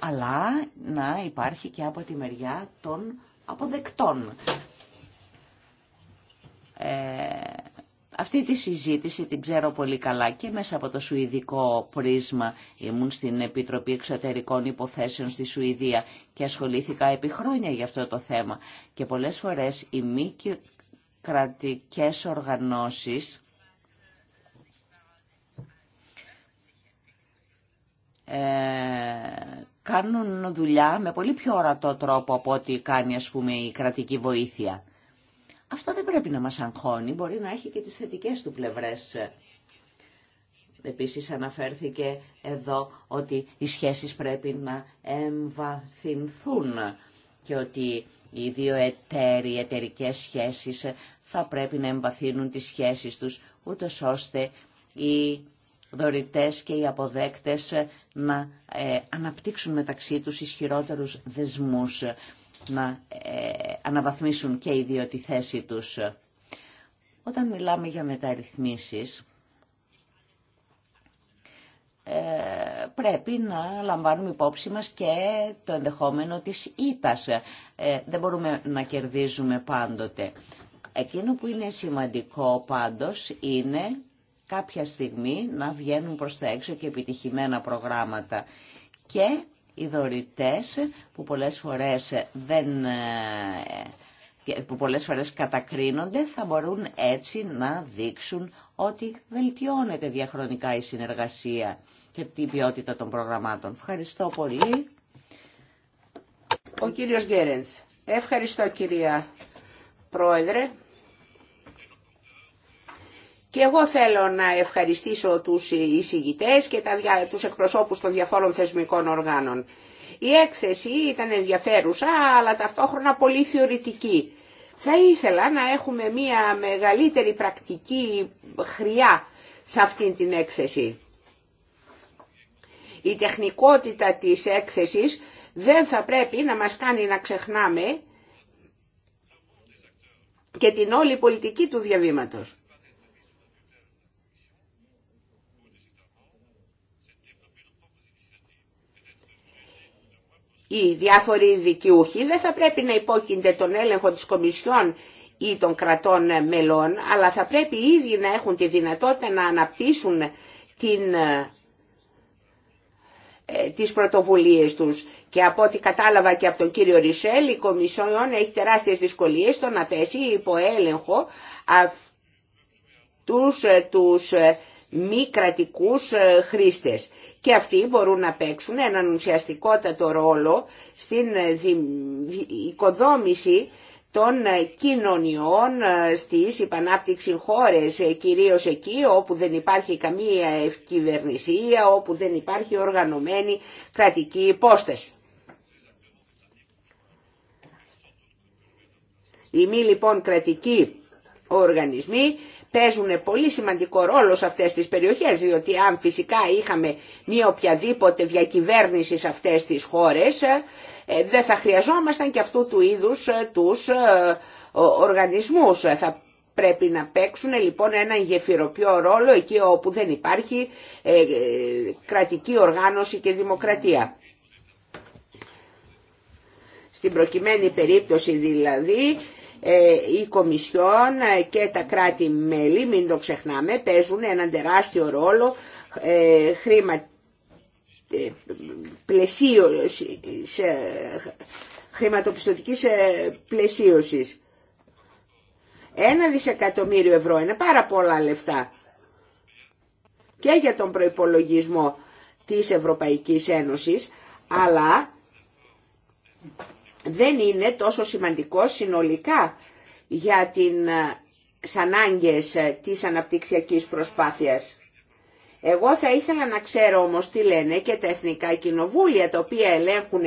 αλλά να υπάρχει και από τη μεριά των αποδεκτών. Ε, αυτή τη συζήτηση την ξέρω πολύ καλά και μέσα από το σουηδικό πρίσμα. Ήμουν στην Επιτροπή Εξωτερικών Υποθέσεων στη Σουηδία και ασχολήθηκα επί χρόνια για αυτό το θέμα. Και πολλές φορές οι μη κρατικές οργανώσεις ε, κάνουν δουλειά με πολύ πιο ορατό τρόπο από ό,τι κάνει ας πούμε η κρατική βοήθεια. Αυτό δεν πρέπει να μας αγχώνει, μπορεί να έχει και τις θετικές του πλευρές. Επίσης αναφέρθηκε εδώ ότι οι σχέσεις πρέπει να εμβαθυνθούν και ότι οι δύο εταίροι, εταιρικές σχέσεις θα πρέπει να εμβαθύνουν τις σχέσεις τους, ούτω ώστε οι δωρητές και οι αποδέκτες να ε, αναπτύξουν μεταξύ τους ισχυρότερους δεσμούς να ε, αναβαθμίσουν και οι δύο τη θέση τους. Όταν μιλάμε για μεταρρυθμίσεις, ε, πρέπει να λαμβάνουμε υπόψη μας και το ενδεχόμενο της ήτας. Ε, δεν μπορούμε να κερδίζουμε πάντοτε. Εκείνο που είναι σημαντικό πάντως είναι κάποια στιγμή να βγαίνουν προς τα έξω και επιτυχημένα προγράμματα. Και οι δωρητές που πολλές φορές, δεν, ε, που πολλές φορές κατακρίνονται θα μπορούν έτσι να δείξουν ότι βελτιώνεται διαχρονικά η συνεργασία και την ποιότητα των προγραμμάτων. Ευχαριστώ πολύ. Ο κύριος Γκέρεντς. Ευχαριστώ κυρία Πρόεδρε. Και εγώ θέλω να ευχαριστήσω τους εισηγητές και τα, τους εκπροσώπους των διαφόρων θεσμικών οργάνων. Η έκθεση ήταν ενδιαφέρουσα αλλά ταυτόχρονα πολύ θεωρητική. Θα ήθελα να έχουμε μια μεγαλύτερη πρακτική χρειά σε αυτή την έκθεση. Η τεχνικότητα της έκθεσης δεν θα πρέπει να μας κάνει να ξεχνάμε και την όλη πολιτική του διαβήματος. οι διάφοροι δικαιούχοι δεν θα πρέπει να υπόκεινται τον έλεγχο της Κομισιόν ή των κρατών μελών, αλλά θα πρέπει ήδη να έχουν τη δυνατότητα να αναπτύσσουν την, ε, τις πρωτοβουλίες τους. Και από ό,τι κατάλαβα και από τον κύριο Ρισελ, η Κομισιόν έχει τεράστιες δυσκολίες στο να θέσει υπό έλεγχο αυτούς ε, τους ε, μη κρατικούς ε, χρήστε. και αυτοί μπορούν να παίξουν έναν ουσιαστικότατο ρόλο στην ε, οικοδόμηση των ε, κοινωνιών στις υπανάπτυξη χώρες, κυρίως εκεί όπου δεν υπάρχει καμία κυβερνησία, όπου δεν υπάρχει οργανωμένη κρατική υπόσταση. Οι μη λοιπόν κρατικοί οργανισμοί παίζουν πολύ σημαντικό ρόλο σε αυτές τις περιοχές, διότι αν φυσικά είχαμε μία οποιαδήποτε διακυβέρνηση σε αυτές τις χώρες, ε, ε, δεν θα χρειαζόμασταν και αυτού του είδους ε, τους οργανισμούς. Θα πρέπει να παίξουν λοιπόν ένα γεφυροποιό ρόλο εκεί όπου δεν υπάρχει κρατική οργάνωση και δημοκρατία. Στην προκειμένη περίπτωση δηλαδή ε, η Κομισιόν και τα κράτη-μέλη, μην το ξεχνάμε, παίζουν έναν τεράστιο ρόλο ε, ε, χρηματοπιστωτικής πλαισίωσης. Ένα δισεκατομμύριο ευρώ είναι πάρα πολλά λεφτά και για τον προϋπολογισμό της Ευρωπαϊκής Ένωσης, αλλά δεν είναι τόσο σημαντικό συνολικά για ε, τις ανάγκες ε, της αναπτυξιακής προσπάθειας. Εγώ θα ήθελα να ξέρω όμως τι λένε και τα εθνικά κοινοβούλια τα οποία ελέγχουν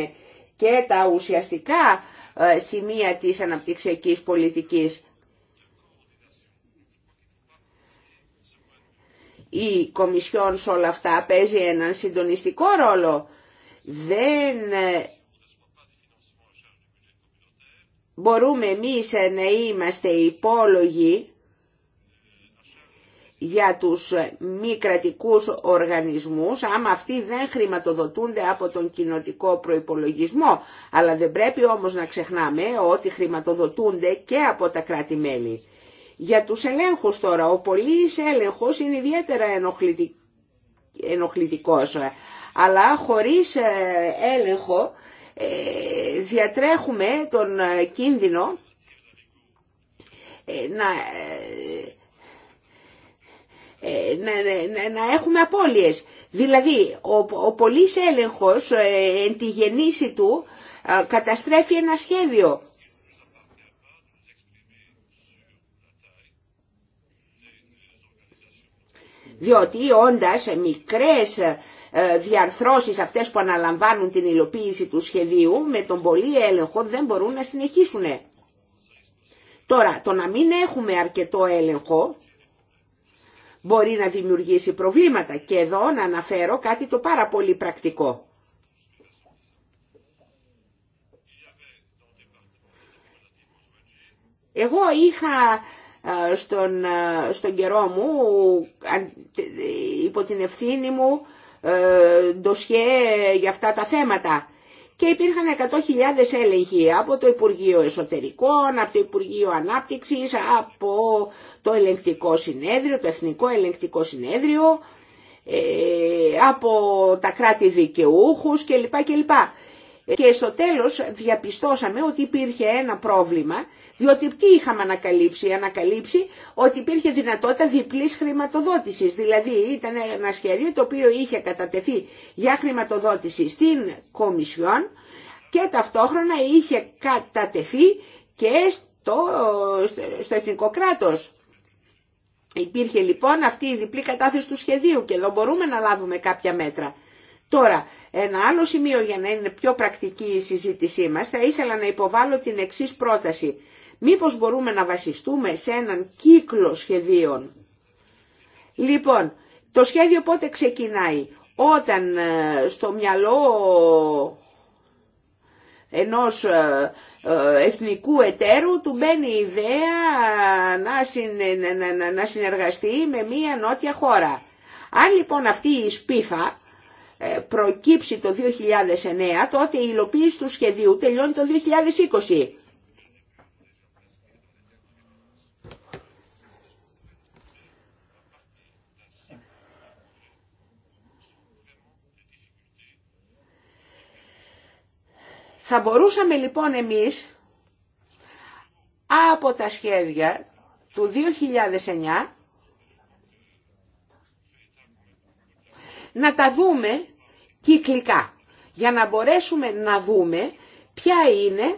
και τα ουσιαστικά ε, σημεία της αναπτυξιακής πολιτικής. Η Κομισιόν σε όλα αυτά παίζει έναν συντονιστικό ρόλο. Δεν μπορούμε εμείς ε, να είμαστε υπόλογοι για τους μη κρατικού οργανισμούς, άμα αυτοί δεν χρηματοδοτούνται από τον κοινοτικό προϋπολογισμό. Αλλά δεν πρέπει όμως να ξεχνάμε ότι χρηματοδοτούνται και από τα κράτη-μέλη. Για τους ελέγχους τώρα, ο πολύς έλεγχος είναι ιδιαίτερα ενοχλητικός, αλλά χωρίς ε, έλεγχο ε, διατρέχουμε τον ε, κίνδυνο ε, να, να, έχουμε απώλειες. Δηλαδή, ο, ο πολύς έλεγχος εν τη γεννήση του καταστρέφει ένα σχέδιο. Διότι όντας μικρές ε, διαρθρώσεις αυτές που αναλαμβάνουν την υλοποίηση του σχεδίου με τον πολύ έλεγχο δεν μπορούν να συνεχίσουν. Τώρα, το να μην έχουμε αρκετό έλεγχο μπορεί να δημιουργήσει προβλήματα και εδώ να αναφέρω κάτι το πάρα πολύ πρακτικό. Εγώ είχα ε, στον, ε, στον καιρό μου, υπό την ευθύνη μου, ε, ντοσιέ για αυτά τα θέματα. Και υπήρχαν 100.000 έλεγχοι από το Υπουργείο Εσωτερικών, από το Υπουργείο Ανάπτυξης, από το Ελεγκτικό Συνέδριο, το Εθνικό Ελεγκτικό Συνέδριο, ε, από τα κράτη δικαιούχους κλπ και στο τέλος διαπιστώσαμε ότι υπήρχε ένα πρόβλημα, διότι τι είχαμε ανακαλύψει, ανακαλύψει ότι υπήρχε δυνατότητα διπλής χρηματοδότησης, δηλαδή ήταν ένα σχέδιο το οποίο είχε κατατεθεί για χρηματοδότηση στην Κομισιόν και ταυτόχρονα είχε κατατεθεί και στο, στο Εθνικό Κράτος. Υπήρχε λοιπόν αυτή η διπλή κατάθεση του σχεδίου και εδώ μπορούμε να λάβουμε κάποια μέτρα. Τώρα, ένα άλλο σημείο για να είναι πιο πρακτική η συζήτησή μας θα ήθελα να υποβάλω την εξής πρόταση. Μήπως μπορούμε να βασιστούμε σε έναν κύκλο σχεδίων. Λοιπόν, το σχέδιο πότε ξεκινάει. Όταν ε, στο μυαλό ενός ε, ε, εθνικού εταίρου του μπαίνει η ιδέα να συνεργαστεί με μία νότια χώρα. Αν λοιπόν αυτή η σπίφα ε, προκύψει το 2009, τότε η υλοποίηση του σχεδίου τελειώνει το 2020. Θα μπορούσαμε λοιπόν εμείς από τα σχέδια του 2009 να τα δούμε κυκλικά, για να μπορέσουμε να δούμε ποια είναι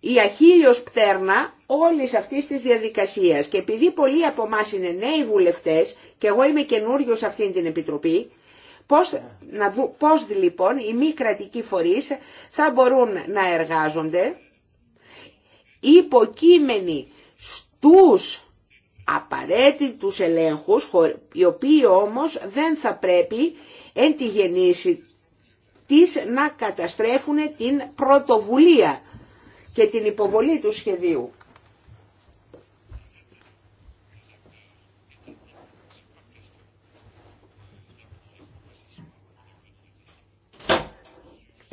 η αχίλιος πτέρνα όλης αυτής της διαδικασίας. Και επειδή πολλοί από εμά είναι νέοι βουλευτές, και εγώ είμαι καινούριο σε αυτήν την Επιτροπή, Πώς, να πώς λοιπόν οι μη κρατικοί φορείς θα μπορούν να εργάζονται υποκείμενοι στους απαραίτητους ελέγχους, οι οποίοι όμως δεν θα πρέπει εν τη γεννήση της να καταστρέφουν την πρωτοβουλία και την υποβολή του σχεδίου.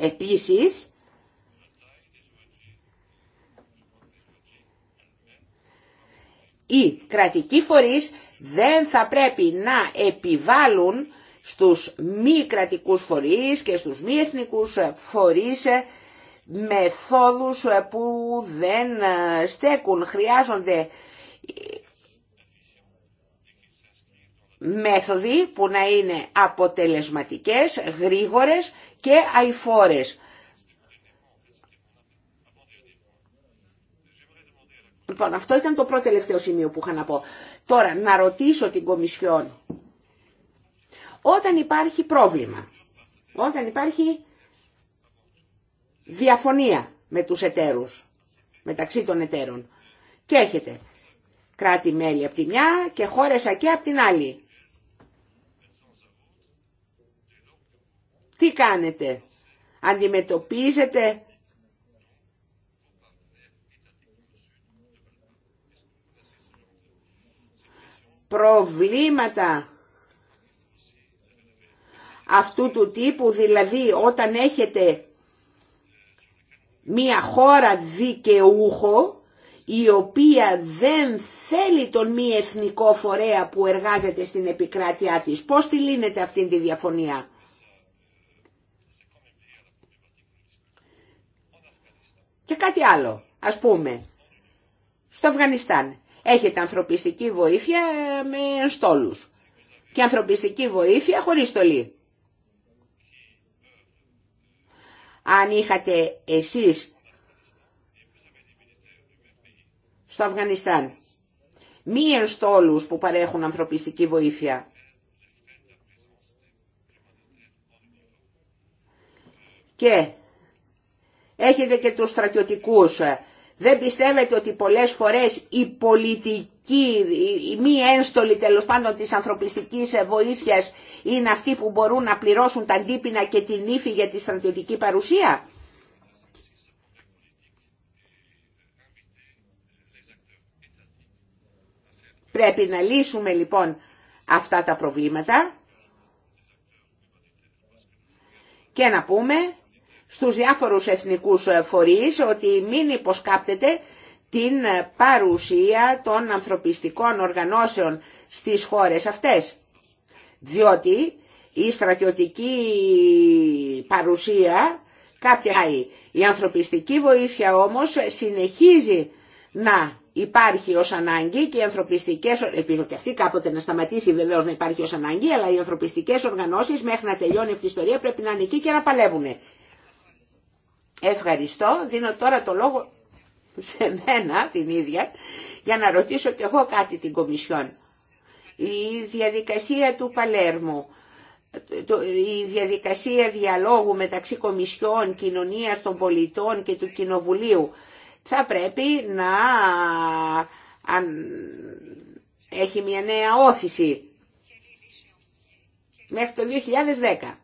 Επίσης, οι κρατικοί φορείς δεν θα πρέπει να επιβάλλουν στους μη κρατικούς φορείς και στους μη εθνικούς φορείς μεθόδους που δεν στέκουν. Χρειάζονται μέθοδοι που να είναι αποτελεσματικές, γρήγορες και αηφόρες. Λοιπόν, αυτό ήταν το πρώτο τελευταίο σημείο που είχα να πω. Τώρα, να ρωτήσω την Κομισιόν. Όταν υπάρχει πρόβλημα, όταν υπάρχει διαφωνία με τους εταίρους, μεταξύ των εταίρων, και έχετε κράτη-μέλη από τη μια και χώρες και από την άλλη. Τι κάνετε, αντιμετωπίζετε προβλήματα αυτού του τύπου, δηλαδή όταν έχετε μία χώρα δικαιούχο η οποία δεν θέλει τον μη εθνικό φορέα που εργάζεται στην επικράτειά της. Πώς τη λύνεται αυτή τη διαφωνία. Και κάτι άλλο, ας πούμε, στο Αφγανιστάν. Έχετε ανθρωπιστική βοήθεια ε, με στόλους και ανθρωπιστική βοήθεια χωρίς στολή. Αν είχατε εσείς στο Αφγανιστάν μη ενστόλους που παρέχουν ανθρωπιστική βοήθεια και έχετε και τους στρατιωτικούς ε, δεν πιστεύετε ότι πολλές φορές η πολιτική, η μη ένστολη τέλος πάντων της ανθρωπιστικής βοήθειας είναι αυτοί που μπορούν να πληρώσουν τα αντίπεινα και την ύφη για τη στρατιωτική παρουσία. Πρέπει να λύσουμε λοιπόν αυτά τα προβλήματα και να πούμε στους διάφορους εθνικούς ε, φορείς ότι μην υποσκάπτεται την ε, παρουσία των ανθρωπιστικών οργανώσεων στις χώρες αυτές. Διότι η στρατιωτική παρουσία κάποια η ανθρωπιστική βοήθεια όμως συνεχίζει να υπάρχει ως ανάγκη και οι ανθρωπιστικές, ελπίζω και αυτή κάποτε να σταματήσει βεβαίως να υπάρχει ως ανάγκη, αλλά οι ανθρωπιστικές οργανώσεις μέχρι να τελειώνει αυτή η ιστορία πρέπει να είναι εκεί και να παλεύουν. Ευχαριστώ. Δίνω τώρα το λόγο σε μένα την ίδια για να ρωτήσω και εγώ κάτι την Κομισιόν. Η διαδικασία του Παλέρμου, η διαδικασία διαλόγου μεταξύ Κομισιόν, Κοινωνίας των Πολιτών και του Κοινοβουλίου θα πρέπει να έχει μια νέα όθηση μέχρι το 2010.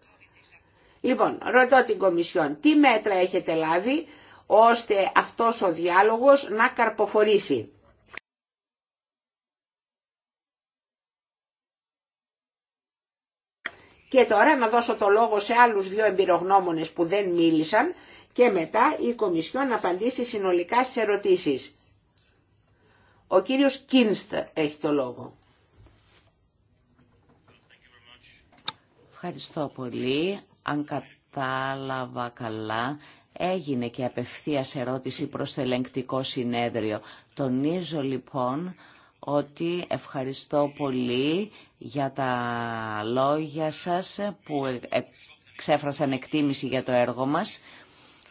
Λοιπόν, ρωτώ την Κομισιόν, τι μέτρα έχετε λάβει ώστε αυτός ο διάλογος να καρποφορήσει. Και τώρα να δώσω το λόγο σε άλλους δύο εμπειρογνώμονες που δεν μίλησαν και μετά η Κομισιόν απαντήσει συνολικά στις ερωτήσεις. Ο κύριος Κίνστ έχει το λόγο. Ευχαριστώ πολύ αν κατάλαβα καλά, έγινε και απευθείας ερώτηση προς το ελεγκτικό συνέδριο. Τονίζω λοιπόν ότι ευχαριστώ πολύ για τα λόγια σας που ξέφρασαν εκτίμηση για το έργο μας.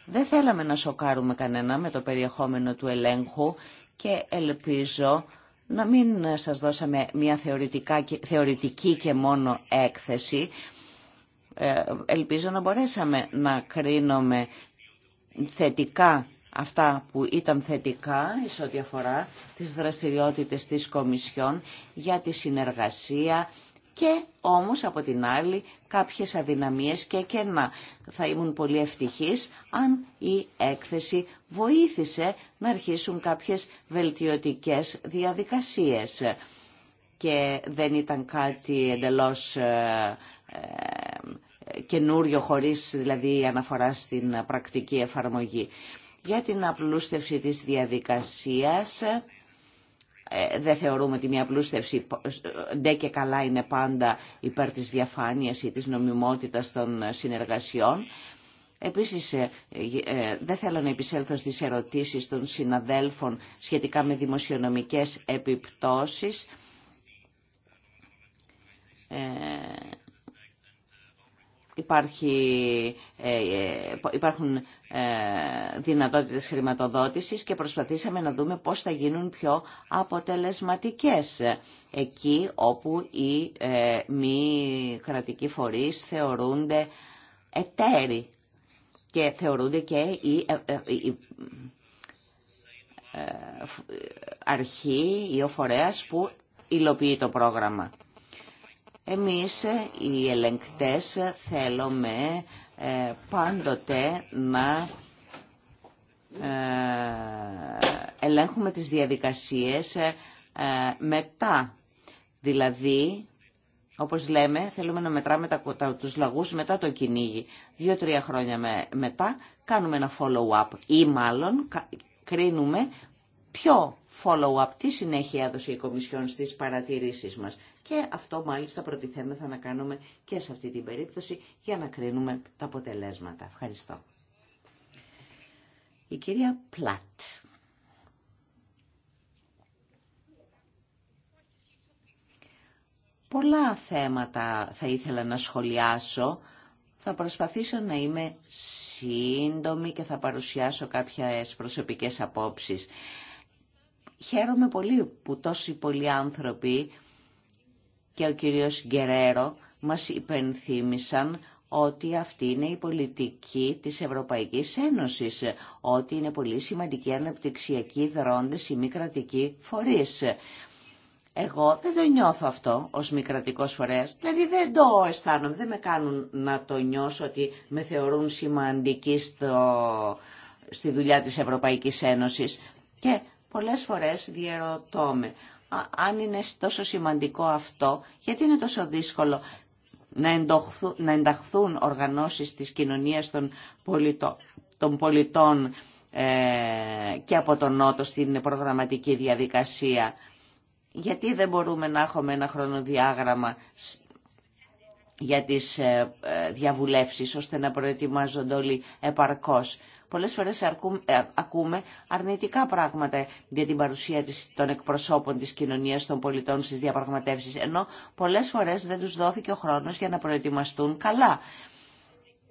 Δεν θέλαμε να σοκάρουμε κανένα με το περιεχόμενο του ελέγχου και ελπίζω να μην σας δώσαμε μια θεωρητική και μόνο έκθεση ε, ελπίζω να μπορέσαμε να κρίνουμε θετικά αυτά που ήταν θετικά σε ό,τι αφορά τις δραστηριότητες της Κομισιόν για τη συνεργασία και όμως από την άλλη κάποιες αδυναμίες και κενά. Θα ήμουν πολύ ευτυχής αν η έκθεση βοήθησε να αρχίσουν κάποιες βελτιωτικές διαδικασίες και δεν ήταν κάτι εντελώς ε, ε, καινούριο χωρίς δηλαδή αναφορά στην πρακτική εφαρμογή. Για την απλούστευση της διαδικασίας ε, δεν θεωρούμε ότι μια απλούστευση ε, ντε και καλά είναι πάντα υπέρ της διαφάνειας ή της νομιμότητας των συνεργασιών. Επίσης, ε, δεν θέλω να επισέλθω στις ερωτήσεις των συναδέλφων σχετικά με δημοσιονομικές επιπτώσεις. Υπάρχει, ε, ε, υπάρχουν ε, δυνατότητες χρηματοδότησης και προσπαθήσαμε να δούμε πώς θα γίνουν πιο αποτελεσματικές εκεί όπου οι μη κρατικοί φορείς θεωρούνται εταίροι και θεωρούνται και οι, η αρχή ή που υλοποιεί το πρόγραμμα. Εμείς ε, οι ελεγκτές ε, θέλουμε ε, πάντοτε να ελέγχουμε τις διαδικασίες μετά. Δηλαδή, όπως λέμε, θέλουμε να μετράμε τα, τους λαγούς μετά το κυνήγι. Δύο-τρία χρόνια μετά κάνουμε ένα follow-up ή μάλλον κρίνουμε ποιο follow-up, τι συνέχεια έδωσε η Κομισιόν στις παρατηρήσεις μας. Και αυτό μάλιστα προτιθέμεθα να κάνουμε και σε αυτή την περίπτωση για να κρίνουμε τα αποτελέσματα. Ευχαριστώ. Η κυρία Πλάτ. Πολλά θέματα θα ήθελα να σχολιάσω. Θα προσπαθήσω να είμαι σύντομη και θα παρουσιάσω κάποιες προσωπικές απόψεις. Χαίρομαι πολύ που τόσοι πολλοί άνθρωποι και ο κύριος Γκερέρο μας υπενθύμησαν ότι αυτή είναι η πολιτική της Ευρωπαϊκής Ένωσης, ότι είναι πολύ σημαντική αναπτυξιακή δρόντες ή μη κρατικοί φορείς. Εγώ δεν το νιώθω αυτό ως μη κρατικός φορέας, δηλαδή δεν το αισθάνομαι, δεν με κάνουν να το νιώσω ότι με θεωρούν σημαντική στο, στη δουλειά της Ευρωπαϊκής Ένωσης και πολλές φορές διαιρωτώ με αν είναι τόσο σημαντικό αυτό, γιατί είναι τόσο δύσκολο να, ενταχθούν οργανώσεις της κοινωνίας των, πολιτών, των ε, και από τον Νότο στην προγραμματική διαδικασία. Γιατί δεν μπορούμε να έχουμε ένα χρονοδιάγραμμα για τις ε, ε, διαβουλεύσεις, ώστε να προετοιμάζονται όλοι επαρκώς πολλές φορές ε, ακούμε αρνητικά πράγματα για την παρουσία των εκπροσώπων της κοινωνίας των πολιτών στις διαπραγματεύσεις, ενώ πολλές φορές δεν τους δόθηκε ο χρόνος για να προετοιμαστούν καλά.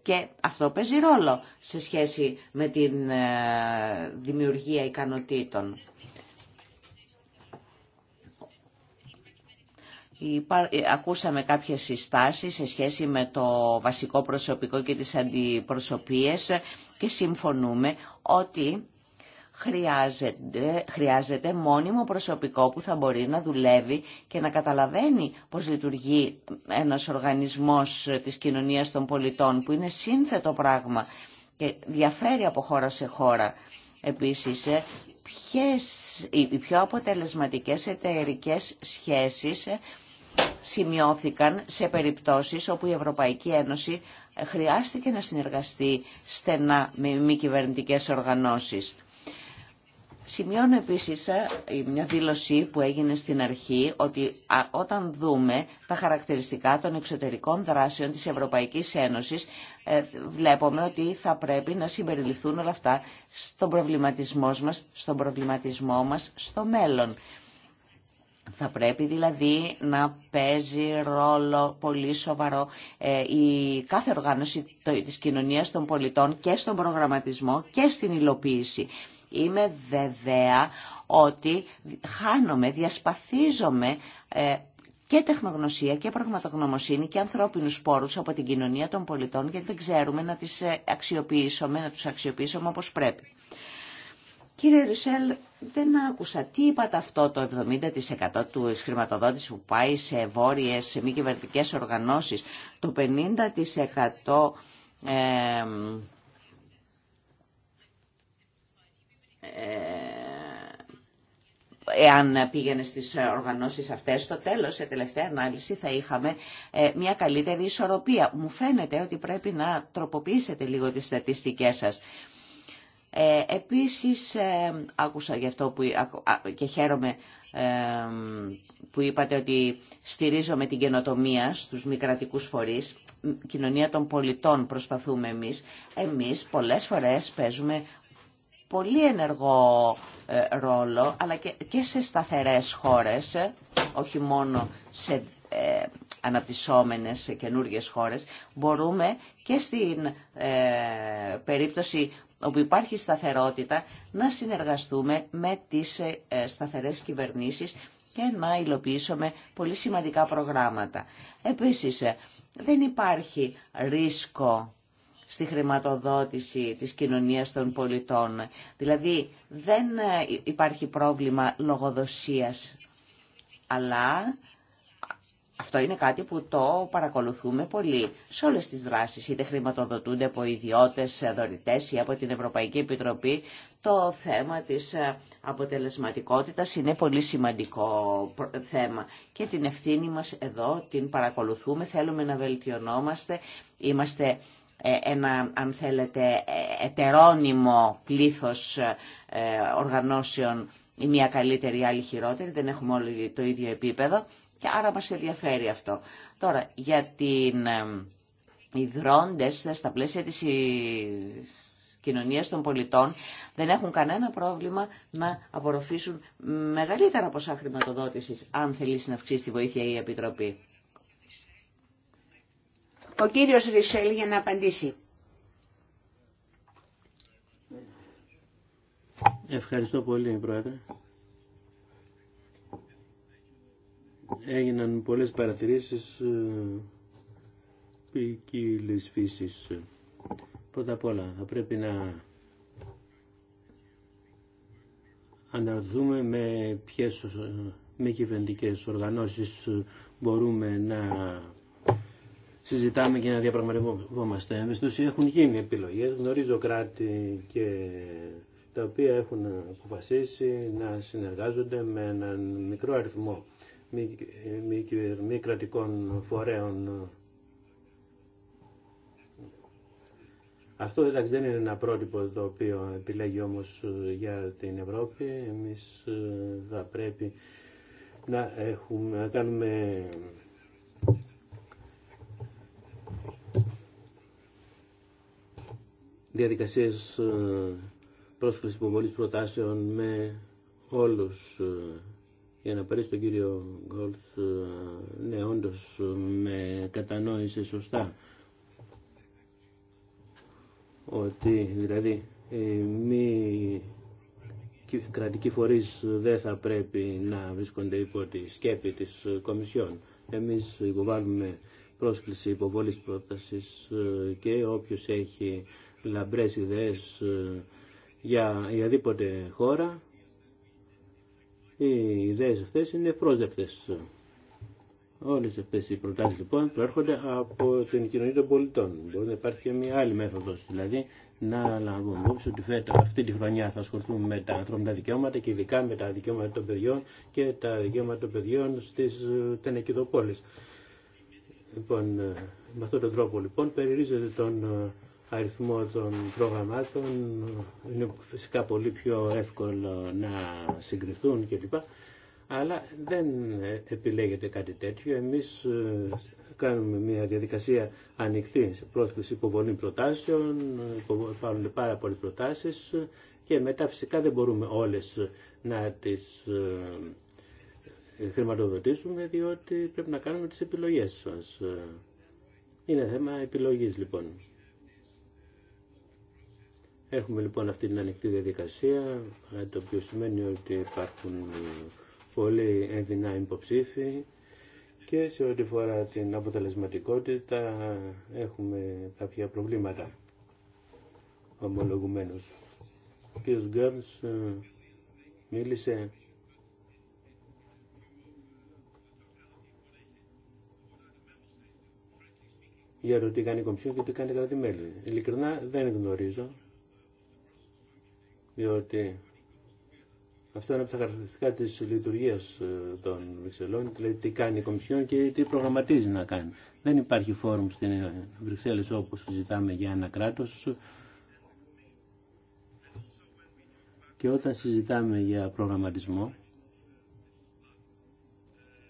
Και αυτό παίζει ρόλο σε σχέση με την ε, δημιουργία ικανοτήτων. Ε, ακούσαμε κάποιες συστάσεις σε σχέση με το βασικό προσωπικό και τις αντιπροσωπίες και συμφωνούμε ότι χρειάζεται, χρειάζεται μόνιμο προσωπικό που θα μπορεί να δουλεύει και να καταλαβαίνει πώς λειτουργεί ένας οργανισμός της κοινωνίας των πολιτών που είναι σύνθετο πράγμα και διαφέρει από χώρα σε χώρα. Επίσης, ε, ποιες, οι πιο αποτελεσματικές εταιρικές σχέσεις ε, σημειώθηκαν σε περιπτώσεις όπου η Ευρωπαϊκή Ένωση χρειάστηκε να συνεργαστεί στενά με μη κυβερνητικέ οργανώσεις. Σημειώνω επίσης ε, μια δήλωση που έγινε στην αρχή ότι όταν δούμε τα χαρακτηριστικά των εξωτερικών δράσεων της Ευρωπαϊκής Ένωσης ε, βλέπουμε ότι θα πρέπει να συμπεριληφθούν όλα αυτά στον προβληματισμό μας, στον προβληματισμό μας στο μέλλον. Θα πρέπει δηλαδή να παίζει ρόλο πολύ σοβαρό ε, η κάθε οργάνωση της κοινωνίας των πολιτών και στον προγραμματισμό και στην υλοποίηση. Είμαι βεβαία ότι χάνομαι, διασπαθίζομαι ε, και τεχνογνωσία και πραγματογνωμοσύνη και ανθρώπινους πόρους από την κοινωνία των πολιτών γιατί δεν ξέρουμε να τις ε, αξιοποιήσουμε, να τους αξιοποιήσουμε όπως πρέπει. Κύριε Ρουσέλ, δεν άκουσα. Τι είπατε αυτό το 70% του χρηματοδότηση που πάει σε βόρειες, σε μη κυβερνητικέ οργανώσεις, το 50% ε, εάν πήγαινε στις οργανώσεις αυτές, στο τέλος, σε τελευταία ανάλυση, θα είχαμε ε, μια καλύτερη ισορροπία. Μου φαίνεται ότι πρέπει να τροποποιήσετε λίγο τις στατιστικές σας. Ε, επίσης, ε, άκουσα γι' αυτό που, και χαίρομαι ε, που είπατε ότι στηρίζομαι την καινοτομία στους μη κρατικούς φορείς, κοινωνία των πολιτών προσπαθούμε εμείς. Εμείς πολλές φορές παίζουμε πολύ ενεργό ρόλο, αλλά και σε σταθερές χώρες, όχι μόνο σε αναπτυσσόμενες καινούργιες χώρες, μπορούμε και στην περίπτωση όπου υπάρχει σταθερότητα, να συνεργαστούμε με τις ε, ε, σταθερές κυβερνήσεις και να υλοποιήσουμε πολύ σημαντικά προγράμματα. Επίσης, ε, δεν υπάρχει ρίσκο στη χρηματοδότηση της κοινωνίας των πολιτών. Δηλαδή, δεν υπάρχει πρόβλημα λογοδοσίας, αλλά αυτό είναι κάτι που το παρακολουθούμε πολύ σε όλες τις δράσεις, είτε χρηματοδοτούνται από ιδιώτες δωρητές ή από την Ευρωπαϊκή Επιτροπή. Το θέμα της ε, αποτελεσματικότητας είναι πολύ σημαντικό θέμα και την ευθύνη μας εδώ την παρακολουθούμε, θέλουμε να βελτιωνόμαστε, είμαστε ε, ένα, αν θέλετε, ε, ετερόνυμο πλήθος οργανώσεων η μία καλύτερη, η άλλη χειρότερη, δεν έχουμε όλοι το ίδιο επίπεδο και άρα μας ενδιαφέρει αυτό. Τώρα, για την ιδρώντες στα πλαίσια της κοινωνίας των πολιτών δεν έχουν κανένα πρόβλημα να απορροφήσουν μεγαλύτερα ποσά χρηματοδότησης αν θελήσει να αυξήσει τη βοήθεια η Επιτροπή. Ο κύριος Ρισελ για να απαντήσει. Ευχαριστώ πολύ, Πρόεδρε. έγιναν πολλές παρατηρήσεις ε, ποικίλη φύση. Πρώτα απ' όλα θα πρέπει να αναρθούμε με ποιες ε, μη κυβερνητικέ οργανώσεις μπορούμε να συζητάμε και να διαπραγματευόμαστε. Εμείς τους έχουν γίνει επιλογές, γνωρίζω κράτη και τα οποία έχουν αποφασίσει να συνεργάζονται με έναν μικρό αριθμό μη, κρατικών φορέων. Αυτό εντάξει δεν είναι ένα πρότυπο το οποίο επιλέγει όμως για την Ευρώπη. Εμείς ε, θα πρέπει να, έχουμε, να κάνουμε διαδικασίες ε, πρόσκλησης υποβολής προτάσεων με όλους ε, για να παρέσει τον κύριο Γκόλτ, ε, ναι, όντω με κατανόησε σωστά ότι δηλαδή μη κρατικοί φορείς δεν θα πρέπει να βρίσκονται υπό τη σκέπη της Κομισιόν. Εμείς υποβάλλουμε πρόσκληση υποβολής πρότασης ε, και όποιος έχει λαμπρές ιδέες ε, για οποιαδήποτε χώρα οι ιδέες αυτές είναι πρόσδεκτες. Όλες αυτές οι προτάσεις λοιπόν προέρχονται από την κοινωνία των πολιτών. Μπορεί να υπάρχει και μια άλλη μέθοδος, δηλαδή να λάβουμε υπόψη ότι φέτα, αυτή τη χρονιά θα ασχοληθούμε με τα ανθρώπινα δικαιώματα και ειδικά με τα δικαιώματα των παιδιών και τα δικαιώματα των παιδιών στις ε, τενεκιδοπόλεις. Λοιπόν, ε, με αυτόν τον τρόπο λοιπόν περιρίζεται τον ε, αριθμό των προγραμμάτων είναι φυσικά πολύ πιο εύκολο να συγκριθούν κλπ. Αλλά δεν επιλέγεται κάτι τέτοιο. Εμείς ε, κάνουμε μια διαδικασία ανοιχτή σε πρόσκληση υποβολή προτάσεων, υπάρχουν πάρα πολλές προτάσεις και μετά φυσικά δεν μπορούμε όλες να τις ε, χρηματοδοτήσουμε διότι πρέπει να κάνουμε τις επιλογές μας. Ε, είναι θέμα επιλογής λοιπόν. Έχουμε λοιπόν αυτή την ανοιχτή διαδικασία, ε, το οποίο σημαίνει ότι υπάρχουν ε, πολλοί ένδυνα υποψήφοι και σε ό,τι φορά την αποτελεσματικότητα έχουμε κάποια προβλήματα ομολογουμένως. Ο κ. Γκέρνς ε, μίλησε για το τι κάνει η Κομισιόν και τι κάνει η Μέλη. Ειλικρινά δεν γνωρίζω διότι αυτό είναι από τα χαρακτηριστικά της λειτουργίας ε, των Βρυξελών, δηλαδή τι κάνει η Κομισιόν και τι προγραμματίζει να κάνει. Δεν υπάρχει φόρουμ στην ε, Βρυξέλλες όπω συζητάμε για ένα κράτο. και όταν συζητάμε για προγραμματισμό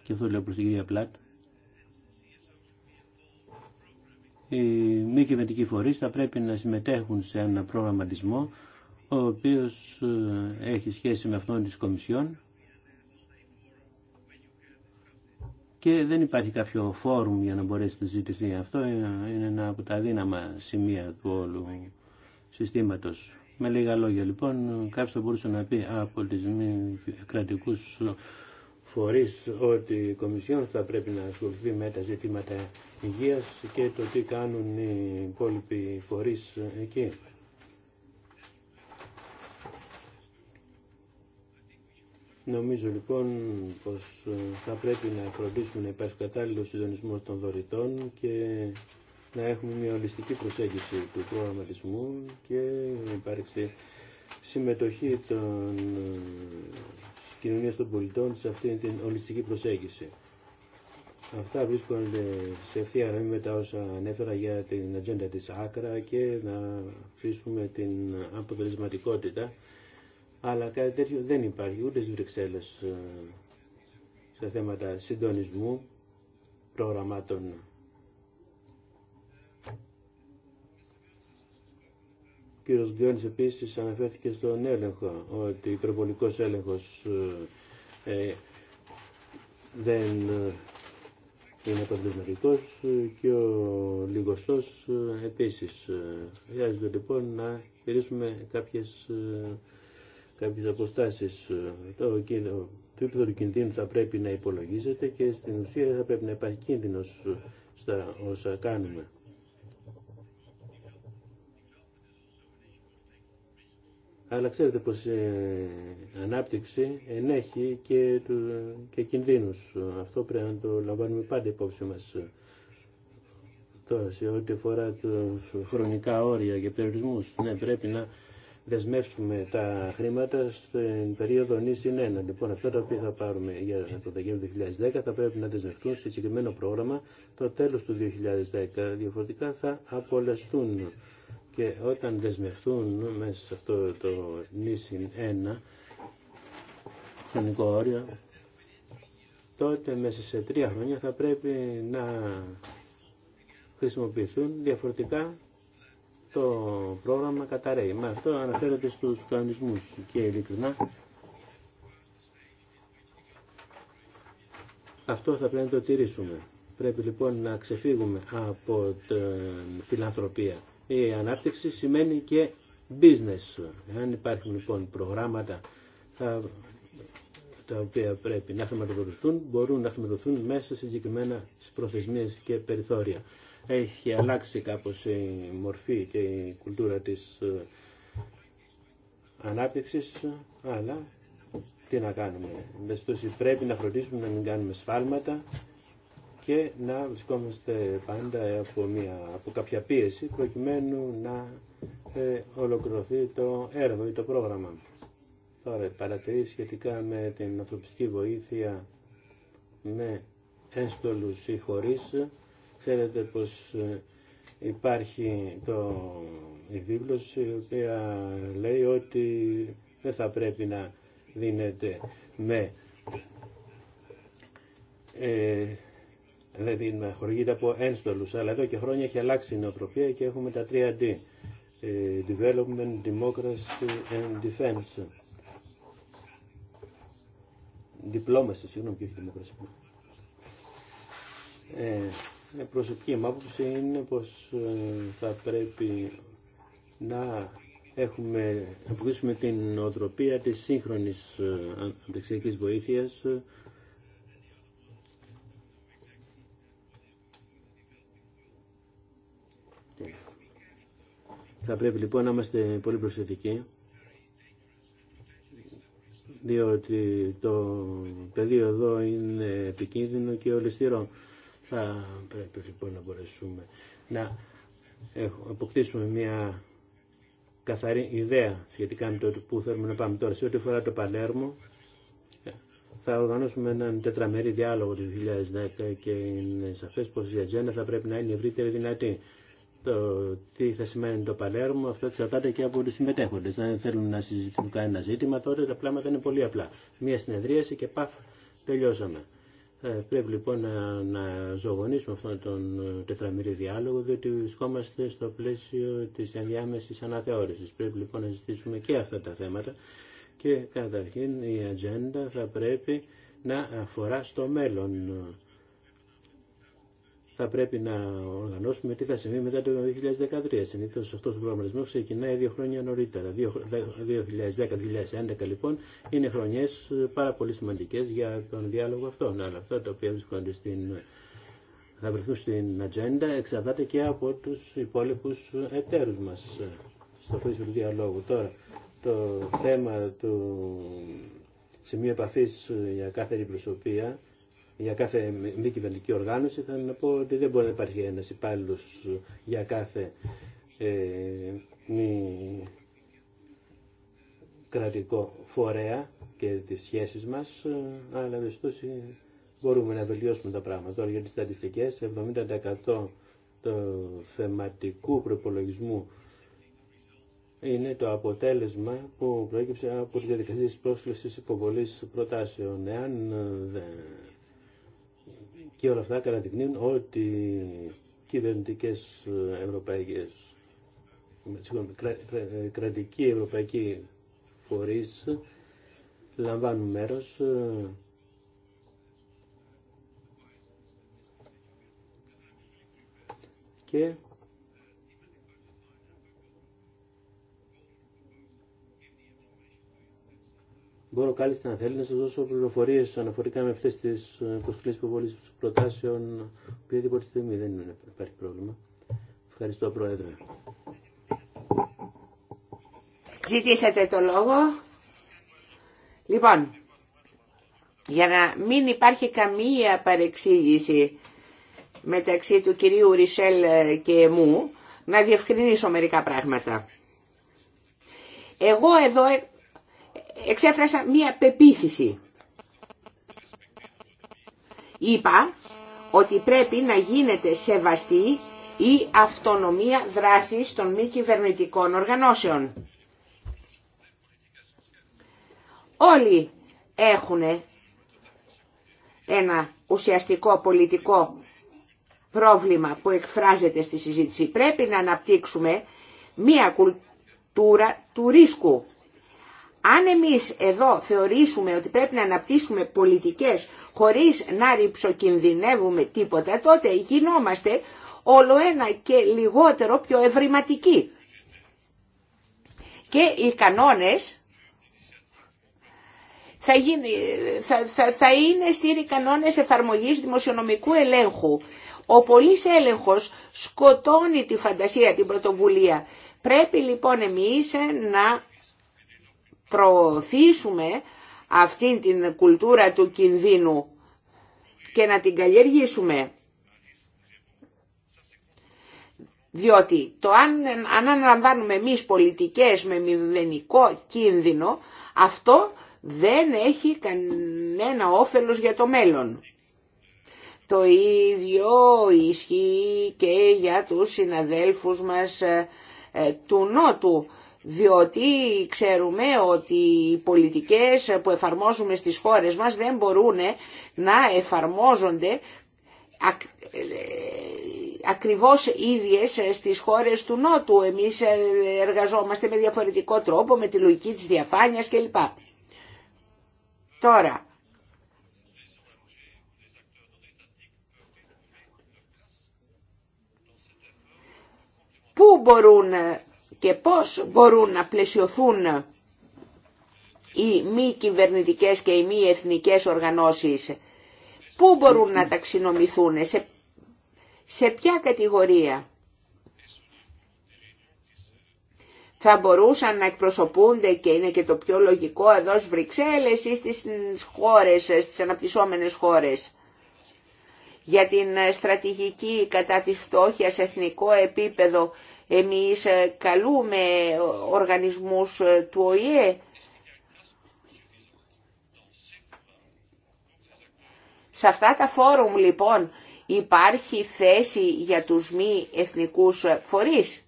και αυτό λέω προ την κυρία Πλάτ οι μη κυβερνητικοί φορείς θα πρέπει να συμμετέχουν σε ένα προγραμματισμό ο οποίος ε, έχει σχέση με αυτόν της Κομισιόν και δεν υπάρχει κάποιο φόρουμ για να μπορέσει να ζητηθεί Αυτό είναι ένα από τα δύναμα σημεία του όλου συστήματος. Με λίγα λόγια λοιπόν, κάποιος θα μπορούσε να πει από τις μη κρατικούς φορείς ότι η Κομισιόν θα πρέπει να ασχοληθεί με τα ζητήματα υγείας και το τι κάνουν οι υπόλοιποι φορείς εκεί. Νομίζω λοιπόν πως ε, θα πρέπει να φροντίσουμε να υπάρχει κατάλληλο συντονισμό των δωρητών και να έχουμε μια ολιστική προσέγγιση του προγραμματισμού και να υπάρξει συμμετοχή των ε, κοινωνία των πολιτών σε αυτή την ολιστική προσέγγιση. Αυτά βρίσκονται σε ευθεία γραμμή με τα όσα ανέφερα για την ατζέντα της Άκρα και να αυξήσουμε την αποτελεσματικότητα αλλά κάτι τέτοιο δεν υπάρχει ούτε στις Βρυξέλλες σε θέματα συντονισμού προγραμμάτων. Ο κύριος Γκιόνης επίσης αναφέρθηκε στον έλεγχο, ότι υπερβολικός έλεγχος ε, ε, δεν ε, είναι αποτελεσματικός και ο λιγοστός επίσης. Χρειάζεται λοιπόν να χειρίσουμε κάποιες Κάποιε αποστάσει. Ε, το επίπεδο του κινδύνου θα πρέπει να υπολογίζεται και στην ουσία θα πρέπει να υπάρχει κίνδυνο ε, στα όσα κάνουμε. αλλά ξέρετε πως ε, η ανάπτυξη ενέχει και, του, και κινδύνους. Αυτό πρέπει να το λαμβάνουμε πάντα υπόψη μας. Τώρα, σε ό,τι αφορά χρονικά όρια και περιορισμούς, ναι, πρέπει να δεσμεύσουμε τα χρήματα στην περίοδο νήσιν 1. Λοιπόν, αυτά τα οποία θα πάρουμε για το Δεκέμβριο 2010 θα πρέπει να δεσμευτούν σε συγκεκριμένο πρόγραμμα το τέλος του 2010. Διαφορετικά θα απολαστούν και όταν δεσμευτούν μέσα σε αυτό το νήσιν 1 χρονικό όριο, τότε μέσα σε τρία χρόνια θα πρέπει να χρησιμοποιηθούν διαφορετικά το πρόγραμμα καταραίει. Με αυτό αναφέρεται στους κανονισμούς και ειλικρινά αυτό θα πρέπει να το τηρήσουμε. Πρέπει λοιπόν να ξεφύγουμε από την φιλανθρωπία. Η ανάπτυξη σημαίνει και business. Αν υπάρχουν λοιπόν προγράμματα θα, τα οποία πρέπει να χρηματοδοτηθούν, μπορούν να χρηματοδοτηθούν μέσα σε συγκεκριμένα προθεσμίες και περιθώρια έχει αλλάξει κάπως η μορφή και η κουλτούρα της ε, ανάπτυξης, αλλά τι να κάνουμε. Μπεστούση πρέπει να φροντίσουμε να μην κάνουμε σφάλματα και να βρισκόμαστε πάντα από, μια, από κάποια πίεση προκειμένου να ε, ολοκληρωθεί το έργο ή το πρόγραμμα. Τώρα, παρατηρήσει σχετικά με την ανθρωπιστική βοήθεια με ένστολους ή χωρίς Ξέρετε πως ε, υπάρχει το, η δήλωση η οποία λέει ότι δεν θα πρέπει να δίνεται με ε, δεν να χορηγείται από ένστολους αλλά εδώ και χρόνια έχει αλλάξει η νοοτροπία και έχουμε τα 3D ε, Development, Democracy and Defense διπλώματος συγγνώμη και όχι δημοκρασία ε, προσωπική μου άποψη είναι πως ε, θα πρέπει να έχουμε, αποκτήσουμε την οτροπία της σύγχρονης ε, ανταξιακής βοήθειας Θα πρέπει λοιπόν να είμαστε πολύ προσεκτικοί διότι το πεδίο εδώ είναι επικίνδυνο και ολιστήρο. Θα πρέπει λοιπόν να μπορέσουμε να αποκτήσουμε μια καθαρή ιδέα σχετικά με το που θέλουμε να πάμε τώρα. Σε ό,τι αφορά το Παλέρμο, θα οργανώσουμε έναν τετραμερή διάλογο του 2010 και είναι σαφέ πω η ατζέντα θα πρέπει να είναι ευρύτερη δυνατή. Το τι θα σημαίνει το Παλέρμο, αυτό εξαρτάται και από του συμμετέχοντε. Αν θέλουν να συζητούν κανένα ζήτημα, τότε τα πράγματα είναι πολύ απλά. Μία συνεδρίαση και παφ, τελειώσαμε. Ε, πρέπει λοιπόν να, να ζωγονίσουμε αυτόν τον ε, τετραμερή διάλογο, διότι βρισκόμαστε στο πλαίσιο της ενδιάμεση αναθεώρησης. Πρέπει λοιπόν να ζητήσουμε και αυτά τα θέματα και καταρχήν η ατζέντα θα πρέπει να αφορά στο μέλλον θα πρέπει να οργανώσουμε τι θα συμβεί μετά το 2013. Συνήθω αυτό ο προγραμματισμό ξεκινάει δύο χρόνια νωρίτερα. 2010-2011 λοιπόν είναι χρονιέ πάρα πολύ σημαντικέ για τον διάλογο αυτό. Αλλά αυτά τα οποία βρίσκονται στην θα βρεθούν στην ατζέντα εξαρτάται και από του υπόλοιπου εταίρου μα στο πλαίσιο του διαλόγου. Τώρα, το θέμα του σημείου επαφή για κάθε προσωπία για κάθε μη κυβερνητική οργάνωση, θα να πω ότι δεν μπορεί να υπάρχει ένας υπάλληλο για κάθε ε, μη κρατικό φορέα και τις σχέσεις μας, αλλά ευαισθούς μπορούμε να βελτιώσουμε τα πράγματα. Τώρα για τις στατιστικές, 70% του θεματικού προπολογισμού είναι το αποτέλεσμα που προέκυψε από διαδικασία διαδικασίες πρόσκληση υποβολής προτάσεων. Εάν δεν και όλα αυτά καταδεικνύουν ότι κυβερνητικές ε, ευρωπαϊκές, ε, κρατικοί ευρωπαϊκοί φορείς λαμβάνουν μέρος ε, και Μπορώ κάλλιστα να θέλει, να σας δώσω πληροφορίε αναφορικά με αυτές τις ε, προσκλήσεις υποβολής προτάσεων οποιαδήποτε στιγμή δεν είναι, υπάρχει πρόβλημα. Ευχαριστώ Πρόεδρε. Ζητήσατε το λόγο. Λοιπόν, για να μην υπάρχει καμία παρεξήγηση μεταξύ του κυρίου Ρισελ ε, και μου, να διευκρινίσω μερικά πράγματα. Εγώ εδώ ε, εξέφρασα μία πεποίθηση. Είπα ότι πρέπει να γίνεται σεβαστή η αυτονομία δράσης των μη κυβερνητικών οργανώσεων. Όλοι έχουν ένα ουσιαστικό πολιτικό πρόβλημα που εκφράζεται στη συζήτηση. Πρέπει να αναπτύξουμε μία κουλτούρα του ρίσκου. Αν εμείς εδώ θεωρήσουμε ότι πρέπει να αναπτύσσουμε πολιτικές χωρίς να ρηψοκινδυνεύουμε τίποτα, τότε γινόμαστε όλο ένα και λιγότερο πιο ευρηματικοί. Και οι κανόνες θα, θα, θα, είναι στήρι κανόνες εφαρμογής δημοσιονομικού ελέγχου. Ο πολλής έλεγχος σκοτώνει τη φαντασία, την πρωτοβουλία. Πρέπει λοιπόν εμείς να προωθήσουμε αυτήν την κουλτούρα του κινδύνου και να την καλλιεργήσουμε. Διότι το αν, αν αναλαμβάνουμε εμείς πολιτικές με μηδενικό κίνδυνο, αυτό δεν έχει κανένα όφελος για το μέλλον. Το ίδιο ισχύει και για τους συναδέλφους μας ε, ε, του Νότου διότι ξέρουμε ότι οι πολιτικές που εφαρμόζουμε στις χώρες μας δεν μπορούν να εφαρμόζονται ε, ακριβώς ίδιες στις χώρες του Νότου. Εμείς ε, εργαζόμαστε με διαφορετικό τρόπο, με τη λογική της διαφάνειας κλπ. Τώρα, πού μπορούν και πώς μπορούν να πλαισιωθούν οι μη κυβερνητικές και οι μη εθνικές οργανώσεις. Πού μπορούν να ταξινομηθούν, σε, σε ποια κατηγορία. Θα μπορούσαν να εκπροσωπούνται και είναι και το πιο λογικό εδώ στις Βρυξέλλες ή στις χώρες, στις αναπτυσσόμενες χώρες. Για την στρατηγική κατά τη φτώχεια σε εθνικό επίπεδο εμείς ε, καλούμε οργανισμούς ε, του ΟΗΕ Σε αυτά τα φόρουμ λοιπόν υπάρχει θέση για τους μη εθνικούς φορείς.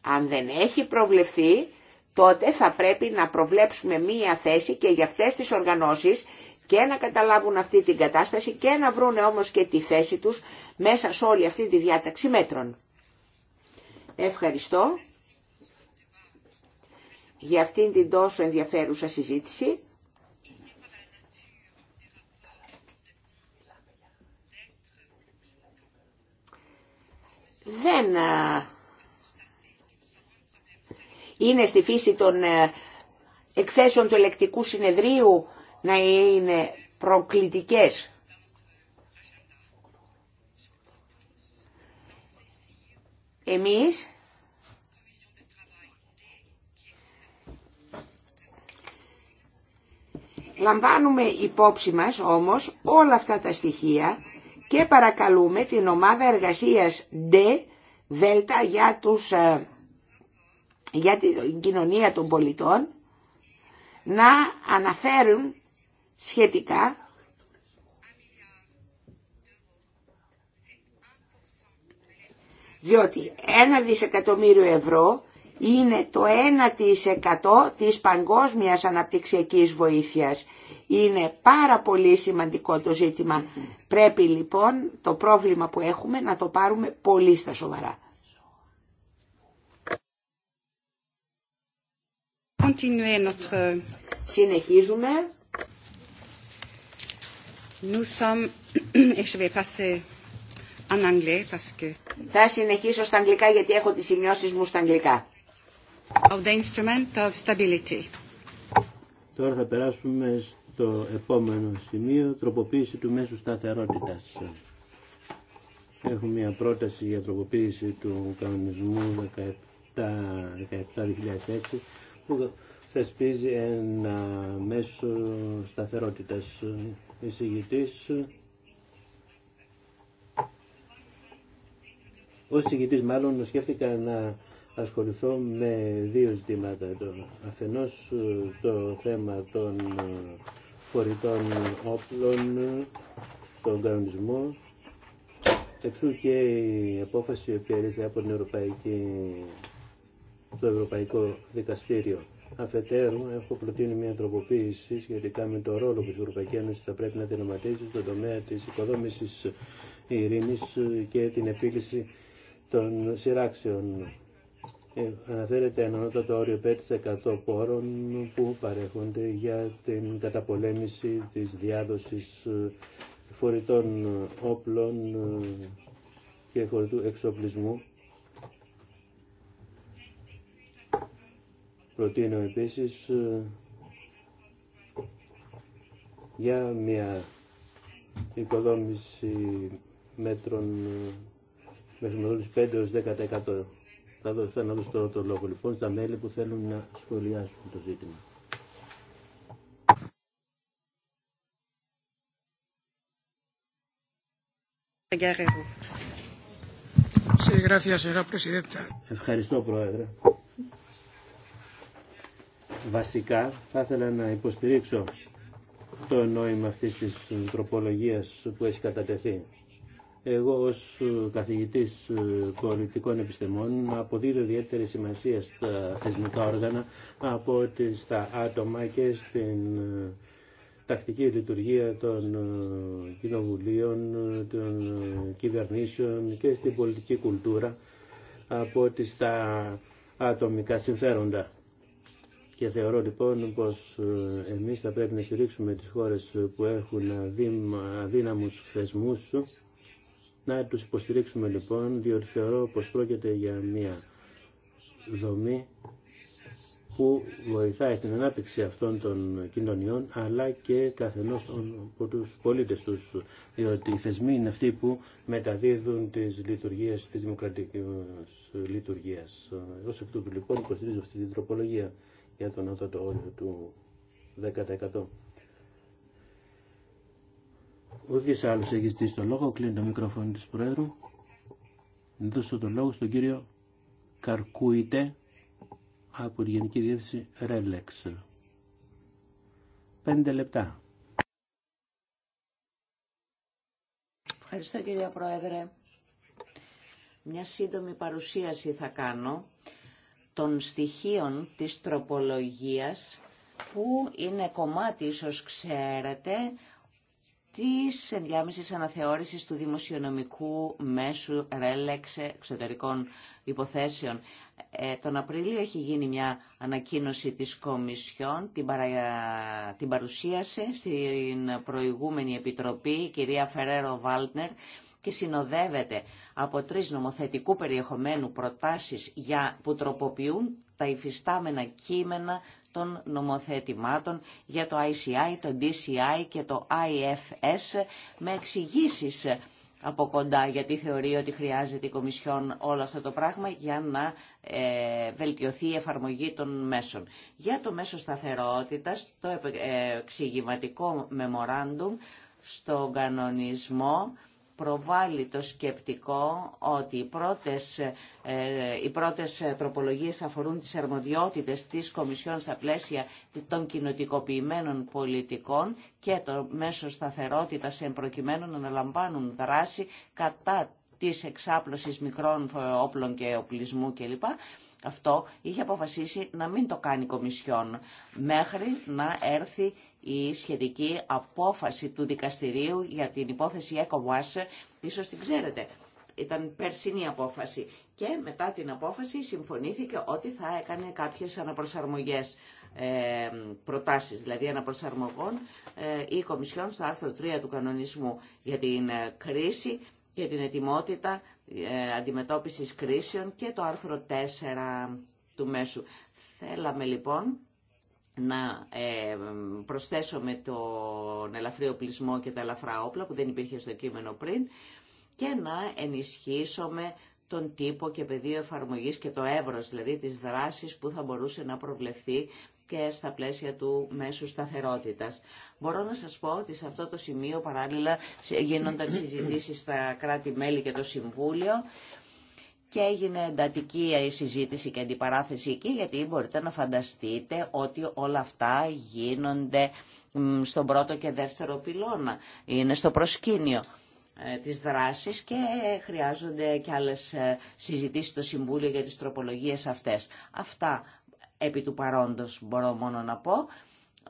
Αν δεν έχει προβλεφθεί, τότε θα πρέπει να προβλέψουμε μία θέση και για αυτές τις οργανώσεις και να καταλάβουν αυτή την κατάσταση και να βρούνε όμως και τη θέση τους μέσα σε όλη αυτή τη διάταξη μέτρων. Ευχαριστώ για αυτήν την τόσο ενδιαφέρουσα συζήτηση. Δεν είναι στη φύση των ε, εκθέσεων του ελεκτικού συνεδρίου να είναι προκλητικές. Εμείς λαμβάνουμε υπόψη μας όμως όλα αυτά τα στοιχεία και παρακαλούμε την ομάδα εργασίας D, Δέλτα, για, τους, ε, για την κοινωνία των πολιτών να αναφέρουν σχετικά διότι ένα δισεκατομμύριο ευρώ είναι το 1% της παγκόσμιας αναπτυξιακής βοήθειας. Είναι πάρα πολύ σημαντικό το ζήτημα. Πρέπει λοιπόν το πρόβλημα που έχουμε να το πάρουμε πολύ στα σοβαρά. Συνεχίζουμε. Θα συνεχίσω στα αγγλικά γιατί έχω τις σημειώσεις μου στα αγγλικά. Τώρα θα περάσουμε στο επόμενο σημείο, τροποποίηση του μέσου σταθερότητας. Έχω μια πρόταση για τροποποίηση του κανονισμού 17-2006 που θεσπίζει ένα μέσο σταθερότητας εισηγητής ως εισηγητής μάλλον σκέφτηκα να ασχοληθώ με δύο ζητήματα. Αφενός το θέμα των ε, φορητών όπλων, τον κανονισμό, εξού και η απόφαση που από την Ευρωπαϊκή, το Ευρωπαϊκό Δικαστήριο. Αφετέρου, έχω προτείνει μια τροποποίηση σχετικά με το ρόλο που η Ευρωπαϊκή Ένωση θα πρέπει να δυναματίζει στον τομέα τη οικοδόμηση ειρήνη και την επίλυση των σειράξεων. Ε, αναφέρεται ανώτατο όριο 5% πόρων που παρέχονται για την καταπολέμηση της διάδοσης φορητών όπλων και φορητού εξοπλισμού Προτείνω επίσης ε, για μια οικοδόμηση μέτρων ε, μέχρι με 5-10%. Θα δώσω να δώσω τώρα το λόγο λοιπόν στα μέλη που θέλουν να σχολιάσουν το ζήτημα. Ευχαριστώ, Πρόεδρε βασικά θα ήθελα να υποστηρίξω το νόημα αυτής της τροπολογίας που έχει κατατεθεί. Εγώ ως ε, καθηγητής ε, πολιτικών επιστημών αποδίδω ιδιαίτερη σημασία στα θεσμικά όργανα από ότι στα άτομα και στην ε, τακτική λειτουργία των κοινοβουλίων, των κυβερνήσεων και στην πολιτική κουλτούρα από ότι στα ατομικά συμφέροντα. Και θεωρώ λοιπόν πως ε, εμείς θα πρέπει να στηρίξουμε τις χώρες που έχουν αδύναμους θεσμούς να τους υποστηρίξουμε λοιπόν, διότι θεωρώ πως πρόκειται για μια δομή που βοηθάει στην ανάπτυξη αυτών των κοινωνιών, αλλά και καθενός από τους πολίτες τους, διότι οι θεσμοί είναι αυτοί που μεταδίδουν τις λειτουργίες της δημοκρατικής λειτουργίας. Ως εκ τούτου λοιπόν υποστηρίζω αυτή την τροπολογία για τον ανώτατο όριο του 10%. Ούτε σε έχει ζητήσει το λόγο, κλείνει το μικρόφωνο της Προέδρου. Δώσω το λόγο στον κύριο Καρκούιτε από τη Γενική Διεύθυνση Ρέλεξ. Πέντε λεπτά. Ευχαριστώ κύριε Πρόεδρε. Μια σύντομη παρουσίαση θα κάνω των στοιχείων της τροπολογίας που είναι κομμάτι, ίσως ξέρετε, της ενδιάμεσης αναθεώρησης του δημοσιονομικού μέσου ρέλεξε, εξωτερικών υποθέσεων. Ε, τον Απρίλιο έχει γίνει μια ανακοίνωση της Κομισιόν, την, την παρουσίασε στην προηγούμενη Επιτροπή η κυρία Φερέρο Βάλτνερ και συνοδεύεται από τρει νομοθετικού περιεχομένου προτάσεις για, που τροποποιούν τα υφιστάμενα κείμενα των νομοθετημάτων για το ICI, το DCI και το IFS με εξηγήσει από κοντά γιατί θεωρεί ότι χρειάζεται η Κομισιόν όλο αυτό το πράγμα για να ε, βελτιωθεί η εφαρμογή των μέσων. Για το μέσο σταθερότητας, το ε, εξηγηματικό memorandum στον κανονισμό προβάλλει το σκεπτικό ότι οι πρώτες, ε, οι πρώτες ε, τροπολογίες αφορούν τις αρμοδιότητες της Κομισιόν στα πλαίσια των κοινοτικοποιημένων πολιτικών και το μέσο σταθερότητας προκειμένου να λαμβάνουν δράση κατά της εξάπλωσης μικρών όπλων και οπλισμού κλπ. Αυτό είχε αποφασίσει να μην το κάνει η Κομισιόν μέχρι να έρθει η σχετική απόφαση του δικαστηρίου για την υπόθεση ECOWAS, ίσως την ξέρετε. Ήταν περσινή απόφαση και μετά την απόφαση συμφωνήθηκε ότι θα έκανε κάποιες αναπροσαρμογές ε, προτάσεις, δηλαδή αναπροσαρμογών ή ε, κομισιόν στο άρθρο 3 του κανονισμού για την ε, κρίση και την ετοιμότητα αντιμετώπισης κρίσεων και το άρθρο 4 του μέσου. Θέλαμε λοιπόν να ε, προσθέσουμε τον ελαφρύ οπλισμό και τα ελαφρά όπλα που δεν υπήρχε στο κείμενο πριν και να ενισχύσουμε τον τύπο και πεδίο εφαρμογής και το εύρος δηλαδή της δράσης που θα μπορούσε να προβλεφθεί και στα πλαίσια του μέσου σταθερότητας. Μπορώ να σας πω ότι σε αυτό το σημείο παράλληλα γίνονταν συζητήσεις στα κράτη-μέλη και το Συμβούλιο και έγινε εντατική η συζήτηση και αντιπαράθεση εκεί, γιατί μπορείτε να φανταστείτε ότι όλα αυτά γίνονται στον πρώτο και δεύτερο πυλώνα. Είναι στο προσκήνιο ε, της δράσης και χρειάζονται και άλλες ε, συζητήσεις στο Συμβούλιο για τις τροπολογίες αυτές. Αυτά επί του παρόντος μπορώ μόνο να πω.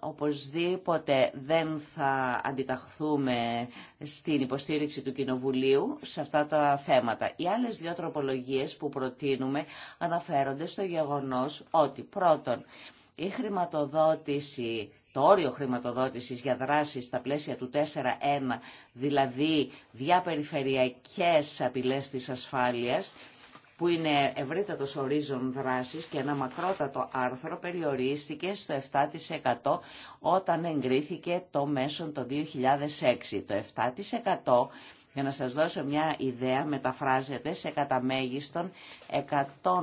Οπωσδήποτε δεν θα αντιταχθούμε στην υποστήριξη του Κοινοβουλίου σε αυτά τα θέματα. Οι άλλες δύο τροπολογίες που προτείνουμε αναφέρονται στο γεγονός ότι πρώτον η χρηματοδότηση, το όριο χρηματοδότησης για δράσεις στα πλαίσια του 4.1, δηλαδή διαπεριφερειακές απειλές της ασφάλειας, που είναι ευρύτατος ορίζον δράσης και ένα μακρότατο άρθρο περιορίστηκε στο 7% όταν εγκρίθηκε το μέσον το 2006. Το 7% για να σας δώσω μια ιδέα, μεταφράζεται σε μέγιστον 140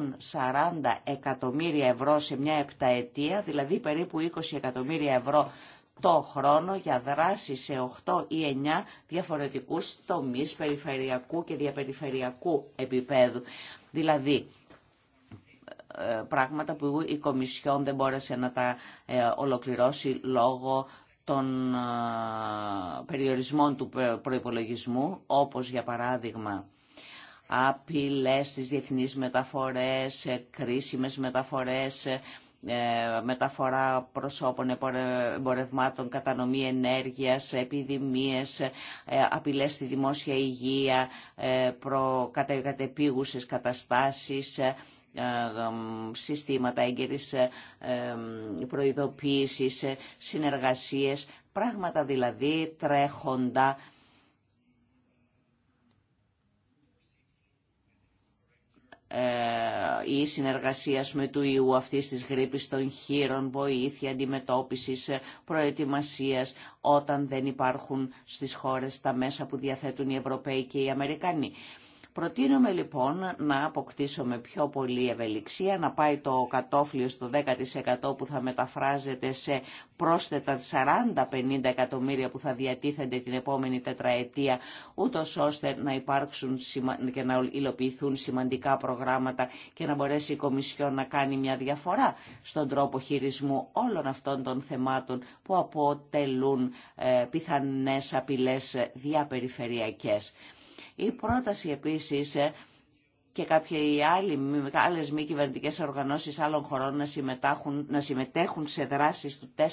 εκατομμύρια ευρώ σε μια επταετία, δηλαδή περίπου 20 εκατομμύρια ευρώ το χρόνο για δράση σε 8 ή 9 διαφορετικούς τομείς περιφερειακού και διαπεριφερειακού επίπεδου. Δηλαδή, ε, πράγματα που η Κομισιόν δεν μπόρεσε να τα ε, ολοκληρώσει λόγω των ε, περιορισμών του προϋπολογισμού, όπως για παράδειγμα απειλές στις διεθνείς μεταφορές, κρίσιμες μεταφορές, ε, μεταφορά προσώπων, εμπορευμάτων, κατανομή ενέργειας, επιδημίες, ε, απειλές στη δημόσια υγεία, ε, προκατεπίγουσες καταστάσεις, συστήματα έγκαιρης προειδοποίησης, συνεργασίες, πράγματα δηλαδή τρέχοντα ή ε, συνεργασία με του ιού αυτής της γρήπης των χείρων, βοήθεια αντιμετώπισης, ε, προετοιμασίας όταν δεν υπάρχουν στις χώρες τα μέσα που διαθέτουν οι Ευρωπαίοι και οι Αμερικανοί. Προτείνουμε λοιπόν να αποκτήσουμε πιο πολύ ευελιξία, να πάει το κατόφλιο στο 10% που θα μεταφράζεται σε πρόσθετα 40-50 εκατομμύρια που θα διατίθενται την επόμενη τετραετία, ούτω ώστε να υπάρξουν και να υλοποιηθούν σημαντικά προγράμματα και να μπορέσει η Κομισιόν να κάνει μια διαφορά στον τρόπο χειρισμού όλων αυτών των θεμάτων που αποτελούν ε, πιθανές απειλές διαπεριφερειακές. Η πρόταση επίσης ε, και κάποιοι άλλοι, άλλες μη κυβερνητικέ οργανώσεις άλλων χωρών να, να συμμετέχουν σε δράσεις του 4-3,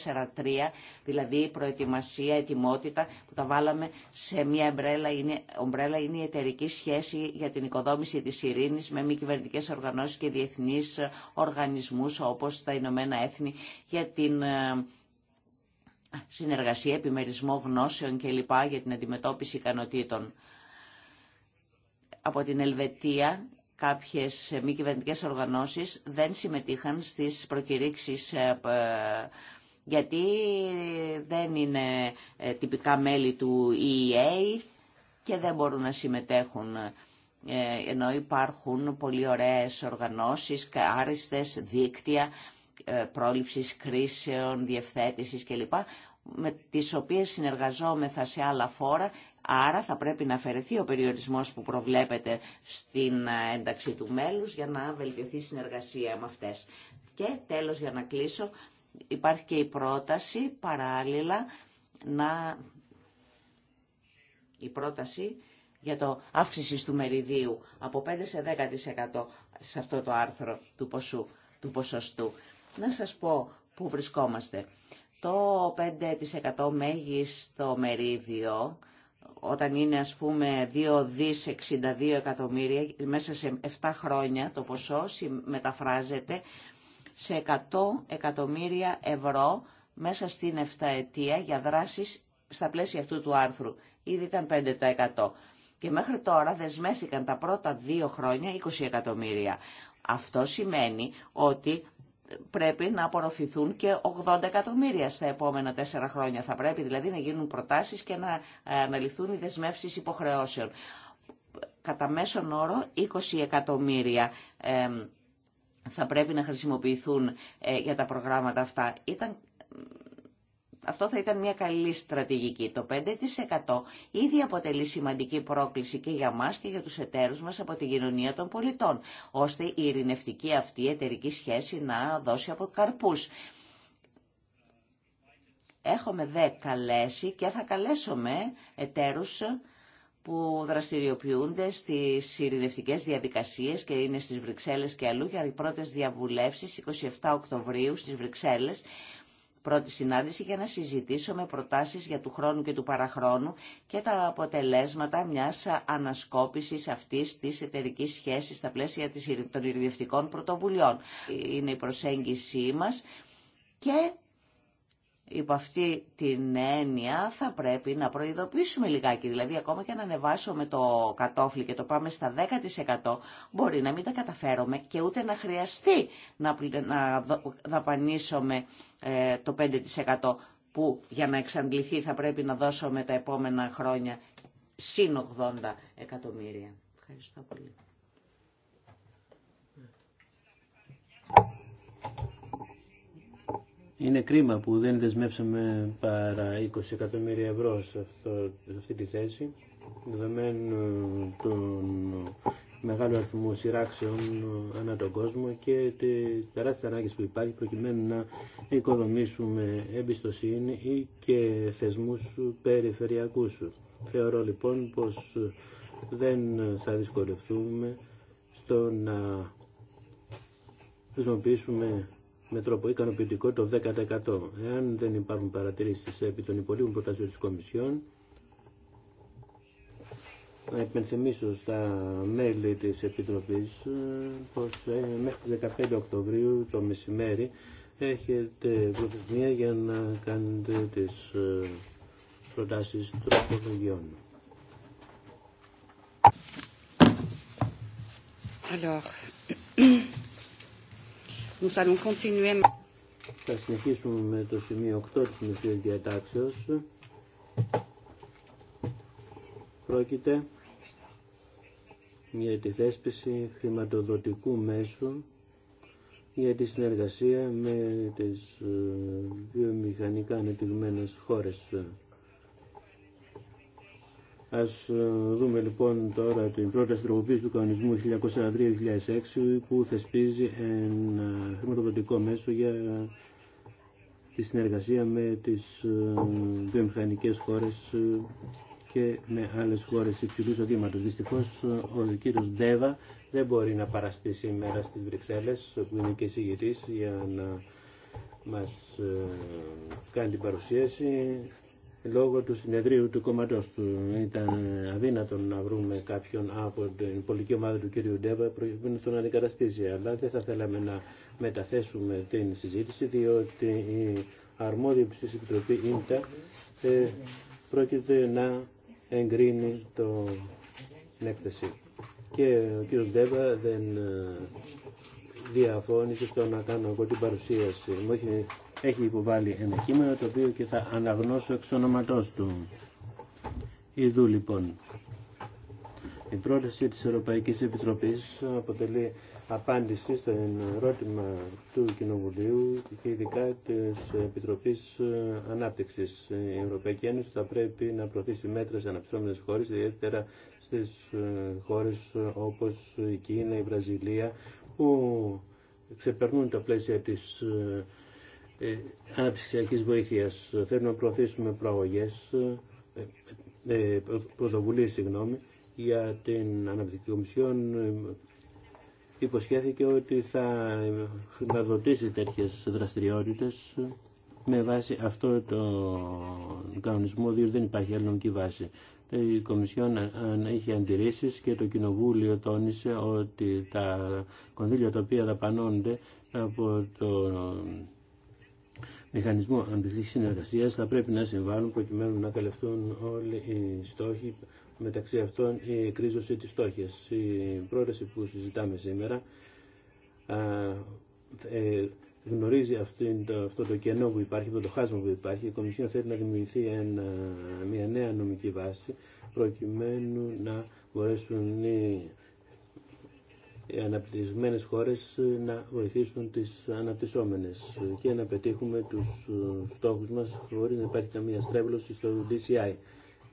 δηλαδή προετοιμασία, ετοιμότητα που τα βάλαμε σε μια ομπρέλα, είναι, ομπρέλα είναι η εταιρική σχέση για την οικοδόμηση της ειρήνης με μη κυβερνητικέ οργανώσεις και διεθνείς οργανισμούς όπως τα Ηνωμένα Έθνη για την ε, συνεργασία, επιμερισμό γνώσεων κλπ. για την αντιμετώπιση ικανοτήτων από την Ελβετία κάποιες μη κυβερνητικέ οργανώσεις δεν συμμετείχαν στις προκηρύξεις ε, ε, γιατί δεν είναι ε, τυπικά μέλη του EEA και δεν μπορούν να συμμετέχουν ενώ υπάρχουν πολύ ωραίες οργανώσεις, άριστες δίκτυα πρόληψης κρίσεων, διευθέτησης κλπ με τις οποίες συνεργαζόμεθα σε άλλα φόρα Άρα θα πρέπει να αφαιρεθεί ο περιορισμός που προβλέπεται στην ένταξη του μέλους για να βελτιωθεί η συνεργασία με αυτές. Και τέλος για να κλείσω υπάρχει και η πρόταση παράλληλα να... Η πρόταση για το αύξηση του μεριδίου από 5 σε 10% σε αυτό το άρθρο του, ποσού, του ποσοστού. Να σας πω πού βρισκόμαστε. Το 5% μέγιστο μερίδιο όταν είναι ας πούμε 2 δις 62 εκατομμύρια μέσα σε 7 χρόνια το ποσό μεταφράζεται σε 100 εκατομμύρια ευρώ μέσα στην 7 ετία για δράσεις στα πλαίσια αυτού του άρθρου. Ήδη ήταν 5%. Και μέχρι τώρα δεσμεύτηκαν τα πρώτα δύο χρόνια 20 εκατομμύρια. Αυτό σημαίνει ότι πρέπει να απορροφηθούν και 80 εκατομμύρια στα επόμενα τέσσερα χρόνια. Θα πρέπει δηλαδή να γίνουν προτάσεις και να αναλυθούν ε, οι δεσμεύσεις υποχρεώσεων. Κατά μέσον όρο 20 εκατομμύρια θα πρέπει να χρησιμοποιηθούν ε, για τα προγράμματα αυτά. Ήταν αυτό θα ήταν μια καλή στρατηγική. Το 5% ήδη αποτελεί σημαντική πρόκληση και για μας και για τους εταίρους μας από την κοινωνία των πολιτών, ώστε η ειρηνευτική αυτή εταιρική σχέση να δώσει από καρπούς. Έχουμε δε καλέσει και θα καλέσουμε εταίρους που δραστηριοποιούνται στις ειρηνευτικές διαδικασίες και είναι στις Βρυξέλλες και αλλού για οι πρώτες διαβουλεύσεις 27 Οκτωβρίου στις Βρυξέλλες πρώτη συνάντηση για να συζητήσουμε προτάσεις για του χρόνου και του παραχρόνου και τα αποτελέσματα μιας ανασκόπησης αυτής της εταιρική σχέσης στα πλαίσια των ειρηνευτικών πρωτοβουλειών. Είναι η προσέγγιση μας και υπό αυτή την έννοια θα πρέπει να προειδοποιήσουμε λιγάκι. Δηλαδή ακόμα και να ανεβάσουμε το κατόφλι και το πάμε στα 10% μπορεί να μην τα καταφέρουμε και ούτε να χρειαστεί να, να δαπανίσουμε ε, το 5% που για να εξαντληθεί θα πρέπει να δώσουμε τα επόμενα χρόνια συν 80 εκατομμύρια. Ευχαριστώ πολύ. Είναι κρίμα που δεν δεσμεύσαμε παρά 20 εκατομμύρια ευρώ σε, αυτό, αυτή τη θέση, δεδομένου των μεγάλου αριθμού σειράξεων ανά τον κόσμο και τι τεράστιε ανάγκε που υπάρχει προκειμένου να οικοδομήσουμε εμπιστοσύνη και θεσμού περιφερειακού. Θεωρώ λοιπόν πω δεν θα δυσκολευτούμε στο να χρησιμοποιήσουμε με τρόπο ικανοποιητικό το 10%. Εάν δεν υπάρχουν παρατηρήσεις επί των υπολείπων προτάσεων της Κομισιόν, να υπενθυμίσω στα μέλη της Επιτροπής ε, πως ε, μέχρι τις 15 Οκτωβρίου το μεσημέρι έχετε προθεσμία για να κάνετε τις ε, προτάσεις των Alors, Nous allons continuer. Θα συνεχίσουμε με το σημείο 8 της Μεσίας Διατάξεως. Πρόκειται για τη θέσπιση χρηματοδοτικού μέσου για τη συνεργασία με τις ε, βιομηχανικά ανεπτυγμένες χώρες. Ας ε, δούμε λοιπόν τώρα την πρώτη τροποποίηση του κανονισμού 1943-2006 που θεσπίζει ένα χρηματοδοτικό μέσο για τη συνεργασία με τις ε, βιομηχανικές χώρες ε, και με άλλες χώρες υψηλού εισοδήματος. Δυστυχώς ο κύριος Ντέβα δεν μπορεί να παραστεί σήμερα στις Βρυξέλλες που είναι και συγγυρής για να μας κάνει την παρουσίαση λόγω του συνεδρίου του κόμματό του. Ήταν αδύνατο να βρούμε κάποιον από την πολιτική ομάδα του κ. Ντέβα προκειμένου να τον αντικαταστήσει. Αλλά δεν θα θέλαμε να μεταθέσουμε την συζήτηση, διότι η αρμόδια τη Επιτροπή ΙΝΤΑ ε, πρόκειται να εγκρίνει το, την έκθεση. Και ο κ. Ντέβα δεν ε, διαφώνησε στο να κάνω εγώ την παρουσίαση. Μου έχει υποβάλει ένα κείμενο το οποίο και θα αναγνώσω εξ ονοματός του. Ιδού λοιπόν. Η πρόταση της Ευρωπαϊκής Επιτροπής αποτελεί απάντηση στο ερώτημα του Κοινοβουλίου και ειδικά της Επιτροπής Ανάπτυξης. Η Ευρωπαϊκή Ένωση θα πρέπει να προωθήσει μέτρα σε αναπτυσσόμενες χώρες, ιδιαίτερα στις χώρες όπως η Κίνα, η Βραζιλία, που ξεπερνούν τα πλαίσια της αναπτυξιακής βοήθεια. Θέλουμε να προωθήσουμε ε, ε πρωτοβουλίε, συγγνώμη, για την αναπτυξιακή κομισιόν υποσχέθηκε ότι θα χρηματοδοτήσει τέτοιε δραστηριότητε με βάση αυτό το κανονισμό, διότι δεν υπάρχει ελληνική βάση. Η Κομισιόν είχε αντιρρήσεις και το Κοινοβούλιο τόνισε ότι τα κονδύλια τα οποία δαπανώνται από το μηχανισμό αντιλήψης συνεργασία θα πρέπει να συμβάλλουν προκειμένου να καλυφθούν όλοι οι στόχοι μεταξύ αυτών η εκρίζωση τη φτώχεια. Η πρόταση που συζητάμε σήμερα ε, γνωρίζει αυτό το κενό που υπάρχει, αυτό το χάσμα που υπάρχει. Η Κομισιόν θέλει να δημιουργηθεί μια νέα νομική βάση προκειμένου να μπορέσουν οι οι αναπτυσμένες χώρες να βοηθήσουν τις αναπτυσσόμενες και να πετύχουμε τους στόχους μας χωρίς να υπάρχει καμία στρέβλωση στο DCI.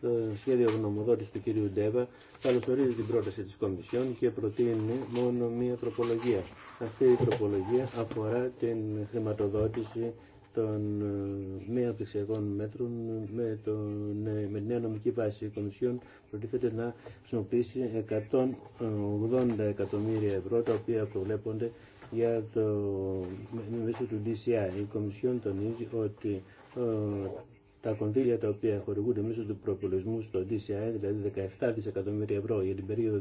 Το σχέδιο γνωμοδότης του κυρίου Ντέβα καλωσορίζει την πρόταση της Κομισιόν και προτείνει μόνο μία τροπολογία. Αυτή η τροπολογία αφορά την χρηματοδότηση των ε, μη αναπτυξιακών μέτρων με, τον, ναι, νέα νομική βάση. Η Κομισιόν προτίθεται να χρησιμοποιήσει 180 εκατομμύρια ευρώ τα οποία προβλέπονται για το μέσο του DCI. Η Κομισιόν τονίζει ότι ε, τα κονδύλια τα οποία χορηγούνται μέσω του προπολισμού στο DCI, δηλαδή 17 δισεκατομμύρια ευρώ για την περίοδο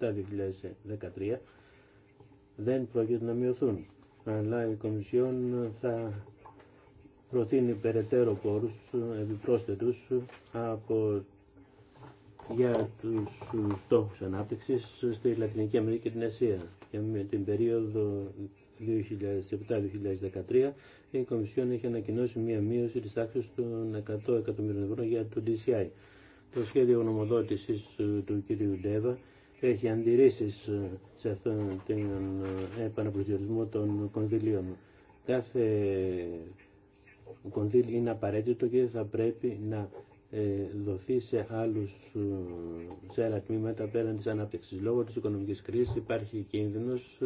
2007-2013, δεν πρόκειται να μειωθούν αλλά η Κομισιόν θα προτείνει περαιτέρω πόρους ε, επιπρόσθετους από, για τους στόχους ανάπτυξης στη Λατινική Αμερική και την Ασία. Και την περίοδο 2007-2013 η Κομισιόν έχει ανακοινώσει μία μείωση της τάξης των 100 εκατομμύριων ευρώ για το DCI. Το σχέδιο γνωμοδότησης ε, του κ. Ντέβα έχει αντιρρήσεις ε, σε αυτόν τον επαναπροσδιορισμό των κονδυλίων. Κάθε κονδύλι είναι απαραίτητο και θα πρέπει να ε, δοθεί σε άλλους, ε, σε άλλα τμήματα πέραν της ανάπτυξης. Λόγω της οικονομικής κρίσης υπάρχει κίνδυνος,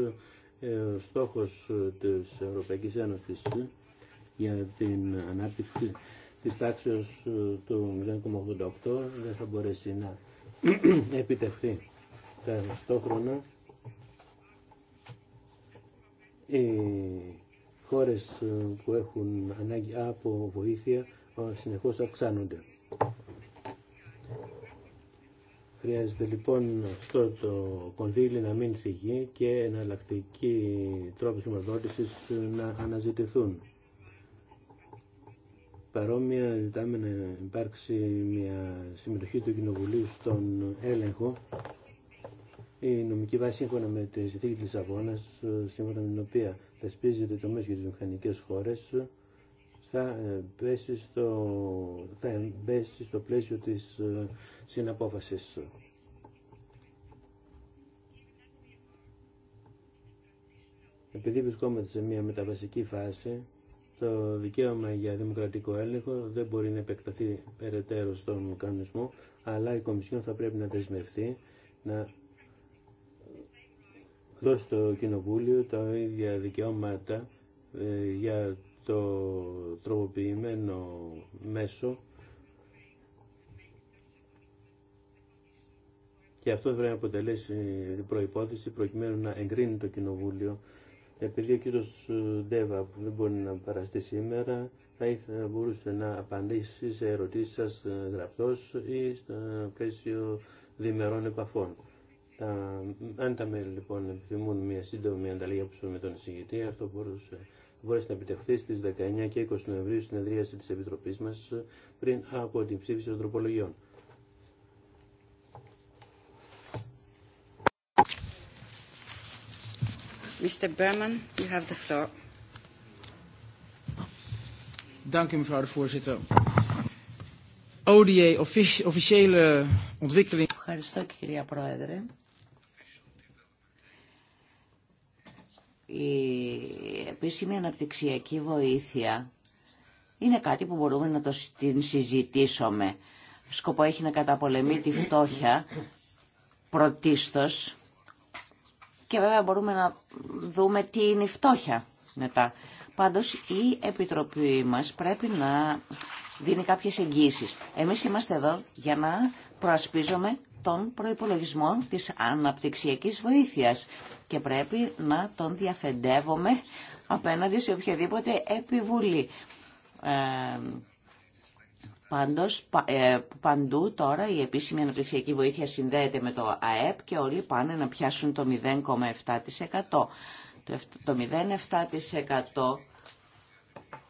ε, ο στόχος της Ευρωπαϊκής Ένωσης για την ανάπτυξη της τάξης του 0,88 δεν θα μπορέσει να επιτευχθεί. Ταυτόχρονα χώρες ε, που έχουν ανάγκη από βοήθεια ε, συνεχώς αυξάνονται. Χρειάζεται λοιπόν αυτό το κονδύλι να μην σε και εναλλακτικοί τρόποι χρηματοδότησης ε, να αναζητηθούν. Παρόμοια ζητάμε να υπάρξει μια συμμετοχή του Κοινοβουλίου στον έλεγχο η νομική βάση σύμφωνα με τη συνθήκη τη Λισαβόνα, ε, σύμφωνα με την οποία θεσπίζεται το μέσο για τι μηχανικέ χώρε, θα ε, πέσει στο, θα πέσει στο πλαίσιο της ε, συναπόφαση. Επειδή βρισκόμαστε σε μια μεταβασική φάση, το δικαίωμα για δημοκρατικό έλεγχο δεν μπορεί να επεκταθεί περαιτέρω στον κανονισμό, αλλά η Κομισιόν θα πρέπει να δεσμευτεί να δώσει το Κοινοβούλιο τα ίδια δικαιώματα ε, για το τροποποιημένο μέσο και αυτό πρέπει να αποτελέσει προϋπόθεση προκειμένου να εγκρίνει το Κοινοβούλιο επειδή ο κύριος ε, Ντέβα που δεν μπορεί να παραστεί σήμερα θα μπορούσε να απαντήσει σε ερωτήσεις σας ε, γραπτός ή στο πλαίσιο διμερών επαφών αν τα μέλη λοιπόν επιθυμούν μια σύντομη ανταλλαγή απόψεων με τον εισηγητή, αυτό μπορούσε, να επιτευχθεί στις 19 και 20 Νοεμβρίου στην εδρίαση της Επιτροπής μας πριν από την ψήφιση των τροπολογιών. Mr. Berman, you have the floor. Dank u mevrouw de Ευχαριστώ κυρία Πρόεδρε. Η επίσημη αναπτυξιακή βοήθεια είναι κάτι που μπορούμε να το την συζητήσουμε. Σκοπό έχει να καταπολεμεί τη φτώχεια πρωτίστως και βέβαια μπορούμε να δούμε τι είναι η φτώχεια μετά. Πάντως η Επιτροπή μας πρέπει να δίνει κάποιες εγγύσεις. Εμείς είμαστε εδώ για να προασπίζουμε τον προϋπολογισμό της αναπτυξιακής βοήθειας και πρέπει να τον διαφεντεύομαι απέναντι σε οποιαδήποτε επιβουλή. Ε, ε, παντού τώρα η επίσημη αναπτυξιακή βοήθεια συνδέεται με το ΑΕΠ και όλοι πάνε να πιάσουν το 0,7%. Το 0,7%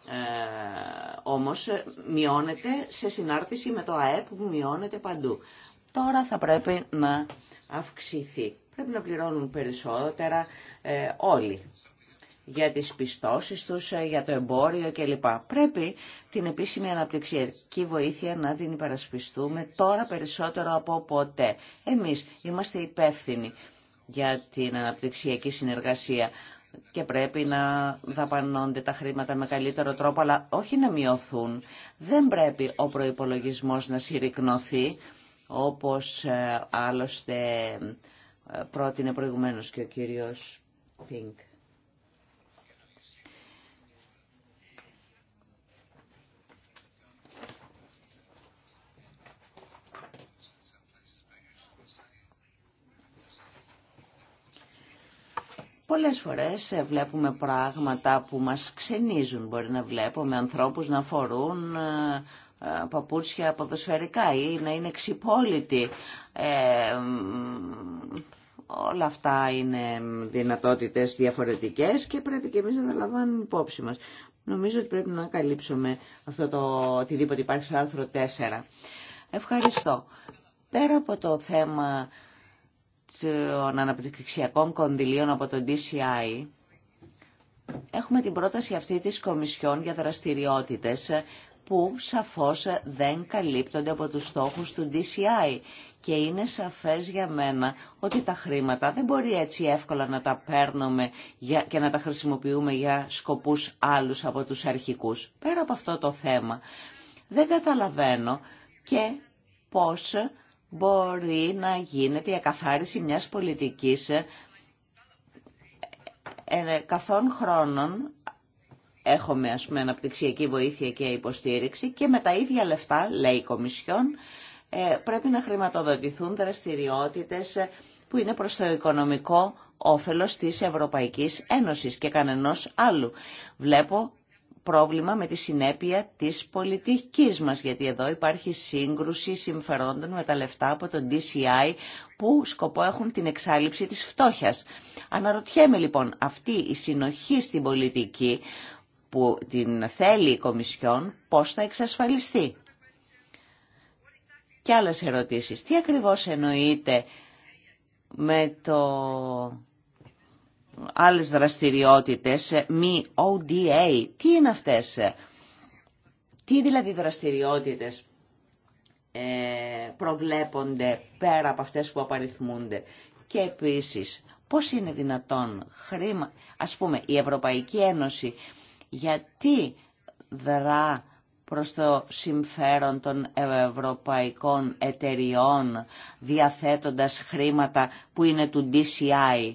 ε, όμως ε, μειώνεται σε συνάρτηση με το ΑΕΠ που μειώνεται παντού. Τώρα θα πρέπει να αυξηθεί πρέπει να πληρώνουν περισσότερα ε, όλοι για τις πιστώσεις τους, ε, για το εμπόριο κλπ. Πρέπει την επίσημη αναπτυξιακή βοήθεια να την υπερασπιστούμε τώρα περισσότερο από ποτέ. Εμείς είμαστε υπεύθυνοι για την αναπτυξιακή συνεργασία και πρέπει να δαπανώνται τα χρήματα με καλύτερο τρόπο, αλλά όχι να μειωθούν. Δεν πρέπει ο προϋπολογισμός να συρρυκνωθεί, όπως ε, άλλωστε πρότεινε προηγουμένως και ο κύριος Πινκ. Πολλές φορές βλέπουμε πράγματα που μας ξενίζουν. Μπορεί να βλέπουμε ανθρώπους να φορούν ε, ε, παπούτσια ποδοσφαιρικά ή να είναι ξυπόλυτη. Ε, όλα αυτά είναι δυνατότητες διαφορετικές και πρέπει και εμείς να τα λαμβάνουμε υπόψη μας. Νομίζω ότι πρέπει να καλύψουμε αυτό το οτιδήποτε υπάρχει στο άρθρο 4. Ευχαριστώ. Πέρα από το θέμα των αναπτυξιακών κονδυλίων από τον DCI, έχουμε την πρόταση αυτή της Κομισιόν για δραστηριότητες που σαφώς δεν καλύπτονται από τους στόχους του DCI. Και είναι σαφές για μένα ότι τα χρήματα δεν μπορεί έτσι εύκολα να τα παίρνουμε και να τα χρησιμοποιούμε για σκοπούς άλλους από τους αρχικούς. Πέρα από αυτό το θέμα, δεν καταλαβαίνω και πώς μπορεί να γίνεται η ακαθάριση μιας πολιτικής ε, ε, καθών χρόνων έχουμε ας πούμε αναπτυξιακή βοήθεια και υποστήριξη και με τα ίδια λεφτά, λέει η Κομισιόν, ε, πρέπει να χρηματοδοτηθούν δραστηριότητες που είναι προς το οικονομικό όφελος της Ευρωπαϊκής Ένωσης και κανενός άλλου. Βλέπω πρόβλημα με τη συνέπεια της πολιτικής μας, γιατί εδώ υπάρχει σύγκρουση συμφερόντων με τα λεφτά από τον DCI που σκοπό έχουν την εξάλληψη της φτώχειας. Αναρωτιέμαι λοιπόν αυτή η συνοχή στην πολιτική που την θέλει η Κομισιόν, πώς θα εξασφαλιστεί. Και άλλες ερωτήσεις. Τι ακριβώς εννοείται με το άλλες δραστηριότητες, μη ODA, τι είναι αυτές, τι δηλαδή δραστηριότητες ε, προβλέπονται πέρα από αυτές που απαριθμούνται. Και επίσης, πώς είναι δυνατόν χρήμα, ας πούμε, η Ευρωπαϊκή Ένωση γιατί δρά προς το συμφέρον των ευρωπαϊκών εταιριών διαθέτοντας χρήματα που είναι του DCI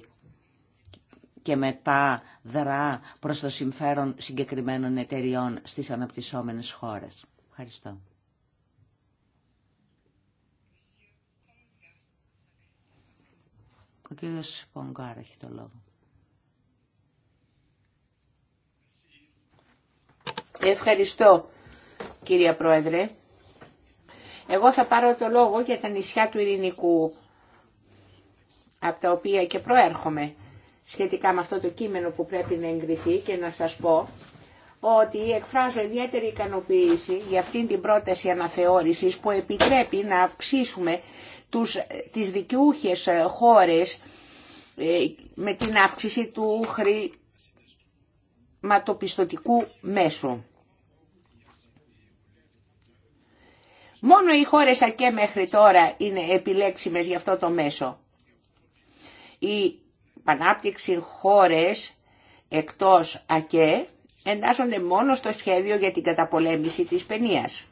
και μετά δρά προς το συμφέρον συγκεκριμένων εταιριών στις αναπτυσσόμενες χώρες. Ευχαριστώ. Ο κύριος Πογκάρα έχει το λόγο. Ευχαριστώ κυρία Πρόεδρε. Εγώ θα πάρω το λόγο για τα νησιά του Ειρηνικού, από τα οποία και προέρχομαι, σχετικά με αυτό το κείμενο που πρέπει να εγκριθεί και να σας πω ότι εκφράζω ιδιαίτερη ικανοποίηση για αυτήν την πρόταση αναθεώρησης που επιτρέπει να αυξήσουμε τους, τις δικιούχες χώρες ε, με την αύξηση του χρηματοπιστωτικού μέσου. Μόνο οι χώρες ΑΚΕ μέχρι τώρα είναι επιλέξιμες για αυτό το μέσο. Οι πανάπτυξη χώρες εκτός ΑΚΕ εντάσσονται μόνο στο σχέδιο για την καταπολέμηση της παινίας.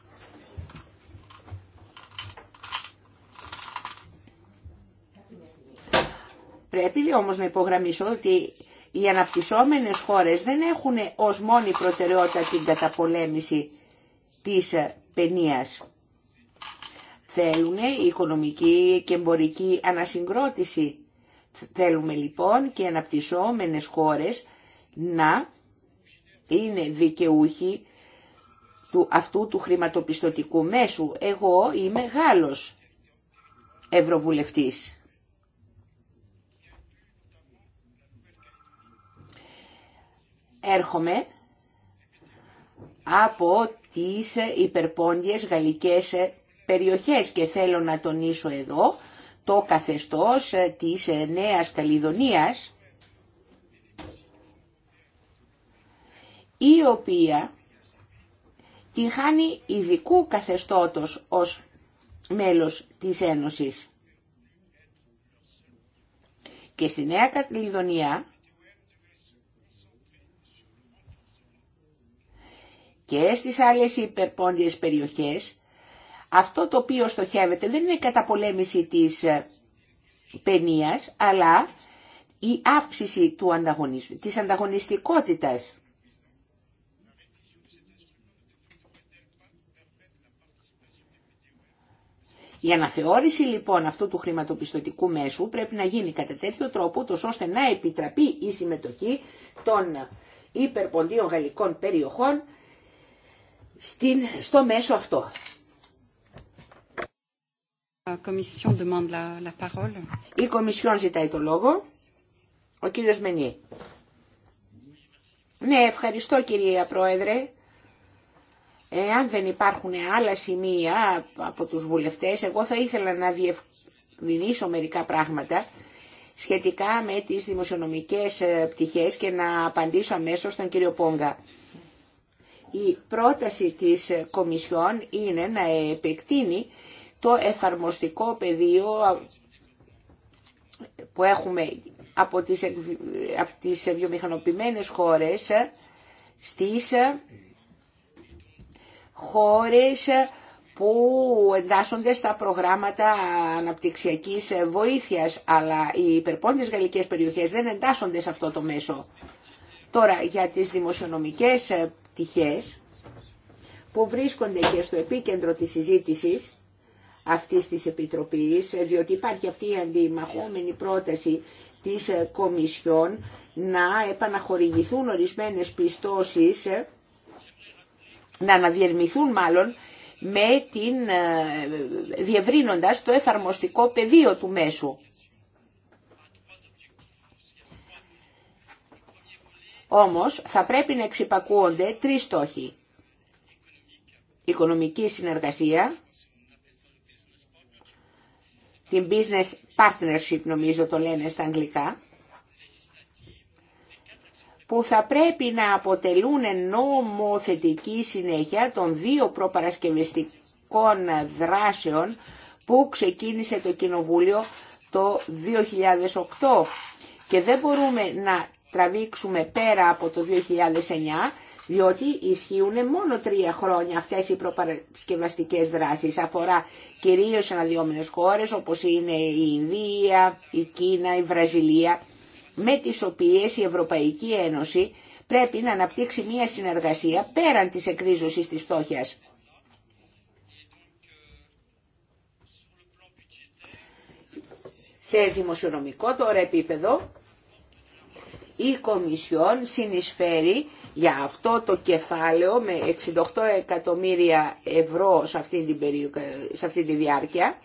Πρέπει όμως να υπογραμμίσω ότι οι αναπτυσσόμενες χώρες δεν έχουν ως μόνη προτεραιότητα την καταπολέμηση της παινίας. Θέλουν οικονομική και εμπορική ανασυγκρότηση. Θέλουμε λοιπόν και οι αναπτυσσόμενες χώρες να είναι δικαιούχοι του, αυτού του χρηματοπιστωτικού μέσου. Εγώ είμαι Γάλλος Ευρωβουλευτής. Έρχομαι από τις υπερπόντιες γαλλικές περιοχές και θέλω να τονίσω εδώ το καθεστώς ε, της ε, Νέας Καλλιδονίας η οποία την χάνει ειδικού καθεστώτος ως μέλος της Ένωσης. Και στη Νέα Καλλιδονία και στις άλλες υπερπόντιες περιοχές αυτό το οποίο στοχεύεται δεν είναι η καταπολέμηση της ε, παινίας, αλλά η αύξηση του ανταγωνισμού, της ανταγωνιστικότητας. Η αναθεώρηση λοιπόν αυτού του χρηματοπιστωτικού μέσου πρέπει να γίνει κατά τέτοιο τρόπο, τόσο ώστε να επιτραπεί η συμμετοχή των υπερποντίων γαλλικών περιοχών στην, στο μέσο αυτό. Η Κομισιόν ζητάει το λόγο. Ο κύριος Μενιέ. Ναι, ευχαριστώ κυρία Πρόεδρε. Ε, αν δεν υπάρχουν άλλα σημεία από τους βουλευτές, εγώ θα ήθελα να διευκρινίσω μερικά πράγματα σχετικά με τις δημοσιονομικές ε, πτυχές και να απαντήσω αμέσως στον κύριο Πόγκα. Η πρόταση της Κομισιόν είναι να επεκτείνει το εφαρμοστικό πεδίο που έχουμε από τις, από τις βιομηχανοποιημένες χώρες ε, στις ε, χώρες ε, που εντάσσονται στα προγράμματα αναπτυξιακής βοήθειας, αλλά οι υπερπόντες γαλλικές περιοχές δεν εντάσσονται σε αυτό το μέσο. Τώρα, για τις δημοσιονομικές πτυχές που βρίσκονται και στο επίκεντρο της συζήτησης, αυτής της Επιτροπής, ε, διότι υπάρχει αυτή η αντιμαχόμενη πρόταση της ε, Κομισιόν να επαναχορηγηθούν ορισμένες πιστώσεις, ε, να αναδιερμηθούν μάλλον, με την, διευρύνοντας το εφαρμοστικό πεδίο του μέσου. Όμως θα πρέπει να εξυπακούονται τρεις στόχοι. Οικονομική συνεργασία, την business partnership νομίζω το λένε στα αγγλικά, που θα πρέπει να αποτελούν νομοθετική συνέχεια των δύο προπαρασκευαστικών δράσεων που ξεκίνησε το Κοινοβούλιο το 2008 και δεν μπορούμε να τραβήξουμε πέρα από το 2009 διότι ισχύουν μόνο τρία χρόνια αυτές οι προπαρασκευαστικές δράσεις. Αφορά κυρίως αναδυόμενες χώρες όπως είναι η Ινδία, η Κίνα, η Βραζιλία, με τις οποίες η Ευρωπαϊκή Ένωση πρέπει να αναπτύξει μια συνεργασία πέραν της εκρίζωσης της φτώχειας. Σε δημοσιονομικό τώρα επίπεδο, η Κομισιόν συνεισφέρει για αυτό το κεφάλαιο με 68 εκατομμύρια ευρώ σε αυτή, την περι... σε αυτή τη διάρκεια.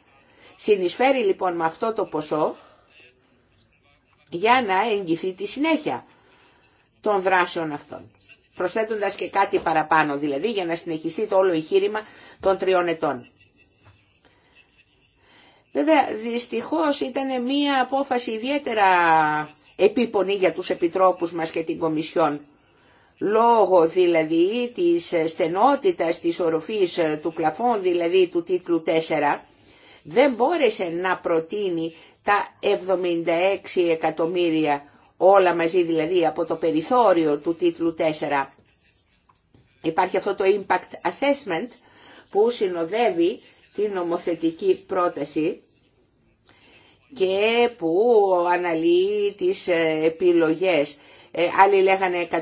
Συνεισφέρει λοιπόν με αυτό το ποσό για να εγγυθεί τη συνέχεια των δράσεων αυτών. Προσθέτοντας και κάτι παραπάνω δηλαδή για να συνεχιστεί το όλο εγχείρημα των τριών ετών. Βέβαια δυστυχώς ήταν μια απόφαση ιδιαίτερα επίπονη για τους επιτρόπους μας και την Κομισιόν. Λόγω δηλαδή της στενότητας της οροφής ε, του πλαφών, δηλαδή του τίτλου 4, δεν μπόρεσε να προτείνει τα 76 εκατομμύρια, όλα μαζί δηλαδή από το περιθώριο του τίτλου 4. Υπάρχει αυτό το impact assessment που συνοδεύει την νομοθετική πρόταση και που αναλύει τις ε, επιλογές. Ε, άλλοι λέγανε 100%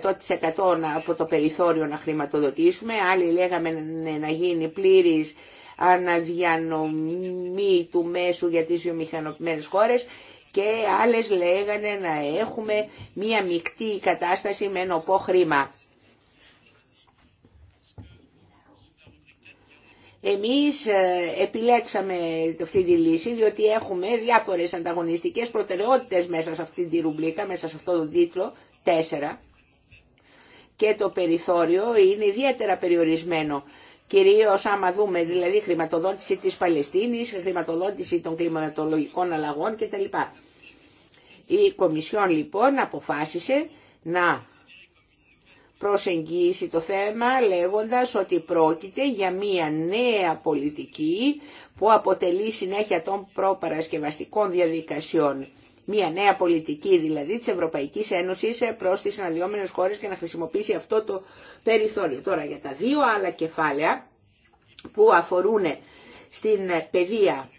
από το περιθώριο να χρηματοδοτήσουμε, άλλοι λέγαμε ναι, να γίνει πλήρης αναδιανομή του μέσου για τις βιομηχανοποιημένες χώρες και άλλες λέγανε να έχουμε μία μεικτή κατάσταση με νοπό χρήμα. Εμείς ε, επιλέξαμε αυτή τη λύση διότι έχουμε διάφορες ανταγωνιστικές προτεραιότητες μέσα σε αυτή τη ρουμπλίκα, μέσα σε αυτό το τίτλο 4 και το περιθώριο είναι ιδιαίτερα περιορισμένο. Κυρίως άμα δούμε δηλαδή χρηματοδότηση της Παλαιστίνης, χρηματοδότηση των κλιματολογικών αλλαγών κτλ. Η Κομισιόν λοιπόν αποφάσισε να προσεγγίσει το θέμα λέγοντας ότι πρόκειται για μια νέα πολιτική που αποτελεί συνέχεια των προπαρασκευαστικών διαδικασιών. Μια νέα πολιτική δηλαδή της Ευρωπαϊκής Ένωσης προς τις αναδυόμενες χώρες και να χρησιμοποιήσει αυτό το περιθώριο. Τώρα για τα δύο άλλα κεφάλαια που αφορούν στην παιδεία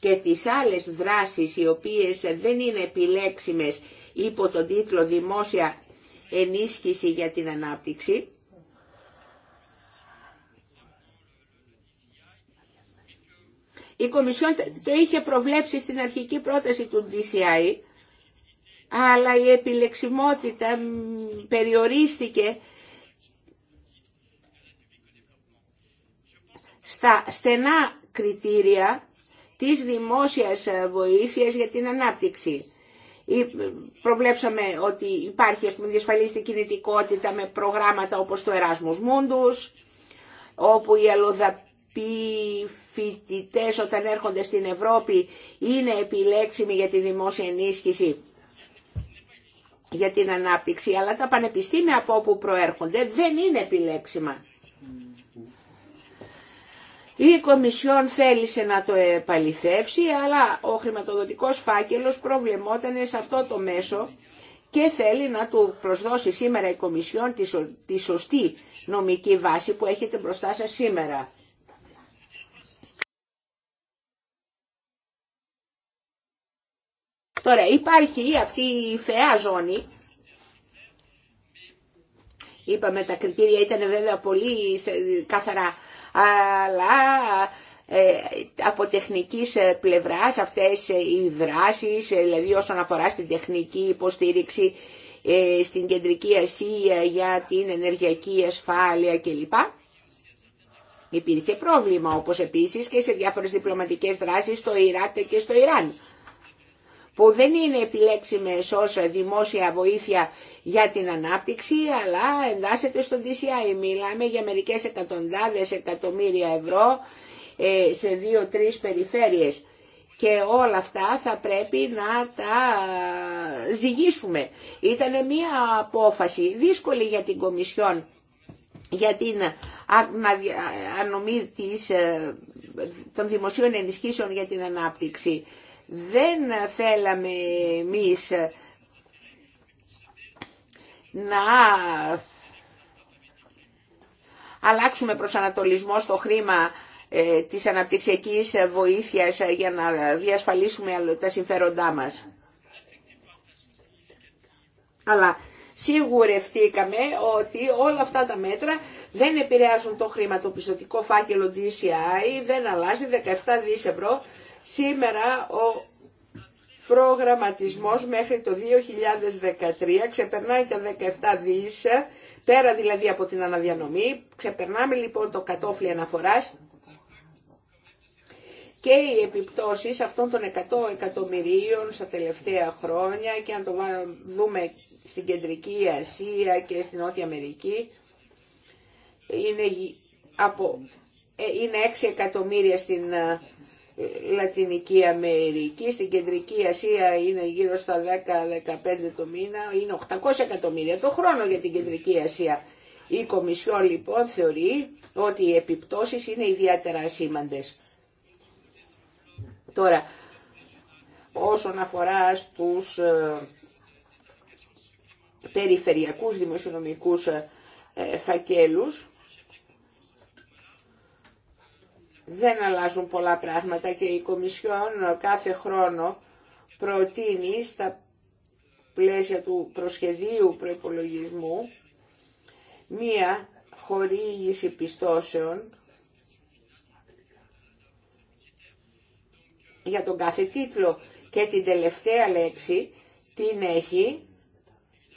και τις άλλες δράσεις οι οποίες δεν είναι επιλέξιμες υπό τον τίτλο «Δημόσια ενίσχυση για την ανάπτυξη. Η Κομισιόν το είχε προβλέψει στην αρχική πρόταση του DCI, αλλά η επιλεξιμότητα περιορίστηκε στα στενά κριτήρια της δημόσιας ε, βοήθειας για την ανάπτυξη. Ε, προβλέψαμε ότι υπάρχει ας πούμε, διασφαλίστη κινητικότητα με προγράμματα όπως το Erasmus Mundus, όπου οι αλλοδαποί φοιτητέ όταν έρχονται στην Ευρώπη είναι επιλέξιμοι για τη δημόσια ενίσχυση για την ανάπτυξη, αλλά τα πανεπιστήμια από όπου προέρχονται δεν είναι επιλέξιμα. Η Κομισιόν θέλησε να το επαληθεύσει, αλλά ο χρηματοδοτικός φάκελος προβλεμόταν σε αυτό το μέσο και θέλει να του προσδώσει σήμερα η Κομισιόν τη, σωστή νομική βάση που έχετε μπροστά σας σήμερα. Τώρα υπάρχει αυτή η φαιά ζώνη Είπαμε τα κριτήρια ήταν βέβαια πολύ καθαρά, αλλά ε, από τεχνικής ε, πλευράς αυτές ε, οι δράσεις, δηλαδή όσον αφορά στην τεχνική υποστήριξη στην Κεντρική Ασία για την ενεργειακή ασφάλεια κλπ. Υπήρχε πρόβλημα, όπως επίσης και σε διάφορες διπλωματικές δράσεις στο Ιράκ και στο Ιράν που δεν είναι επιλέξιμες ως δημόσια βοήθεια για την ανάπτυξη, αλλά εντάσσεται στον DCI. Μιλάμε για μερικές εκατοντάδες εκατομμύρια ευρώ ε, σε δύο-τρεις περιφέρειες. Και όλα αυτά θα πρέπει να τα ζυγίσουμε. Ήταν μια απόφαση δύσκολη για την Κομισιόν για την ανομή ε, των δημοσίων ενισχύσεων για την ανάπτυξη δεν θέλαμε εμείς να αλλάξουμε ανατολισμό στο χρήμα ε, της αναπτυξιακής βοήθειας ε, για να διασφαλίσουμε τα συμφέροντά μας. Αλλά σίγουρευτήκαμε ότι όλα αυτά τα μέτρα δεν επηρεάζουν το χρηματοπιστωτικό φάκελο DCI, δεν αλλάζει 17 δις ευρώ Σήμερα ο προγραμματισμός μέχρι το 2013 ξεπερνάει τα 17 δις, πέρα δηλαδή από την αναδιανομή, ξεπερνάμε λοιπόν το κατόφλι αναφοράς και οι επιπτώσεις αυτών των 100 εκατομμυρίων στα τελευταία χρόνια και αν το δούμε στην Κεντρική Ασία και στην Νότια Αμερική είναι, από, ε, είναι 6 εκατομμύρια στην ε, Λατινική Αμερική, στην Κεντρική Ασία είναι γύρω στα 10-15 το μήνα, είναι 800 εκατομμύρια το χρόνο για την Κεντρική Ασία. Η Κομισιόν λοιπόν θεωρεί ότι οι επιπτώσεις είναι ιδιαίτερα σήμαντες. Τώρα, όσον αφορά στους ε, περιφερειακούς δημοσιονομικούς ε, ε, φακέλους, δεν αλλάζουν πολλά πράγματα και η Κομισιόν κάθε χρόνο προτείνει στα πλαίσια του προσχεδίου προϋπολογισμού μία χορήγηση πιστώσεων για τον κάθε τίτλο και την τελευταία λέξη την έχει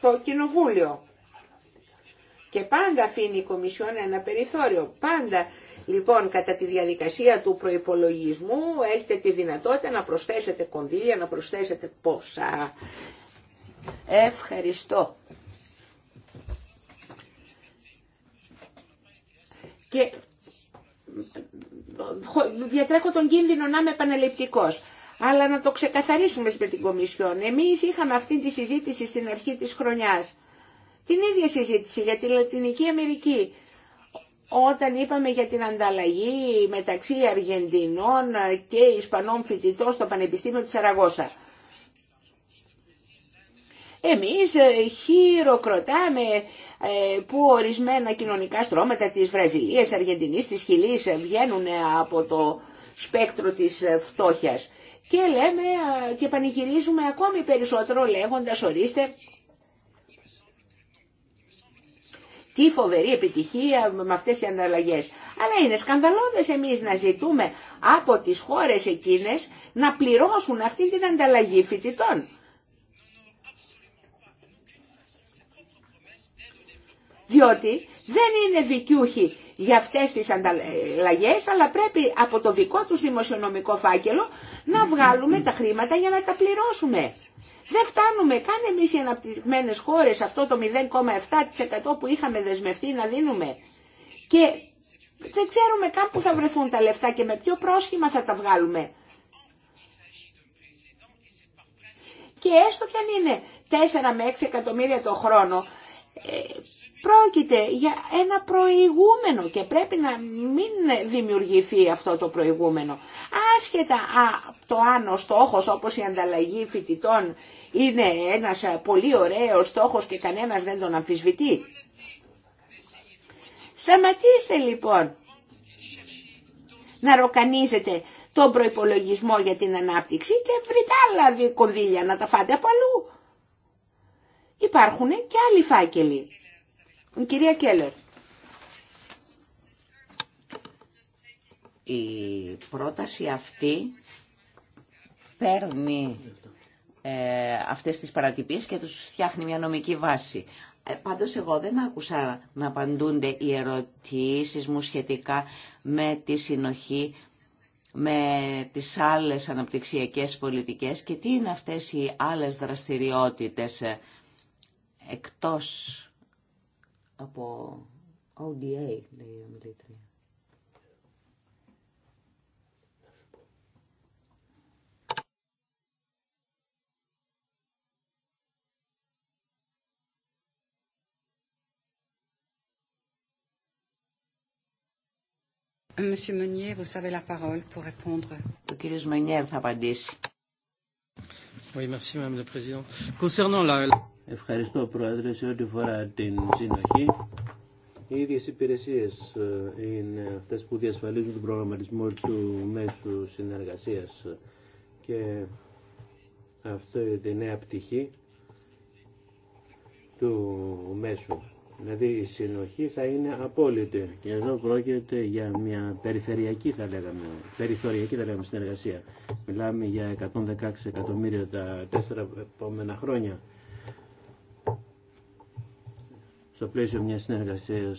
το Κοινοβούλιο. Και πάντα αφήνει η Κομισιόν ένα περιθώριο. Πάντα Λοιπόν, κατά τη διαδικασία του προϋπολογισμού έχετε τη δυνατότητα να προσθέσετε κονδύλια, να προσθέσετε ποσά. Ευχαριστώ. Και διατρέχω τον κίνδυνο να είμαι επαναληπτικός. Αλλά να το ξεκαθαρίσουμε με την Κομισιόν. Εμείς είχαμε αυτή τη συζήτηση στην αρχή της χρονιάς. Την ίδια συζήτηση για τη Λατινική Αμερική όταν είπαμε για την ανταλλαγή μεταξύ Αργεντινών και Ισπανών φοιτητών στο Πανεπιστήμιο της Αραγώσα. Εμείς ε, χειροκροτάμε ε, που ορισμένα κοινωνικά στρώματα της Βραζιλίας, Αργεντινής, της Χιλής ε, βγαίνουν από το σπέκτρο της φτώχειας. Και λέμε και πανηγυρίζουμε ακόμη περισσότερο λέγοντας ορίστε τι φοβερή επιτυχία με αυτές οι αναλλαγές. Αλλά είναι σκανδαλώδες εμείς να ζητούμε από τις χώρες εκείνες να πληρώσουν αυτή την ανταλλαγή φοιτητών. Διότι δεν είναι δικιούχοι για αυτές τις ανταλλαγές, αλλά πρέπει από το δικό τους δημοσιονομικό φάκελο να βγάλουμε τα χρήματα για να τα πληρώσουμε. Δεν φτάνουμε καν εμείς οι αναπτυγμένες χώρες αυτό το 0,7% που είχαμε δεσμευτεί να δίνουμε. Και δεν ξέρουμε καν που θα βρεθούν τα λεφτά και με ποιο πρόσχημα θα τα βγάλουμε. Και έστω κι αν είναι 4 με 6 εκατομμύρια το χρόνο, πρόκειται για ένα προηγούμενο και πρέπει να μην δημιουργηθεί αυτό το προηγούμενο. Άσχετα από το αν ο στόχος όπως η ανταλλαγή φοιτητών είναι ένας πολύ ωραίος στόχος και κανένας δεν τον αμφισβητεί. Σταματήστε λοιπόν να ροκανίζετε τον προϋπολογισμό για την ανάπτυξη και βρείτε άλλα κονδύλια να τα φάτε από αλλού υπάρχουν και άλλοι φάκελοι. κυρία Κέλλερ. Η πρόταση αυτή παίρνει ε, αυτές τις παρατυπίες και τους φτιάχνει μια νομική βάση. Ε, πάντως εγώ δεν άκουσα να απαντούνται οι ερωτήσεις μου σχετικά με τη συνοχή με τις άλλες αναπτυξιακές πολιτικές και τι είναι αυτές οι άλλες δραστηριότητες ε, εκτός από ODA, λέει η ομιλήτρια. Monsieur Meunier, vous avez la parole pour répondre. Ο κύριος Μενιέρ θα απαντήσει. Oui, merci, Madame la Présidente. Concernant la... Ευχαριστώ Πρόεδρε σε ό,τι φορά την συνοχή. Οι ίδιες υπηρεσίες ε, είναι αυτές που διασφαλίζουν τον προγραμματισμό του μέσου συνεργασίας και αυτή η νέα πτυχή του μέσου. Δηλαδή η συνοχή θα είναι απόλυτη και εδώ πρόκειται για μια περιφερειακή θα λέγαμε, περιθωριακή θα λέγαμε συνεργασία. Μιλάμε για 116 εκατομμύρια τα τέσσερα επόμενα χρόνια στο πλαίσιο μια συνεργασία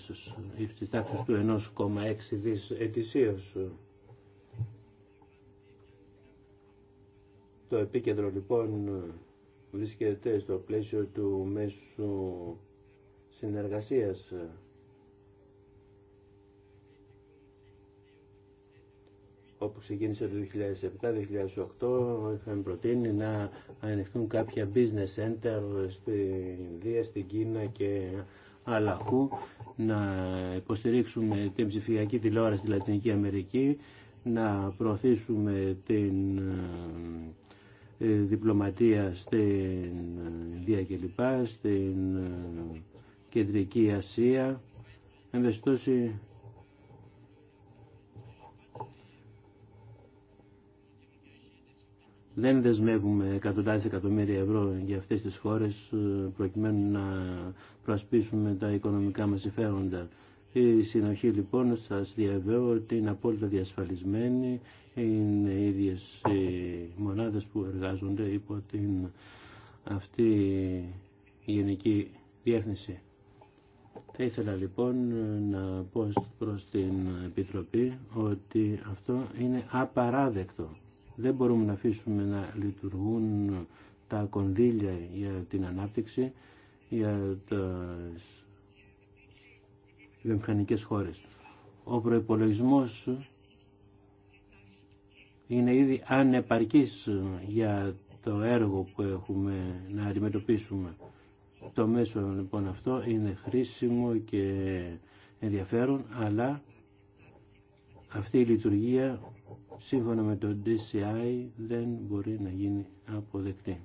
τη τάξη του 1,6 δι ετησίω. Το επίκεντρο λοιπόν βρίσκεται στο πλαίσιο του μέσου συνεργασίας όπου ξεκίνησε το 2007-2008 είχαμε προτείνει να ανοιχτούν κάποια business center στην Ινδία, στην Κίνα και αλλαχού, να υποστηρίξουμε την ψηφιακή τηλεόραση στη Λατινική Αμερική, να προωθήσουμε την ε, ε, διπλωματία στην ε, Ινδία και λοιπά στην Κεντρική Ασία. Εν δεν δεσμεύουμε εκατοντάδες εκατομμύρια ευρώ για αυτές τις χώρες ε, προκειμένου να προασπίσουμε τα οικονομικά μας συμφέροντα. Η συνοχή λοιπόν σας διαβεβαιώ ότι είναι απόλυτα διασφαλισμένη, είναι οι ίδιες οι μονάδες που εργάζονται υπό την αυτή η γενική διεύθυνση. Θα ήθελα λοιπόν να πω προς την Επιτροπή ότι αυτό είναι απαράδεκτο. Δεν μπορούμε να αφήσουμε να λειτουργούν τα κονδύλια για την ανάπτυξη για τις βιομηχανικές χώρες. Ο προϋπολογισμός είναι ήδη ανεπαρκής για το έργο που έχουμε να αντιμετωπίσουμε. Το μέσο λοιπόν αυτό είναι χρήσιμο και ενδιαφέρον, αλλά αυτή η λειτουργία σύμφωνα με το DCI δεν μπορεί να γίνει αποδεκτή.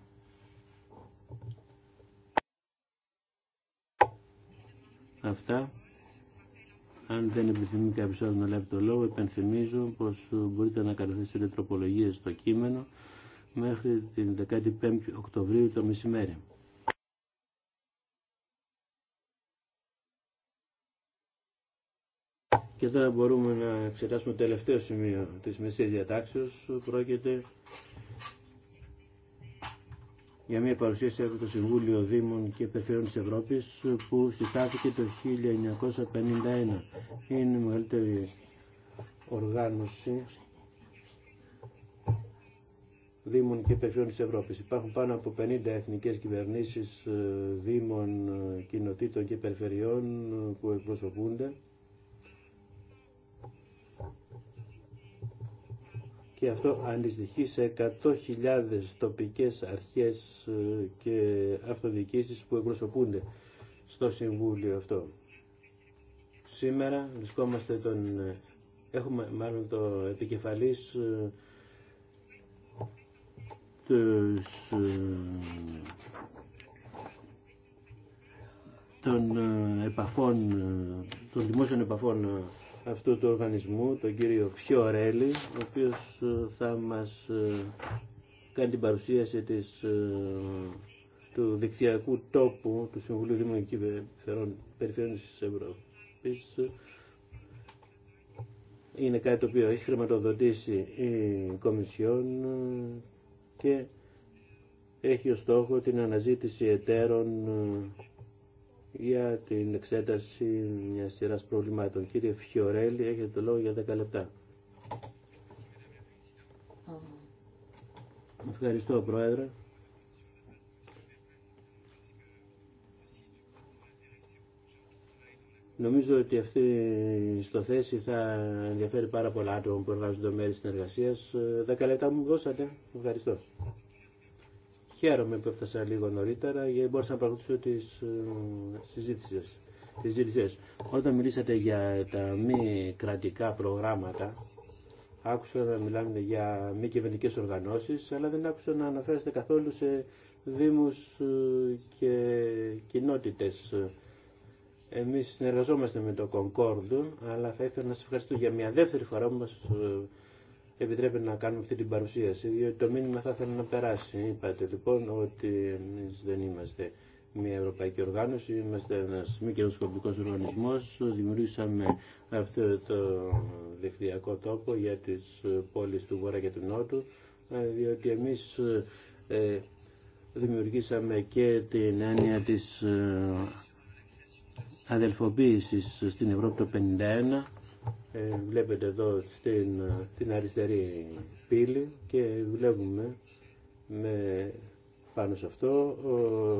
Αυτά. Αν δεν επιθυμεί κάποιο άλλο να λάβει το λόγο, επενθυμίζω πως μπορείτε να καταθέσετε τροπολογίες στο κείμενο μέχρι την 15η Οκτωβρίου το μεσημέρι. Και τώρα μπορούμε να εξετάσουμε το τελευταίο σημείο της μεσαίας διατάξεως. Πρόκειται για μια παρουσίαση από το Συμβούλιο Δήμων και Περιφερειών της Ευρώπης που συστάθηκε το 1951. Είναι η μεγαλύτερη οργάνωση Δήμων και Περιφερειών της Ευρώπης. Υπάρχουν πάνω από 50 εθνικές κυβερνήσεις ε, Δήμων, ε, Κοινοτήτων και Περιφερειών ε, που εκπροσωπούνται και αυτό αντιστοιχεί σε 100.000 τοπικές αρχές ε, και αυτοδιοίκησεις που εκπροσωπούνται στο Συμβούλιο αυτό. Σήμερα βρισκόμαστε τον... Ε, έχουμε μάλλον το επικεφαλής ε, των επαφών, των δημόσιων επαφών αυτού του οργανισμού, τον κύριο Φιωρέλη, ο οποίος ε, θα μας ε, κάνει την παρουσίαση της, ε, του δικτυακού τόπου του Συμβουλίου Δημοτικής περιφέρειας της Ευρώπης. Είναι κάτι το οποίο έχει χρηματοδοτήσει η Κομισιόν και έχει ως στόχο την αναζήτηση εταίρων για την εξέταση μιας σειράς προβλημάτων. Κύριε Φιωρέλη, έχετε το λόγο για 10 λεπτά. Ευχαριστώ, Πρόεδρε. Νομίζω ότι αυτή στο θέση θα ενδιαφέρει πάρα πολλά άτομα που εργάζονται μέρη συνεργασία. Δέκα λεπτά μου δώσατε. Ευχαριστώ. Χαίρομαι που έφτασα λίγο νωρίτερα γιατί μπορούσα να παρακολουθήσω τις ε, συζήτησε. Τις Όταν μιλήσατε για τα μη κρατικά προγράμματα, άκουσα να μιλάμε για μη κυβερνικέ οργανώσεις, αλλά δεν άκουσα να αναφέρεστε καθόλου σε δήμους ε, και κοινότητες. Εμείς συνεργαζόμαστε με το Concord, αλλά θα ήθελα να σας ευχαριστώ για μια δεύτερη φορά που μας ε, επιτρέπεται να κάνουμε αυτή την παρουσίαση, διότι το μήνυμα θα ήθελα να περάσει. Είπατε λοιπόν ότι εμεί δεν είμαστε μια ευρωπαϊκή οργάνωση, είμαστε ένα μη κερδοσκοπικό οργανισμό. Δημιουργήσαμε αυτό το δικτυακό τόπο για τι πόλει του Βόρεια και του Νότου, ε, διότι εμεί ε, δημιουργήσαμε και την έννοια της ε, αδελφοποίησης στην Ευρώπη το 1951 ε, βλέπετε εδώ στην, την αριστερή πύλη και δουλεύουμε με πάνω σε αυτό.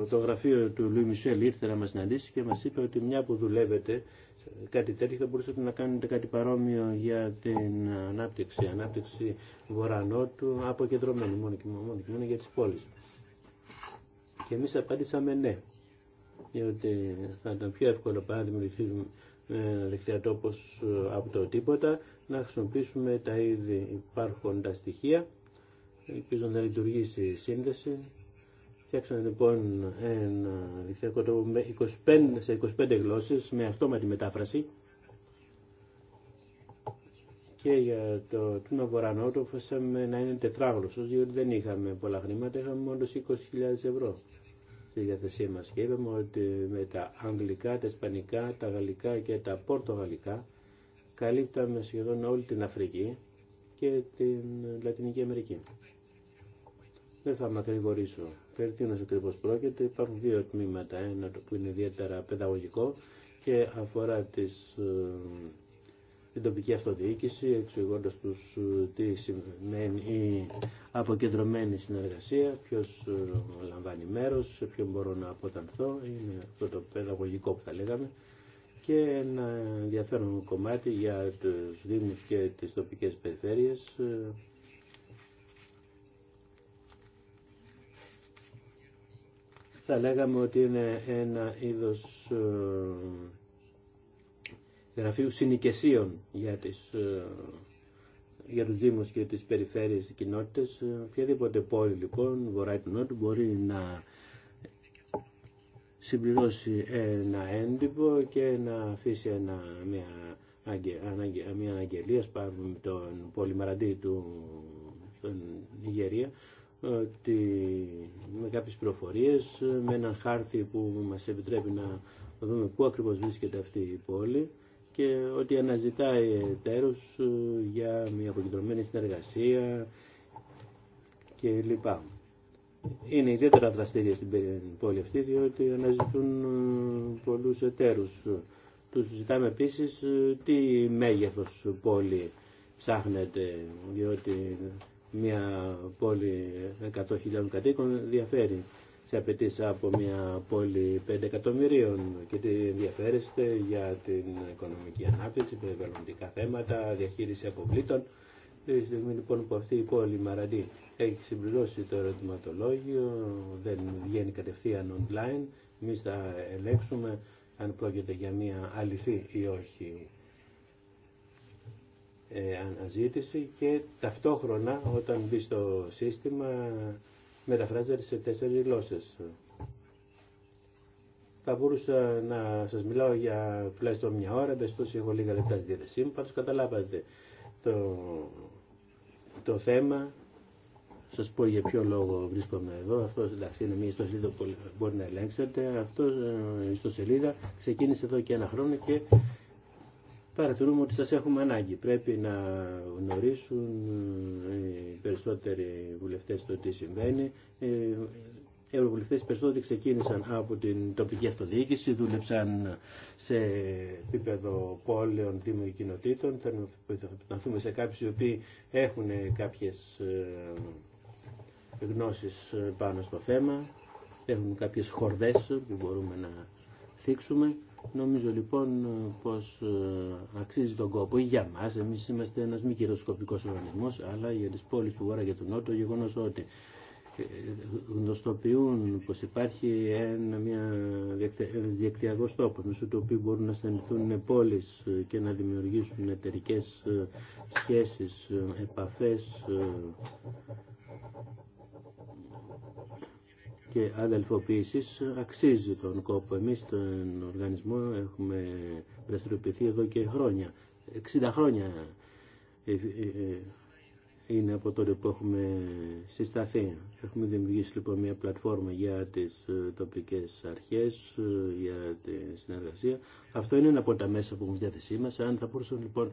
Το γραφείο του Λουί Μισελ ήρθε να μας συναντήσει και μας είπε ότι μια που δουλεύετε κάτι τέτοιο θα μπορούσατε να κάνετε κάτι παρόμοιο για την ανάπτυξη, ανάπτυξη βορανότου αποκεντρωμένη μόνο και μόνο, και μόνο για τις πόλεις. Και εμείς απάντησαμε ναι, διότι θα ήταν πιο εύκολο παράδειγμα ε, δεκτή όπως ε, από το τίποτα, να χρησιμοποιήσουμε τα ήδη υπάρχοντα στοιχεία. Ελπίζω να λειτουργήσει η σύνδεση. Φτιάξαμε λοιπόν ένα τόπο 25, σε 25 γλώσσες με αυτόματη μετάφραση και για το τμήμα Βορανό το να είναι τετράγλωσσος διότι δεν είχαμε πολλά χρήματα, είχαμε μόλις 20.000 ευρώ στη διαθεσή μας και είπαμε ότι με τα αγγλικά, τα ισπανικά, τα γαλλικά και τα πορτογαλικά καλύπταμε σχεδόν όλη την Αφρική και την Λατινική Αμερική. Δεν θα μακρηγορήσω. Περί τίνος ακριβώ πρόκειται. Υπάρχουν δύο τμήματα, ένα που είναι ιδιαίτερα παιδαγωγικό και αφορά τις ε, την τοπική αυτοδιοίκηση, εξηγώντα του ε, τι σημαίνει η αποκεντρωμένη συνεργασία, ποιο ε, λαμβάνει μέρο, σε ποιον μπορώ να αποτανθώ, είναι αυτό το παιδαγωγικό που θα λέγαμε. Και ένα ενδιαφέρον κομμάτι για τους Δήμους και τις τοπικέ περιφέρειες, ε, θα λέγαμε ότι είναι ένα είδος γραφείου συνοικεσίων για, τις, ε, για τους Δήμους και τις περιφέρειες και κοινότητες. Ε, οποιαδήποτε πόλη λοιπόν, βορρά του νότου, μπορεί να συμπληρώσει ένα έντυπο και να αφήσει ένα, μια, μια αναγγελία πάρουμε τον πολυμαραντή του στην Νιγερία ότι με κάποιες πληροφορίες, με έναν χάρτη που μας επιτρέπει να δούμε πού ακριβώς βρίσκεται αυτή η πόλη και ότι αναζητάει εταίρους ε, για μια αποκεντρωμένη συνεργασία κλπ. Είναι ιδιαίτερα δραστήρια στην πόλη αυτή διότι αναζητούν ε, πολλούς εταίρους. Τους ζητάμε επίσης ε, τι μέγεθος πόλη ψάχνεται διότι μια πόλη 100.000 κατοίκων διαφέρει τι από μια πόλη 5 εκατομμυρίων και τι ενδιαφέρεστε για την οικονομική ανάπτυξη, περιβαλλοντικά θέματα, διαχείριση αποβλήτων. Τη λοιπόν που αυτή η πόλη Μαραντή έχει συμπληρώσει το ερωτηματολόγιο, δεν βγαίνει κατευθείαν online, εμεί θα ελέγξουμε αν πρόκειται για μια αληθή ή όχι ε, αναζήτηση και ταυτόχρονα όταν μπει στο σύστημα Μεταφράζεται σε τέσσερις γλώσσες. Θα μπορούσα να σας μιλάω για τουλάχιστον μια ώρα, εμπεστώς έχω λίγα λεπτά στη διάθεσή μου, πάντως καταλάβατε το, το θέμα. Σας πω για ποιο λόγο βρίσκομαι εδώ. Αυτό εντάξει είναι μια ιστοσελίδα που μπορεί να ελέγξετε. Αυτό η ε, ιστοσελίδα ξεκίνησε εδώ και ένα χρόνο και παρατηρούμε ότι σας έχουμε ανάγκη. Πρέπει να γνωρίσουν ε, οι περισσότεροι βουλευτές το τι συμβαίνει. Ε, οι ευρωβουλευτές περισσότεροι ξεκίνησαν από την τοπική αυτοδιοίκηση, δούλεψαν σε επίπεδο πόλεων, δήμων και κοινοτήτων. Θα δούμε σε κάποιους οι οποίοι έχουν κάποιες ε, γνώσεις πάνω στο θέμα, έχουν κάποιες χορδές που μπορούμε να θίξουμε Νομίζω λοιπόν πως ε, αξίζει τον κόπο για μας, εμείς είμαστε ένας μη κυροσκοπικός οργανισμός, αλλά για τις πόλεις του ώρα και του Νότου, γεγονός ότι ε, γνωστοποιούν πως υπάρχει ένα, μια, ένας διεκτυακός τόπος μέσω του οποίου μπορούν να στενηθούν πόλεις ε, και να δημιουργήσουν εταιρικέ σχέσεις, επαφές και αδελφοποίησης αξίζει τον κόπο. Εμείς στον οργανισμό έχουμε δραστηριοποιηθεί εδώ και χρόνια. 60 χρόνια ε, ε, ε, είναι από τότε που έχουμε συσταθεί. Έχουμε δημιουργήσει λοιπόν μια πλατφόρμα για τις τοπικές αρχές, για τη συνεργασία. Αυτό είναι ένα από τα μέσα που έχουμε διάθεσή μας. Αν θα μπορούσαμε λοιπόν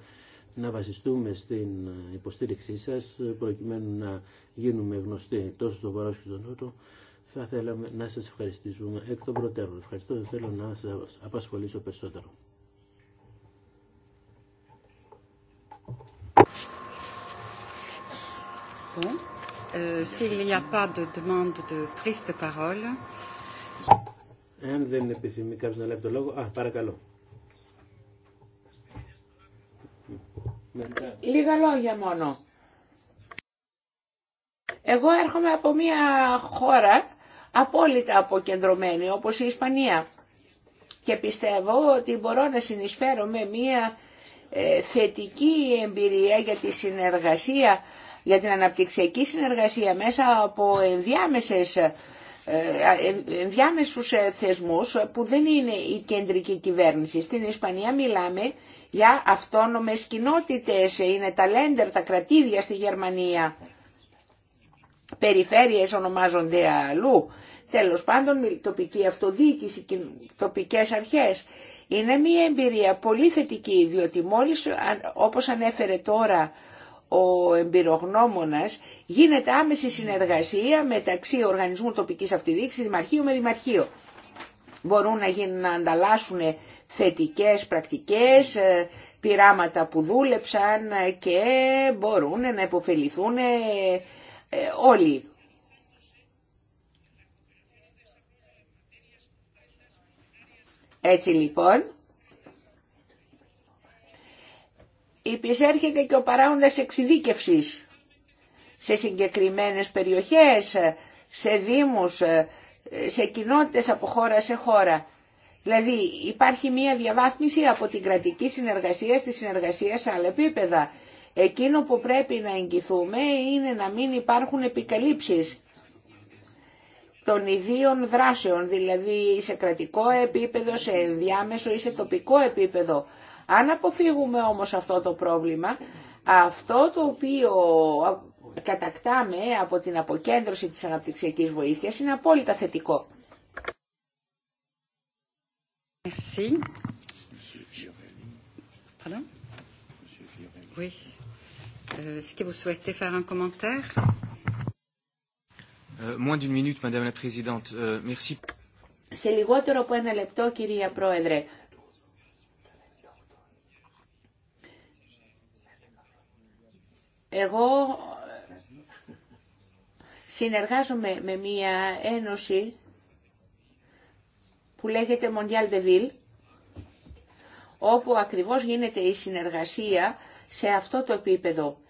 να βασιστούμε στην υποστήριξή σας προκειμένου να γίνουμε γνωστοί τόσο στο βαρός και στο νότο θα θέλαμε να σας ευχαριστήσουμε εκ των προτέρων. Ευχαριστώ, δεν θέλω να σας απασχολήσω περισσότερο. Εάν euh, δεν επιθυμεί κάποιος να λέει το λόγο, α, παρακαλώ. Λίγα λόγια μόνο. Εγώ έρχομαι από μια χώρα απόλυτα αποκεντρωμένη όπως η Ισπανία. Και πιστεύω ότι μπορώ να συνεισφέρω με μία ε, θετική εμπειρία για τη συνεργασία, για την αναπτυξιακή συνεργασία μέσα από ενδιάμεσες, ε, ε, ενδιάμεσους θεσμούς που δεν είναι η κεντρική κυβέρνηση. Στην Ισπανία μιλάμε για αυτόνομες κοινότητες, είναι τα λέντερ, τα κρατήδια στη Γερμανία περιφέρειες ονομάζονται αλλού. Τέλος πάντων, τοπική αυτοδιοίκηση και τοπικές αρχές. Είναι μια εμπειρία πολύ θετική, διότι μόλις, όπως ανέφερε τώρα ο εμπειρογνώμονας, γίνεται άμεση συνεργασία μεταξύ οργανισμού τοπικής αυτοδιοίκησης, δημαρχείου με δημαρχείο. Μπορούν να, γίνουν, να ανταλλάσσουν θετικές πρακτικές, ε, πειράματα που δούλεψαν και μπορούν να υποφεληθούν ε, ε, όλοι. Έτσι λοιπόν, υπησέρχεται και ο παράγοντας εξειδίκευσης σε συγκεκριμένες περιοχές, σε δήμους, σε κοινότητες από χώρα σε χώρα. Δηλαδή υπάρχει μία διαβάθμιση από την κρατική συνεργασία στη συνεργασία σε άλλα επίπεδα. Εκείνο που πρέπει να εγγυθούμε είναι να μην υπάρχουν επικαλύψεις των ιδίων δράσεων, δηλαδή σε κρατικό επίπεδο, σε ενδιάμεσο ή σε τοπικό επίπεδο. Αν αποφύγουμε όμως αυτό το πρόβλημα, αυτό το οποίο κατακτάμε από την αποκέντρωση της αναπτυξιακής βοήθειας είναι απόλυτα θετικό. Euh, est-ce que vous souhaitez faire un commentaire euh, Moins d'une minute, Madame la Présidente. Euh, Merci. Σε λιγότερο από ένα λεπτό, κυρία Πρόεδρε. Εγώ συνεργάζομαι με μία ένωση που λέγεται Mondial de Ville, όπου ακριβώς γίνεται η συνεργασία σε αυτό το επίπεδο.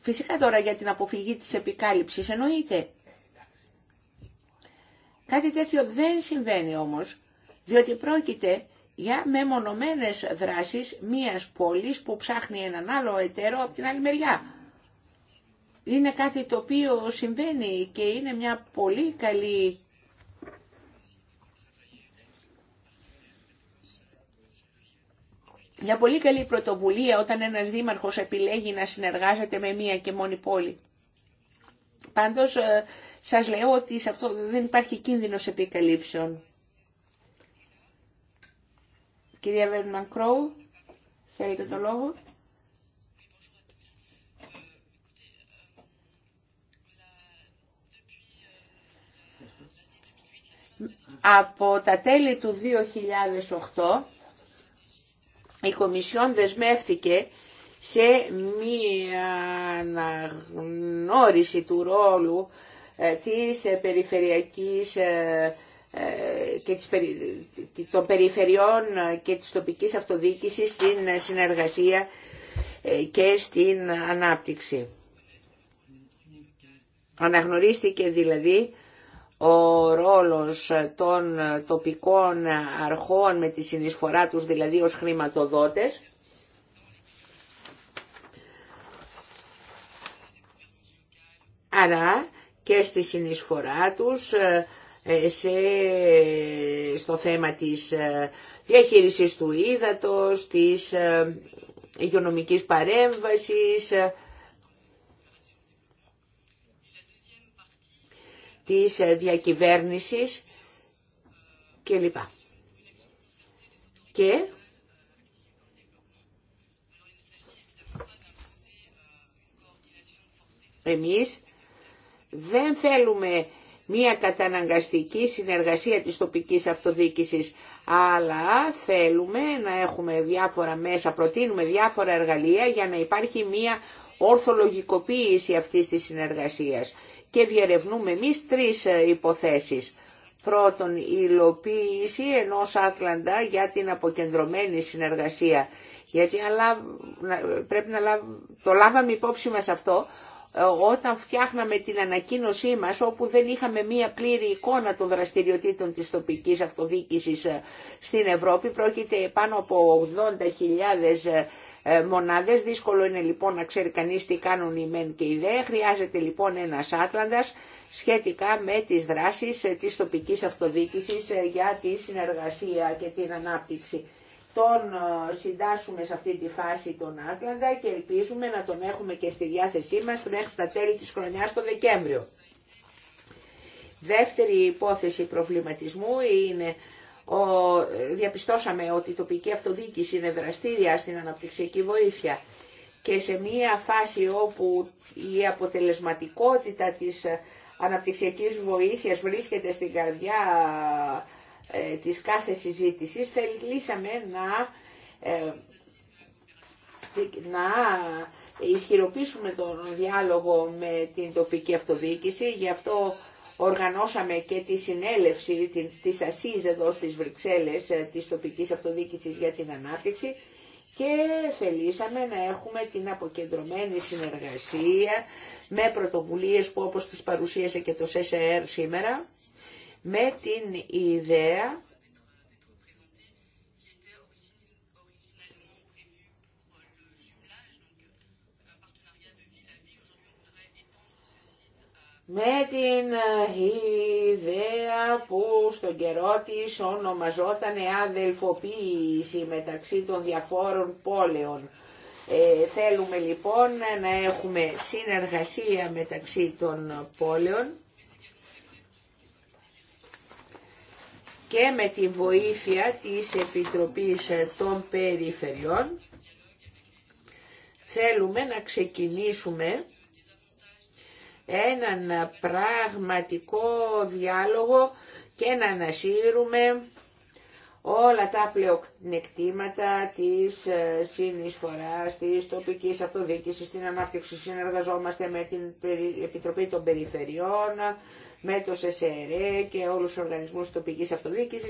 Φυσικά τώρα για την αποφυγή της επικάλυψης εννοείται. Κάτι τέτοιο δεν συμβαίνει όμως, διότι πρόκειται για μεμονωμένες δράσεις μίας πόλης που ψάχνει έναν άλλο εταίρο από την άλλη μεριά. Είναι κάτι το οποίο συμβαίνει και είναι μια πολύ καλή Μια πολύ καλή πρωτοβουλία όταν ένας δήμαρχος επιλέγει να συνεργάζεται με μία και μόνη πόλη. Πάντως ε, σας λέω ότι σε αυτό δεν υπάρχει κίνδυνος επικαλύψεων. Κυρία Βέρνμαν Κρόου, θέλετε το λόγο. Από τα τέλη του 2008 η Κομισιόν δεσμεύτηκε σε μία αναγνώριση του ρόλου ε, της ε, περιφερειακής ε, και των περιφερειών και της τοπικής αυτοδιοίκησης στην συνεργασία και στην ανάπτυξη. Αναγνωρίστηκε δηλαδή ο ρόλος των τοπικών αρχών με τη συνεισφορά τους δηλαδή ως χρηματοδότες Άρα και στη συνεισφορά τους ε, σε, στο θέμα της ε, διαχείρισης του ύδατος, της ε, υγειονομικής παρέμβασης, της ε, διακυβέρνησης κλπ. Και εμείς δεν θέλουμε μία καταναγκαστική συνεργασία της τοπικής αυτοδίκησης, αλλά θέλουμε να έχουμε διάφορα μέσα, προτείνουμε διάφορα εργαλεία για να υπάρχει μία ορθολογικοποίηση αυτής της συνεργασίας και διερευνούμε εμεί τρει ε, υποθέσεις. Πρώτον, η υλοποίηση ενός Άτλαντα για την αποκεντρωμένη συνεργασία. Γιατί πρέπει να το λάβαμε υπόψη μα αυτό όταν φτιάχναμε την ανακοίνωσή μας όπου δεν είχαμε μία πλήρη εικόνα των δραστηριοτήτων της τοπικής αυτοδιοίκησης ε, στην Ευρώπη πρόκειται πάνω από 80.000 ε, ε, μονάδες δύσκολο είναι λοιπόν να ξέρει κανείς τι κάνουν οι μεν και οι δε χρειάζεται λοιπόν ένας άτλαντας σχετικά με τις δράσεις της τοπικής αυτοδιοίκησης για τη συνεργασία και την ανάπτυξη τον ε, συντάσσουμε σε αυτή τη φάση τον Άτλαντα και ελπίζουμε να τον έχουμε και στη διάθεσή μας μέχρι τα τέλη της χρονιάς το Δεκέμβριο. Δεύτερη υπόθεση προβληματισμού είναι ο, διαπιστώσαμε ότι η τοπική αυτοδιοίκηση είναι δραστήρια στην αναπτυξιακή βοήθεια και σε μία φάση όπου η αποτελεσματικότητα της αναπτυξιακής βοήθειας βρίσκεται στην καρδιά ε, της κάθε συζήτησης θελήσαμε να, ε, να ισχυροποιήσουμε τον διάλογο με την τοπική αυτοδιοίκηση. Γι' αυτό οργανώσαμε και τη συνέλευση της ΑΣΥΣ εδώ στις Βρυξέλλες ε, της τοπικής αυτοδιοίκησης για την ανάπτυξη και θελήσαμε να έχουμε την αποκεντρωμένη συνεργασία με πρωτοβουλίες που όπως τις παρουσίασε και το ΣΕΣΕΡ σήμερα με την ιδέα με την ιδέα που στον καιρό της ονομαζόταν αδελφοποίηση μεταξύ των διαφόρων πόλεων. Ε, θέλουμε λοιπόν να έχουμε συνεργασία μεταξύ των πόλεων και με τη βοήθεια της Επιτροπής των Περιφερειών θέλουμε να ξεκινήσουμε έναν πραγματικό διάλογο και να ανασύρουμε όλα τα πλεονεκτήματα της συνεισφοράς, της τοπικής αυτοδιοίκησης, στην ανάπτυξη συνεργαζόμαστε με την Επιτροπή των Περιφερειών, με το ΣΣΕΡΕ και όλους τους οργανισμούς τοπικής αυτοδιοίκησης